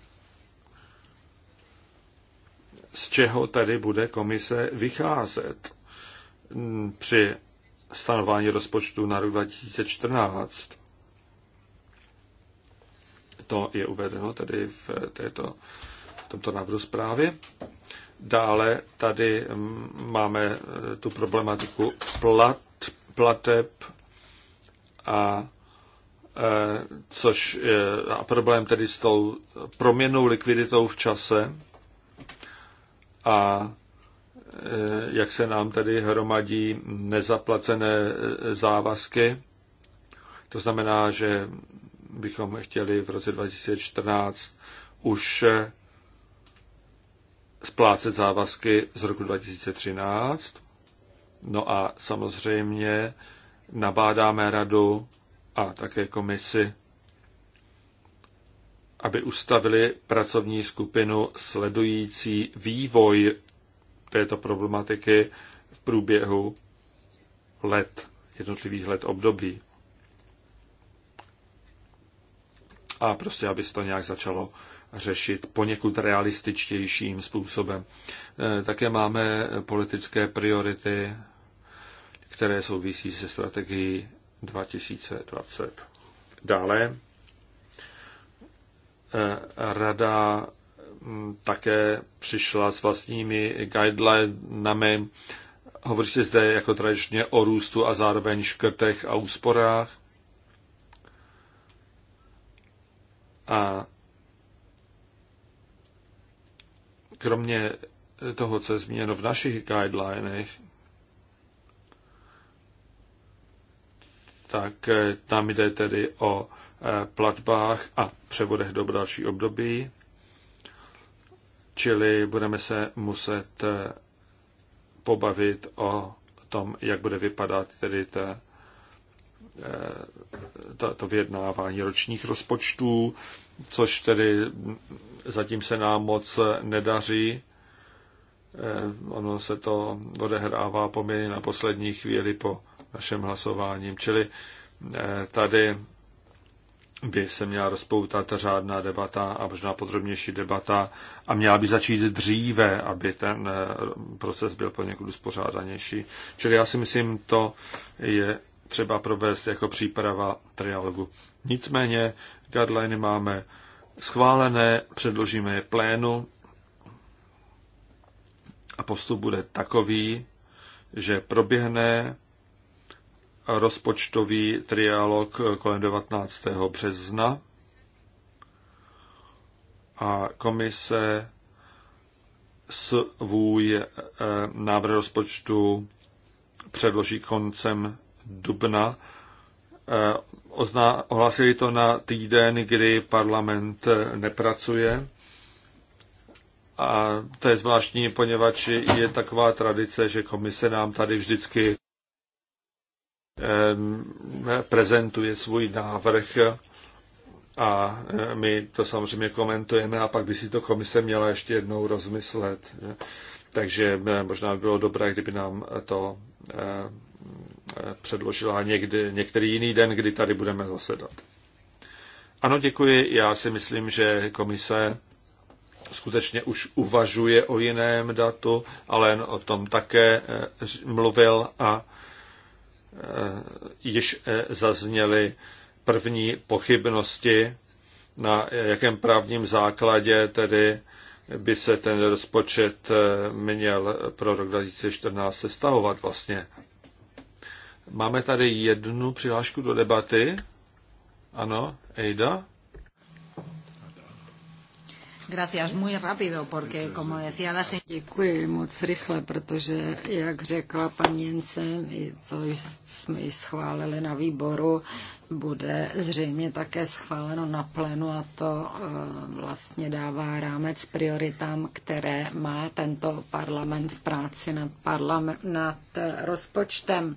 z čeho tady bude komise vycházet mm, při stanování rozpočtu na rok 2014. To je uvedeno tedy v, této, v tomto návrhu zprávy. Dále tady mm, máme eh, tu problematiku plat, plateb a eh, což a problém tedy s tou proměnou likviditou v čase, a e, jak se nám tady hromadí nezaplacené e, závazky. To znamená, že bychom chtěli v roce 2014 už e, splácet závazky z roku 2013. No a samozřejmě nabádáme radu a také komisi aby ustavili pracovní skupinu sledující vývoj této problematiky v průběhu let, jednotlivých let období. A prostě, aby se to nějak začalo řešit poněkud realističtějším způsobem. E, také máme politické priority, které souvisí se strategií 2020. Dále rada mm, také přišla s vlastními guidelinami. Hovoříte zde jako tradičně o růstu a zároveň škrtech a úsporách. A kromě toho, co je zmíněno v našich guidelinech, tak eh, tam jde tedy o Eh, platbách a převodech do další období, čili budeme se muset eh, pobavit o tom, jak bude vypadat tedy ta, eh, ta, to vyjednávání ročních rozpočtů, což tedy zatím se nám moc nedaří. Ono se to odehrává poměrně na poslední chvíli po našem hlasováním. Čili tady by se měla rozpoutat řádná debata a možná podrobnější debata a měla by začít dříve, aby ten eh, proces byl poněkud uspořádanější. Čili já si myslím, to je třeba provést jako příprava trialogu. Nicméně guideliny máme schválené, předložíme je plénu a postup bude takový, že proběhne rozpočtový trialog kolem 19. března a komise svůj eh, návrh rozpočtu předloží koncem dubna. Eh, ozná, to na týden, kdy parlament eh, nepracuje. A to je zvláštní, poněvadž je taková tradice, že komise nám tady vždycky prezentuje svůj návrh a e, my to samozřejmě komentujeme a pak by si to komise měla ještě jednou rozmyslet. Takže e, možná by bylo dobré, kdyby nám to e, předložila někdy, některý jiný den, kdy tady budeme zasedat. Ano, děkuji. Já si myslím, že komise skutečně už uvažuje o jiném datu, ale o tom také mluvil a Eh, již eh, zazněly první pochybnosti, na jakém právním základě tedy by se ten rozpočet eh, měl pro rok 2014 sestavovat vlastně. Máme tady jednu přihlášku do debaty. Ano, Ejda? Gracias, muy rápido, porque como decía la Děkuji moc rychle, protože, jak řekla paní Jensen, co jsme ji schválili na výboru, bude zřejmě také schváleno na plenu a to eh, vlastně dává rámec prioritám, které má tento parlament v práci nad, parlament, nad eh, rozpočtem.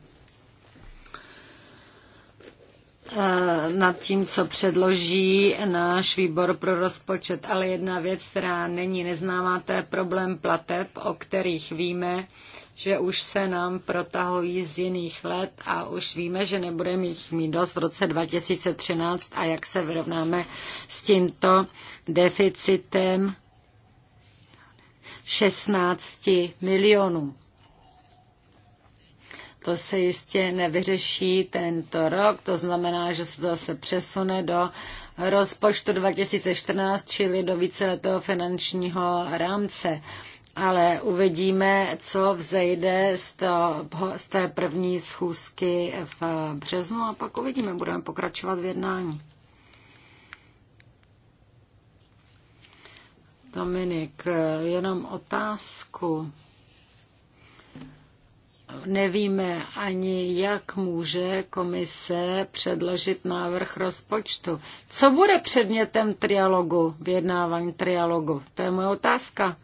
Eh, nad tím, co předloží náš výbor pro rozpočet. Ale jedna věc, která není neznámá, to je problém plateb, o kterých víme, že už se nám protahují z jiných let a už víme, že nebudeme jich mít dost v roce 2013 a jak se vyrovnáme s tímto deficitem 16 milionů. To se jistě nevyřeší tento rok, to znamená, že se to zase přesune do rozpočtu 2014, čili do víceletého finančního rámce. Ale uvidíme, co vzejde z, toho, z té první schůzky v březnu a pak uvidíme, budeme pokračovat v jednání. Dominik, jenom otázku nevíme ani, jak může komise předložit návrh rozpočtu. Co bude předmětem trialogu, vyjednávání trialogu? To je moje otázka.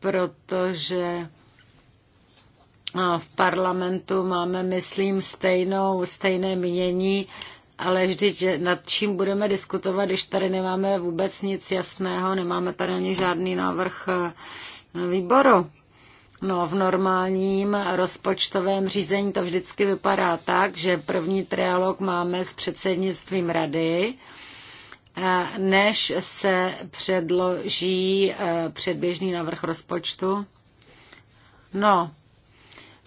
Protože v parlamentu máme, myslím, stejnou, stejné mínění, ale vždyť nad čím budeme diskutovat, když tady nemáme vůbec nic jasného, nemáme tady ani žádný návrh eh, výboru. No, v normálním rozpočtovém řízení to vždycky vypadá tak, že první trialog máme s předsednictvím rady, eh, než se předloží eh, předběžný návrh rozpočtu. No,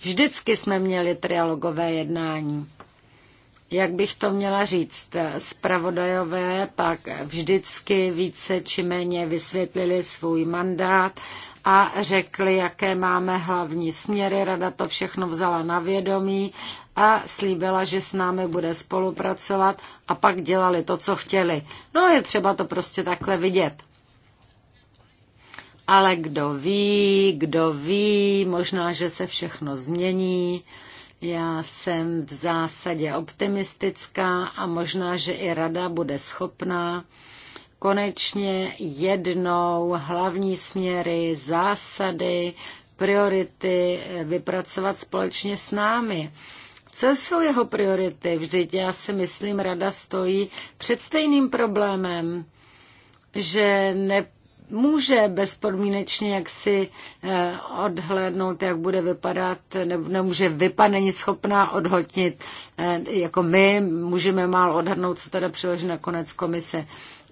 vždycky jsme měli trialogové jednání jak bych to měla říct, zpravodajové pak vždycky více či méně vysvětlili svůj mandát, a řekli, jaké máme hlavní směry. Rada to všechno vzala na vědomí a slíbila, že s námi bude spolupracovat a pak dělali to, co chtěli. No je třeba to prostě takhle vidět. Ale kdo ví, kdo ví, možná, že se všechno změní. Já jsem v zásadě optimistická a možná, že i rada bude schopná konečně jednou hlavní směry, zásady, priority vypracovat společně s námi. Co jsou jeho priority? Vždyť já si myslím, rada stojí před stejným problémem, že ne může bezpodmínečně jaksi eh, odhlédnout, jak bude vypadat, ne, nemůže vypadat, není schopná eh, jako my můžeme málo odhadnout, co teda přiloží na konec komise.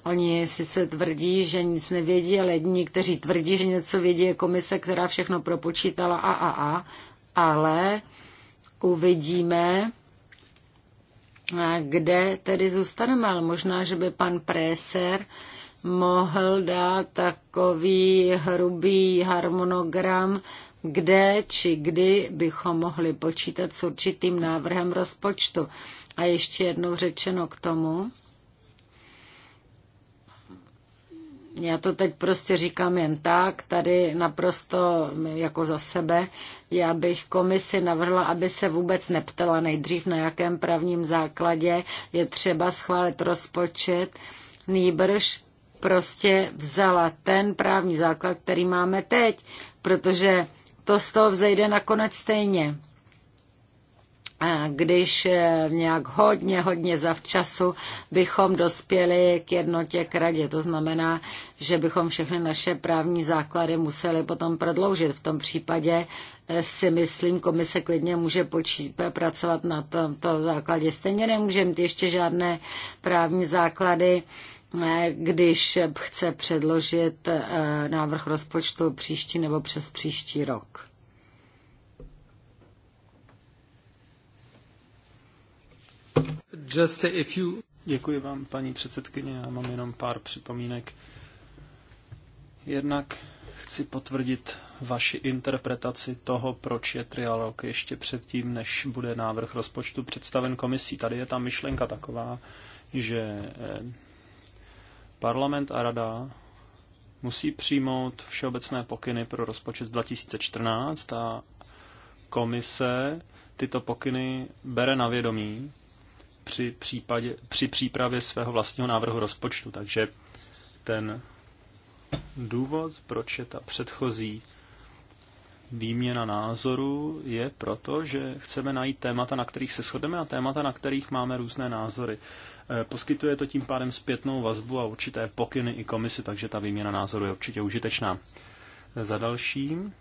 Oni se tvrdí, že nic nevědí, ale kteří tvrdí, že něco vědí je jako komise, která všechno propočítala a a a, ale uvidíme, kde tedy zůstaneme, ale možná, že by pan Préser mohl dát takový hrubý harmonogram, kde či kdy bychom mohli počítat s určitým návrhem rozpočtu. A ještě jednou řečeno k tomu, já to teď prostě říkám jen tak, tady naprosto jako za sebe, já bych komisi navrhla, aby se vůbec neptala nejdřív, na jakém právním základě je třeba schválit rozpočet, nýbrž prostě vzala ten právní základ, který máme teď, protože to z toho vzejde nakonec stejně když eh, nějak hodně, hodně zavčasu bychom dospěli k jednotě k radě. To znamená, že bychom všechny naše právní základy museli potom prodloužit. V tom případě eh, si myslím, komise klidně může počít, eh, pracovat na tomto základě. Stejně nemůžeme ještě žádné právní základy když chce předložit návrh rozpočtu příští nebo přes příští rok. Děkuji vám, paní předsedkyně. Já mám jenom pár připomínek. Jednak chci potvrdit vaši interpretaci toho, proč je trialog ještě předtím, než bude návrh rozpočtu představen komisí. Tady je ta myšlenka taková, že eh, parlament a rada musí přijmout všeobecné pokyny pro rozpočet 2014 a komise tyto pokyny bere na vědomí při, případě, při přípravě svého vlastního návrhu rozpočtu. Takže ten důvod, proč je ta předchozí výměna názoru, je proto, že chceme najít témata, na kterých se shodneme a témata, na kterých máme různé názory. E, poskytuje to tím pádem zpětnou vazbu a určité pokyny i komisy, takže ta výměna názoru je určitě užitečná. Za dalším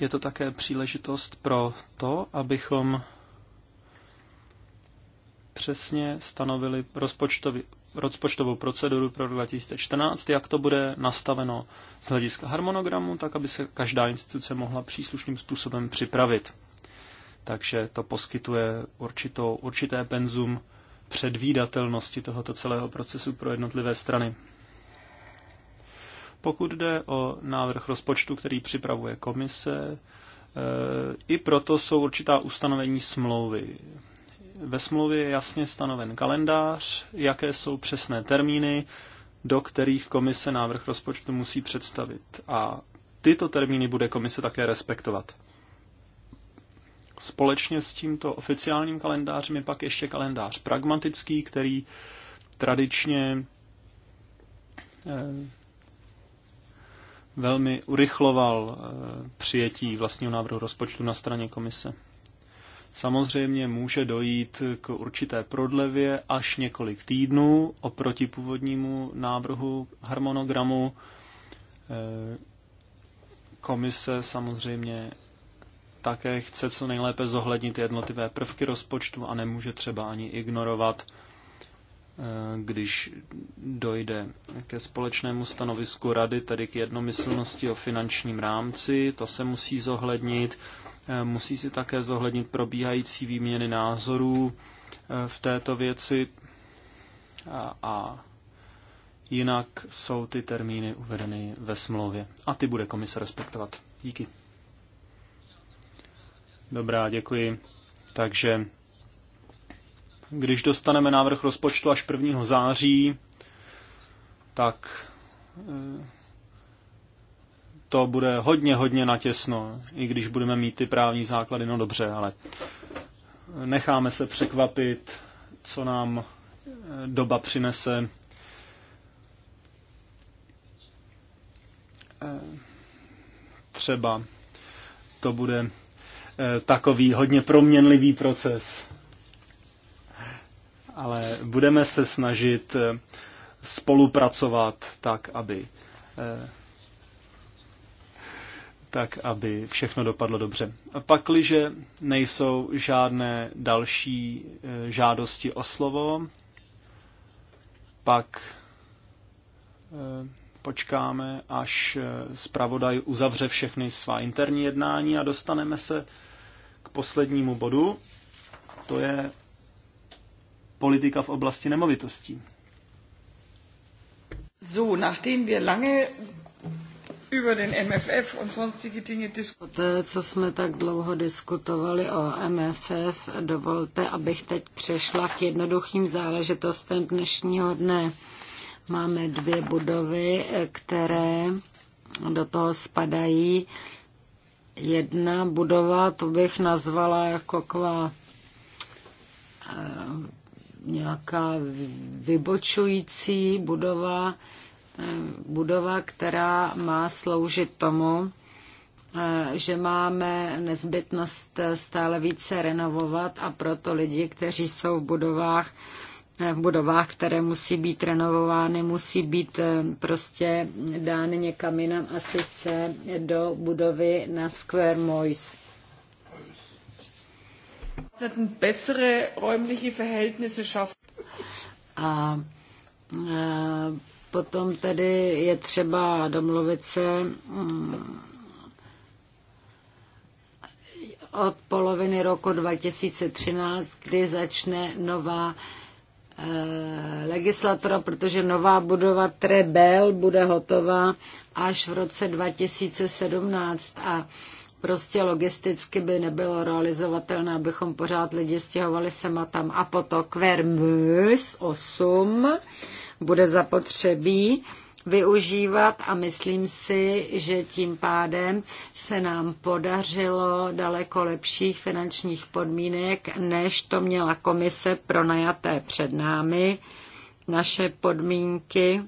je to také příležitost pro to, abychom přesně stanovili rozpočtovou proceduru pro 2014, jak to bude nastaveno z hlediska harmonogramu, tak aby se každá instituce mohla příslušným způsobem připravit. Takže to poskytuje určitou, určité penzum předvídatelnosti tohoto celého procesu pro jednotlivé strany. Pokud jde o návrh rozpočtu, který připravuje komise, eh, i proto jsou určitá ustanovení smlouvy. Ve smlouvě je jasně stanoven kalendář, jaké jsou přesné termíny, do kterých komise návrh rozpočtu musí představit. A tyto termíny bude komise také respektovat. Společně s tímto oficiálním kalendářem je pak ještě kalendář pragmatický, který tradičně eh, velmi urychloval eh, přijetí vlastního návrhu rozpočtu na straně komise. Samozřejmě může dojít k určité prodlevě až několik týdnů oproti původnímu návrhu harmonogramu. E, komise samozřejmě také chce co nejlépe zohlednit jednotlivé prvky rozpočtu a nemůže třeba ani ignorovat, e, když dojde ke společnému stanovisku rady, tedy k jednomyslnosti o finančním rámci, to se musí zohlednit Eh, musí si také zohlednit probíhající výměny názorů eh, v této věci a, a jinak jsou ty termíny uvedeny ve smlouvě. A ty bude komise respektovat. Díky. Dobrá, děkuji. Takže když dostaneme návrh rozpočtu až 1. září, tak eh, to bude hodně, hodně natěsno, i když budeme mít ty právní základy, no dobře, ale necháme se překvapit, co nám eh, doba přinese. Eh, třeba to bude eh, takový hodně proměnlivý proces. Ale budeme se snažit spolupracovat tak, aby tak aby všechno dopadlo dobře. A Pakliže nejsou žádné další e, žádosti o slovo, pak e, počkáme, až e, zpravodaj uzavře všechny svá interní jednání a dostaneme se k poslednímu bodu. To je politika v oblasti nemovitostí. So, nachdem wir lange über den MFF und sonstige Dinge diskutieren. Poté, co jsme tak dlouho diskutovali o MFF, dovolte, abych teď přešla k jednoduchým záležitostem dnešního dne. Máme dvě budovy, které do toho spadají. Jedna budova, to bych nazvala jako kva eh, nějaká vybočující budova, budova, která má sloužit tomu, eh, že máme nezbytnost stále více renovovat a proto lidi, kteří jsou v budovách, eh, v budovách, které musí být renovovány, musí být eh, prostě dány někam jinam a sice do budovy na Square Moise. A, a Potom tedy je třeba domluvit se mm, od poloviny roku 2013, kdy začne nová eh, legislatura, protože nová budova Trebel bude hotová až v roce 2017 a prostě logisticky by nebylo realizovatelné, abychom pořád lidi stěhovali sem a tam. A potom Kvermus 8, bude zapotřebí využívat a myslím si, že tím pádem se nám podařilo daleko lepších finančních podmínek, než to měla komise pronajaté před námi. Naše podmínky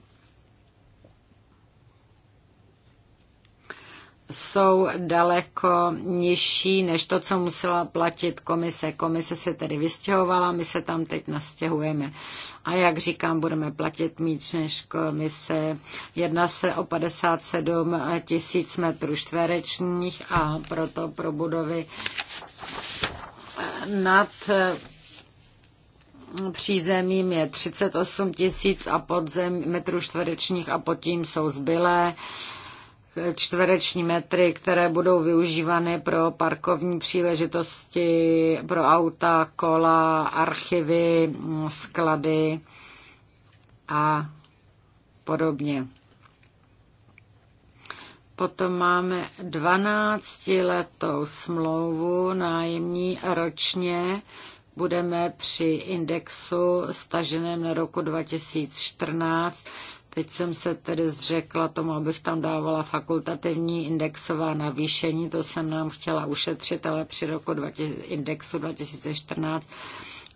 jsou daleko nižší než to, co musela platit komise. Komise se tedy vystěhovala, my se tam teď nastěhujeme. A jak říkám, budeme platit míč než komise. Jedná se o 57 tisíc metrů čtverečních a proto pro budovy nad přízemím je 38 tisíc a podzem metrů čtverečních a pod tím jsou zbylé čtvereční metry, které budou využívány pro parkovní příležitosti, pro auta, kola, archivy, sklady a podobně. Potom máme 12-letou smlouvu nájemní ročně. Budeme při indexu staženém na roku 2014 Teď jsem se tedy zřekla tomu, abych tam dávala fakultativní indexová navýšení, to jsem nám chtěla ušetřit, ale při roku 20, indexu 2014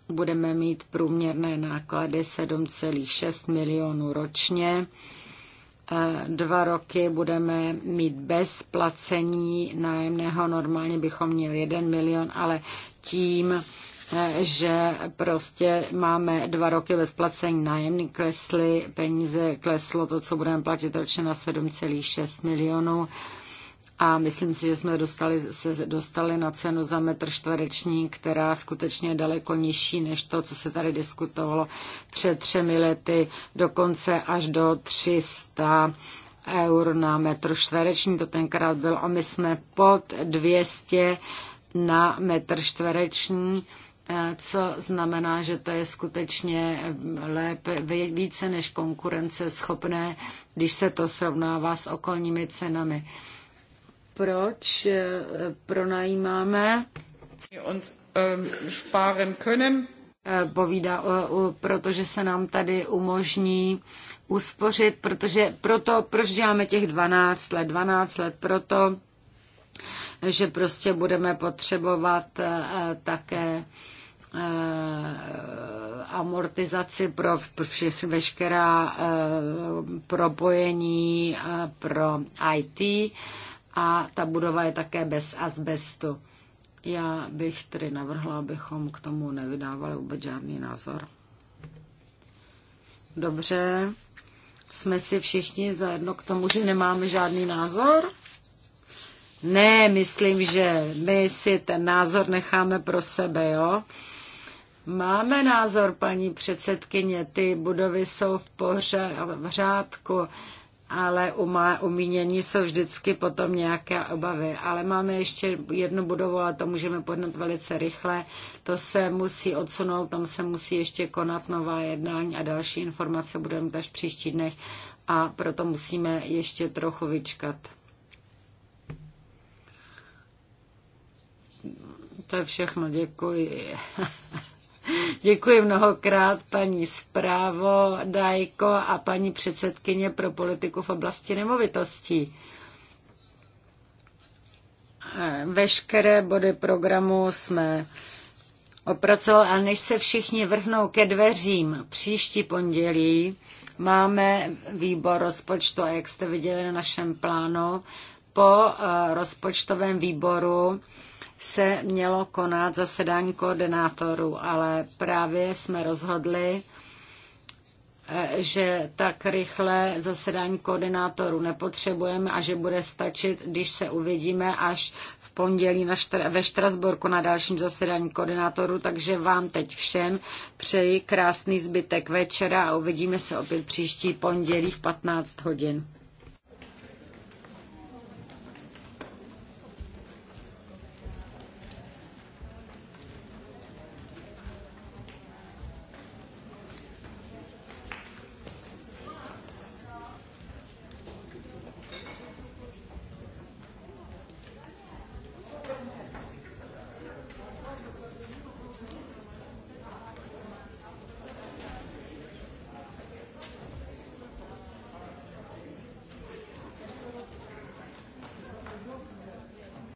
budeme mít průměrné náklady 7,6 milionů ročně. E, dva roky budeme mít bez placení nájemného, normálně bychom měli 1 milion, ale tím že prostě máme dva roky bez placení nájemní, klesly peníze, kleslo to, co budeme platit ročně na 7,6 milionů a myslím si, že jsme dostali, se dostali na cenu za metr čtvereční, která skutečně je daleko nižší než to, co se tady diskutovalo před třemi lety, dokonce až do 300 eur na metr čtvereční, to tenkrát bylo, a my jsme pod 200 na metr čtvereční Eh, co znamená, že to je skutečně eh, lépe, více než konkurence schopné, když se to srovnává s okolními cenami. Proč eh, pronajímáme? Ähm, povídá, protože se nám tady umožní uspořit, protože proto, proč děláme těch 12 let, 12 let proto, že prostě budeme potřebovat také Eh, amortizaci pro všech, veškerá eh, propojení eh, pro IT a ta budova je také bez asbestu. Já bych tedy navrhla, abychom k tomu nevydávali vůbec žádný názor. Dobře, jsme si všichni zajedno k tomu, že nemáme žádný názor? Ne, myslím, že my si ten názor necháme pro sebe, jo? Máme názor, paní předsedkyně, ty budovy jsou v, pořád, v řádku, ale u, má, umínění jsou vždycky potom nějaké obavy. Ale máme ještě jednu budovu a to můžeme podnat velice rychle. To se musí odsunout, tam se musí ještě konat nová jednání a další informace budeme až v příští dnech a proto musíme ještě trochu vyčkat. To je všechno, děkuji. (laughs) Děkuji mnohokrát paní zprávo Dajko a paní předsedkyně pro politiku v oblasti nemovitostí. Veškeré body programu jsme opracoval a než se všichni vrhnou ke dveřím příští pondělí, máme výbor rozpočtu jak jste viděli na našem plánu, po eh, rozpočtovém výboru se mělo konat zasedání koordinátorů, ale právě jsme rozhodli, eh, že tak rychle zasedání koordinátorů nepotřebujeme a že bude stačit, když se uvidíme až v pondělí na štr- ve Štrasburku na dalším zasedání koordinátorů, takže vám teď všem přeji krásný zbytek večera a uvidíme se opět příští pondělí v 15 hodin.